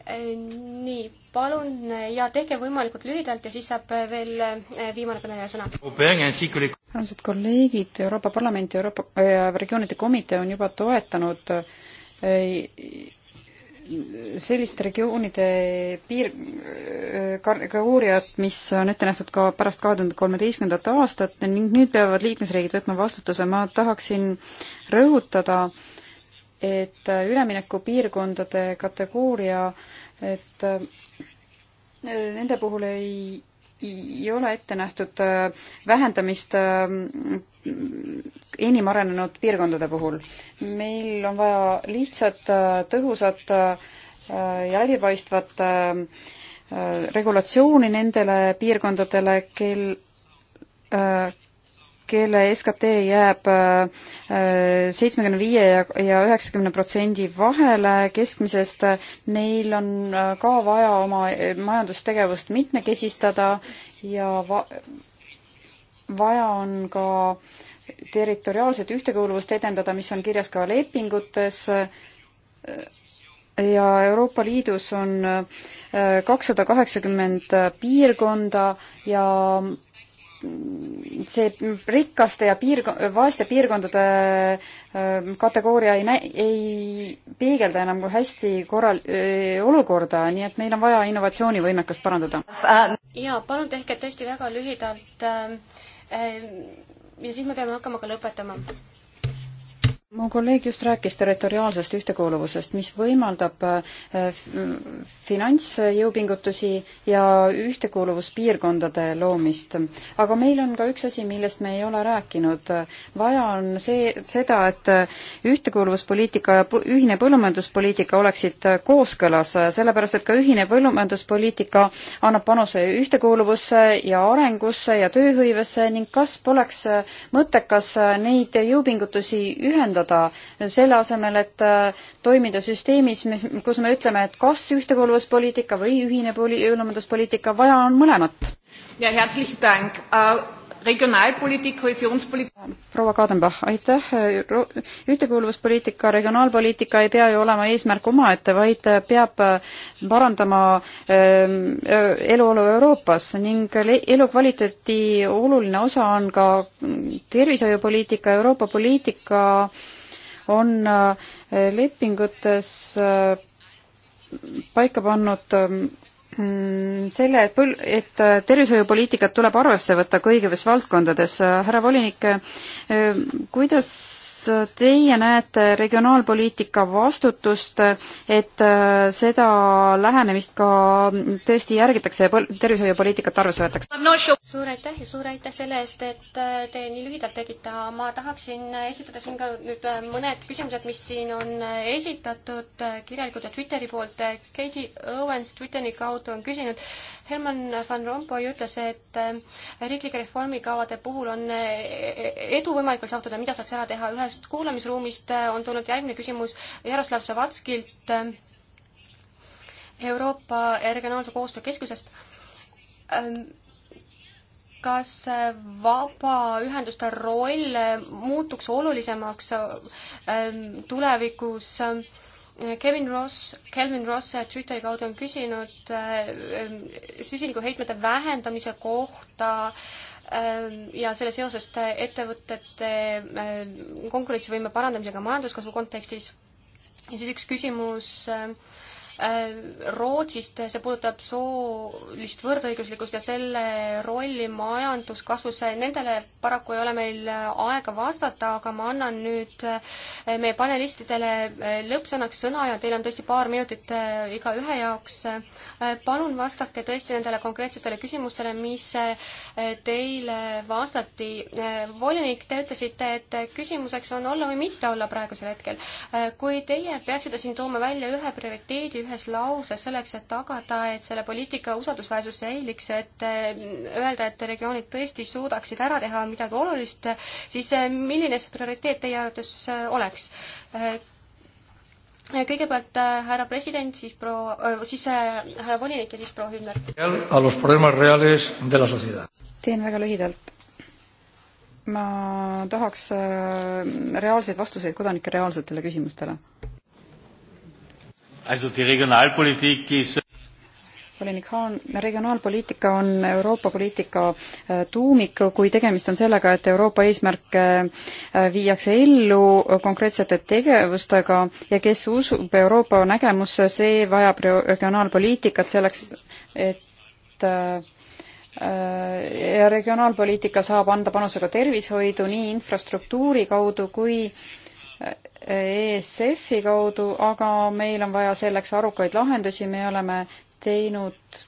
nii, palun ja tehke võimalikult lühidalt ja siis saab veel eh, viimane kõneleja sõna. armsad kolleegid, Euroopa Parlament ja Euroopa äh, regioonide komitee on juba toetanud äh, sellist regioonide piir-, kategooriat, mis on ette nähtud ka pärast kahe tuhande kolmeteistkümnendat aastat ning nüüd peavad liikmesriigid võtma vastutuse, ma tahaksin rõhutada, et üleminekupiirkondade kategooria, et äh, nende puhul ei ei ole ette nähtud äh, vähendamist äh, enim arenenud piirkondade puhul. meil on vaja lihtsat, äh, tõhusat ja läbipaistvat regulatsiooni nendele piirkondadele, kel kelle SKT jääb äh, seitsmekümne viie ja üheksakümne protsendi vahele keskmisest, neil on äh, ka vaja oma äh, majandustegevust mitmekesistada ja va vaja on ka territoriaalset ühtekuuluvust edendada, mis on kirjas ka lepingutes ja Euroopa Liidus on kakssada kaheksakümmend piirkonda ja see rikaste ja piirk-, vaeste piirkondade äh, kategooria ei nä-, ei peegelda enam kui hästi korral-, äh, olukorda, nii et meil on vaja innovatsioonivõimekust parandada. jaa, palun tehke tõesti väga lühidalt äh, ja siis me peame hakkama ka lõpetama mu kolleeg just rääkis territoriaalsest ühtekuuluvusest, mis võimaldab äh, finantsjõupingutusi ja ühtekuuluvuspiirkondade loomist. aga meil on ka üks asi, millest me ei ole rääkinud. vaja on see, seda, et ühtekuuluvuspoliitika ja ühine põllumajanduspoliitika oleksid kooskõlas, sellepärast et ka ühine põllumajanduspoliitika annab panuse ühtekuuluvusse ja arengusse ja tööhõivesse ning kas poleks mõttekas neid jõupingutusi ühendada parandada, selle asemel, et äh, toimida süsteemis, kus me ütleme, et kas ühtekuuluvuspoliitika või ühine poli-, põllumajanduspoliitika, vaja on mõlemat. ja herzlichen Dank uh regionaalpoliitika, kohesioonispoliitika. Äh, proua Kadenbach, aitäh. ühtekuuluvuspoliitika, regionaalpoliitika ei pea ju olema eesmärk omaette, vaid peab äh, parandama ähm, äh, eluolu Euroopas ning elukvaliteeti oluline osa on ka mm, tervishoiupoliitika, Euroopa poliitika on lepingutes paika pannud ähm, Mm, selle, et põl-, et äh, tervishoiupoliitikat tuleb arvesse võtta kõigides valdkondades. Äh, härra volinik, äh, kuidas teie näete regionaalpoliitika vastutust, et äh, seda lähenemist ka tõesti järgitakse ja tervishoiupoliitikat arvesse võetakse? suur aitäh ja suur aitäh selle eest, et äh, te nii lühidalt tegite. ma tahaksin esitada siin ka nüüd äh, mõned küsimused, mis siin on esitatud kirjalikult ja Twitteri poolt. Katie Owens Twitteri kaudu on küsinud, Herman Van Rompuy ütles, et äh, riiklike reformikavade puhul on äh, edu võimalikult saavutada, mida saaks ära teha. ühest kuulamisruumist äh, on tulnud järgmine küsimus Jaroslav Savatskilt Euroopa Regionaalse Koostöö Keskusest ähm, kas vabaühenduste roll muutuks olulisemaks tulevikus Kevin Ross, Kelvin Ross äh, Twitteri kaudu on küsinud äh, süsinikuheitmete vähendamise kohta äh, ja selle seosest ettevõtete äh, konkurentsivõime parandamisega majanduskasvu kontekstis. ja siis üks küsimus äh, Äh, Rootsist, see puudutab soolist võrdõiguslikkust ja selle rolli majanduskasvus, nendele paraku ei ole meil aega vastata, aga ma annan nüüd äh, meie panelistidele äh, lõppsõnaks sõna ja teil on tõesti paar minutit igaühe jaoks. palun vastake tõesti nendele konkreetsetele küsimustele, mis teile vastati. volinik, te ütlesite, et küsimuseks on olla või mitte olla praegusel hetkel. kui teie peaksite siin tooma välja ühe prioriteedi, ühes lauses selleks, et tagada, et selle poliitika usaldusväärsus säiliks, et eh, öelda, et regioonid tõesti suudaksid ära teha midagi olulist, siis eh, milline see prioriteet teie arvates eh, oleks? kõigepealt härra president, siis proua, siis härra volinik ja siis proua Hübner. teen väga lühidalt ma tahaks reaalseid vastuseid kodanike reaalsetele küsimustele volinik Haan, regionaalpoliitika on Euroopa poliitika äh, tuumik, kui tegemist on sellega, et Euroopa eesmärke äh, viiakse ellu konkreetsete tegevustega ja kes usub Euroopa nägemusse, see vajab regionaalpoliitikat selleks, et äh, ja regionaalpoliitika saab anda panuse ka tervishoidu nii infrastruktuuri kaudu kui ESF-i kaudu, aga meil on vaja selleks arukaid lahendusi, me oleme teinud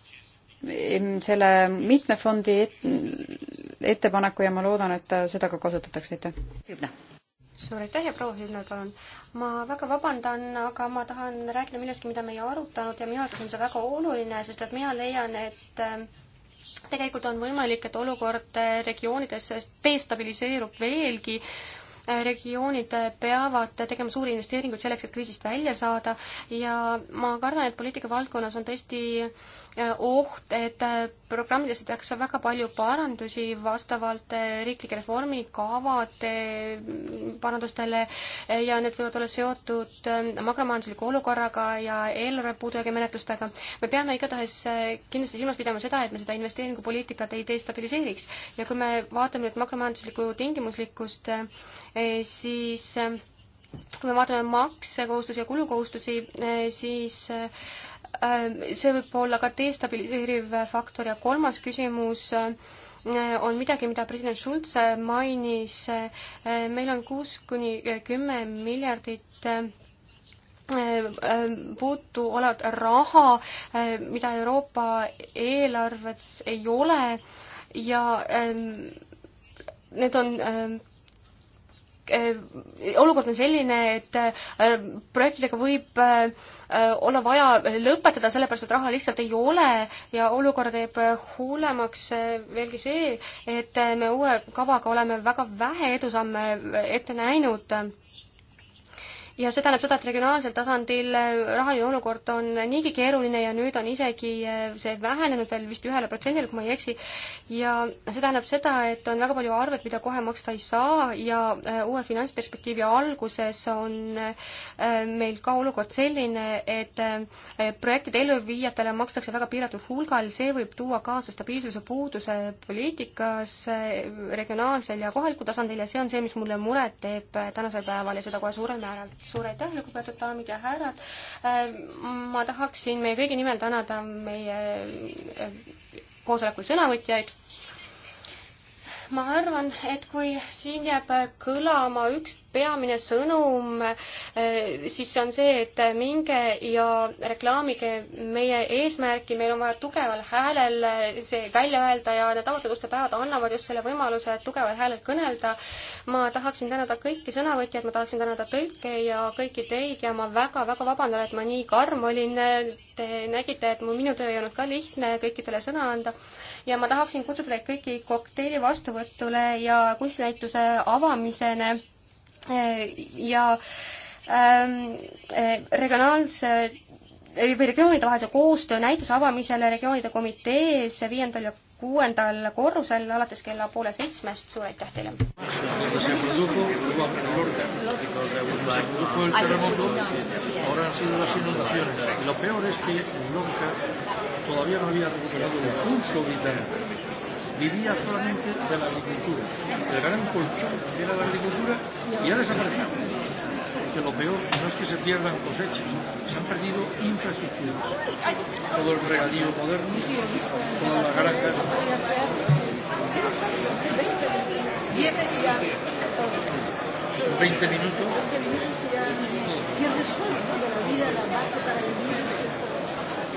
selle mitme fondi ettepaneku ja ma loodan, et seda ka kasutatakse, aitäh. suur aitäh ja proua Hübner, palun. ma väga vabandan, aga ma tahan rääkida millestki, mida me ei arutanud ja minu arvates on see väga oluline, sest et mina leian, et ähm, tegelikult on võimalik, et olukord äh, regioonides destabiliseerub veelgi regioonid peavad tegema suuri investeeringuid selleks, et kriisist välja saada ja ma kardan, et poliitika valdkonnas on tõesti eh, oht, et eh, programmidesse tehakse väga palju parandusi vastavalt eh, riiklike reformikavade mm, parandustele eh, ja need võivad olla seotud eh, makromajandusliku olukorraga ja eelarve puudujäägi menetlustega. me peame igatahes kindlasti silmas pidama seda, et me seda investeeringupoliitikat ei destabiliseeriks ja kui me vaatame nüüd makromajanduslikku tingimuslikkust, siis kui me vaatame maksekohustusi ja kulukohustusi, siis Ähm, see võib olla ka destabiliseeriv faktor ja kolmas küsimus äh, on midagi, mida president Schulz mainis. Äh, meil on kuus kuni äh, kümme miljardit puutu olevat raha, mida Euroopa eelarves ei ole ja ähm, need on ähm, Äh, olukord on selline, et äh, projektidega võib äh, olla vaja lõpetada, sellepärast et raha lihtsalt ei ole ja olukorra teeb hullemaks veelgi see, et me uue kavaga oleme väga vähe edusamme ette näinud ja see tähendab seda, et regionaalsel tasandil äh, rahaline olukord on niigi keeruline ja nüüd on isegi äh, see vähenenud veel vist ühele protsendile, kui ma ei eksi, ja see tähendab seda, et on väga palju arveid, mida kohe maksta ei saa ja äh, uue finantsperspektiivi alguses on meil ka olukord selline, et projektide elluviijatele makstakse väga piiratud hulgal, see võib tuua kaasa stabiilsuse puuduse poliitikas regionaalsel ja kohalikul tasandil ja see on see, mis mulle muret teeb tänasel päeval ja seda kohe suurel määral suur aitäh, lugupeetud daamid ja härrad. Äh, ma tahaksin meie kõigi nimel tänada meie äh, koosolekul sõnavõtjaid. ma arvan, et kui siin jääb kõlama üks peamine sõnum, eh, siis see on see, et minge ja reklaamige meie eesmärki, meil on vaja tugeval häälel see välja öelda ja need avatud uste päevad annavad just selle võimaluse tugeval häälel kõnelda. ma tahaksin tänada kõiki sõnavõtjaid, ma tahaksin tänada tõlke ja kõiki teid ja ma väga-väga vabandan, et ma nii karm olin. Te nägite, et mu, minu töö ei olnud ka lihtne kõikidele sõna anda ja ma tahaksin kutsuda teid kõiki kokteili vastuvõtule ja kunstnäituse avamisele Äh, ja ähm, äh, regionaalse või regioonide vahelise koostöö näituse avamisele regioonide komitees viiendal ja kuuendal korrusel alates kella poole seitsmest, suur aitäh teile! Todavía no había recuperado el flujo vital vivía solamente de la agricultura. El gran colchón era la agricultura y ha desaparecido. Porque lo peor no es que se pierdan cosechas, se han perdido infraestructuras. Todo el regadío moderno, todas las granjas. Son 20 minutos. 20 minutos ya pierdes todo, toda la vida, la base para vivir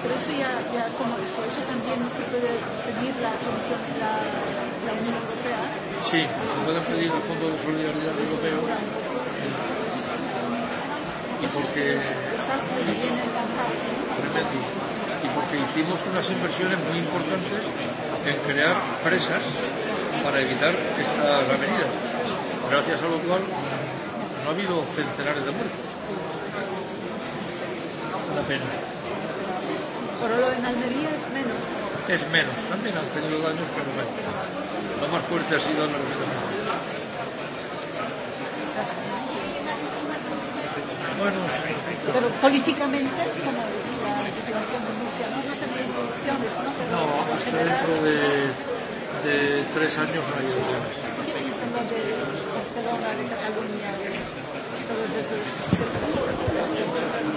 por eso ya, ya como es por eso también se puede pedir la Comisión, la, la Unión Europea. Sí, se puede pedir el Fondo de Solidaridad Europeo. Y porque. Desastres vienen lanzados. Tremendo. Y porque hicimos unas inversiones muy importantes en crear presas para evitar estas avenidas. Gracias a lo cual no ha habido centenares de muertos. Una pena pero lo en Almería es menos. Es menos, también han tenido daños, pero bueno. Lo más fuerte ha sido en la Bueno, pero políticamente, como es la situación de Murcia, no, no tenéis elecciones, ¿no? Pero no, hasta general, dentro de, de tres años no hay elecciones. ¿Qué piensan los de Barcelona, de Cataluña, de todos esos sectores?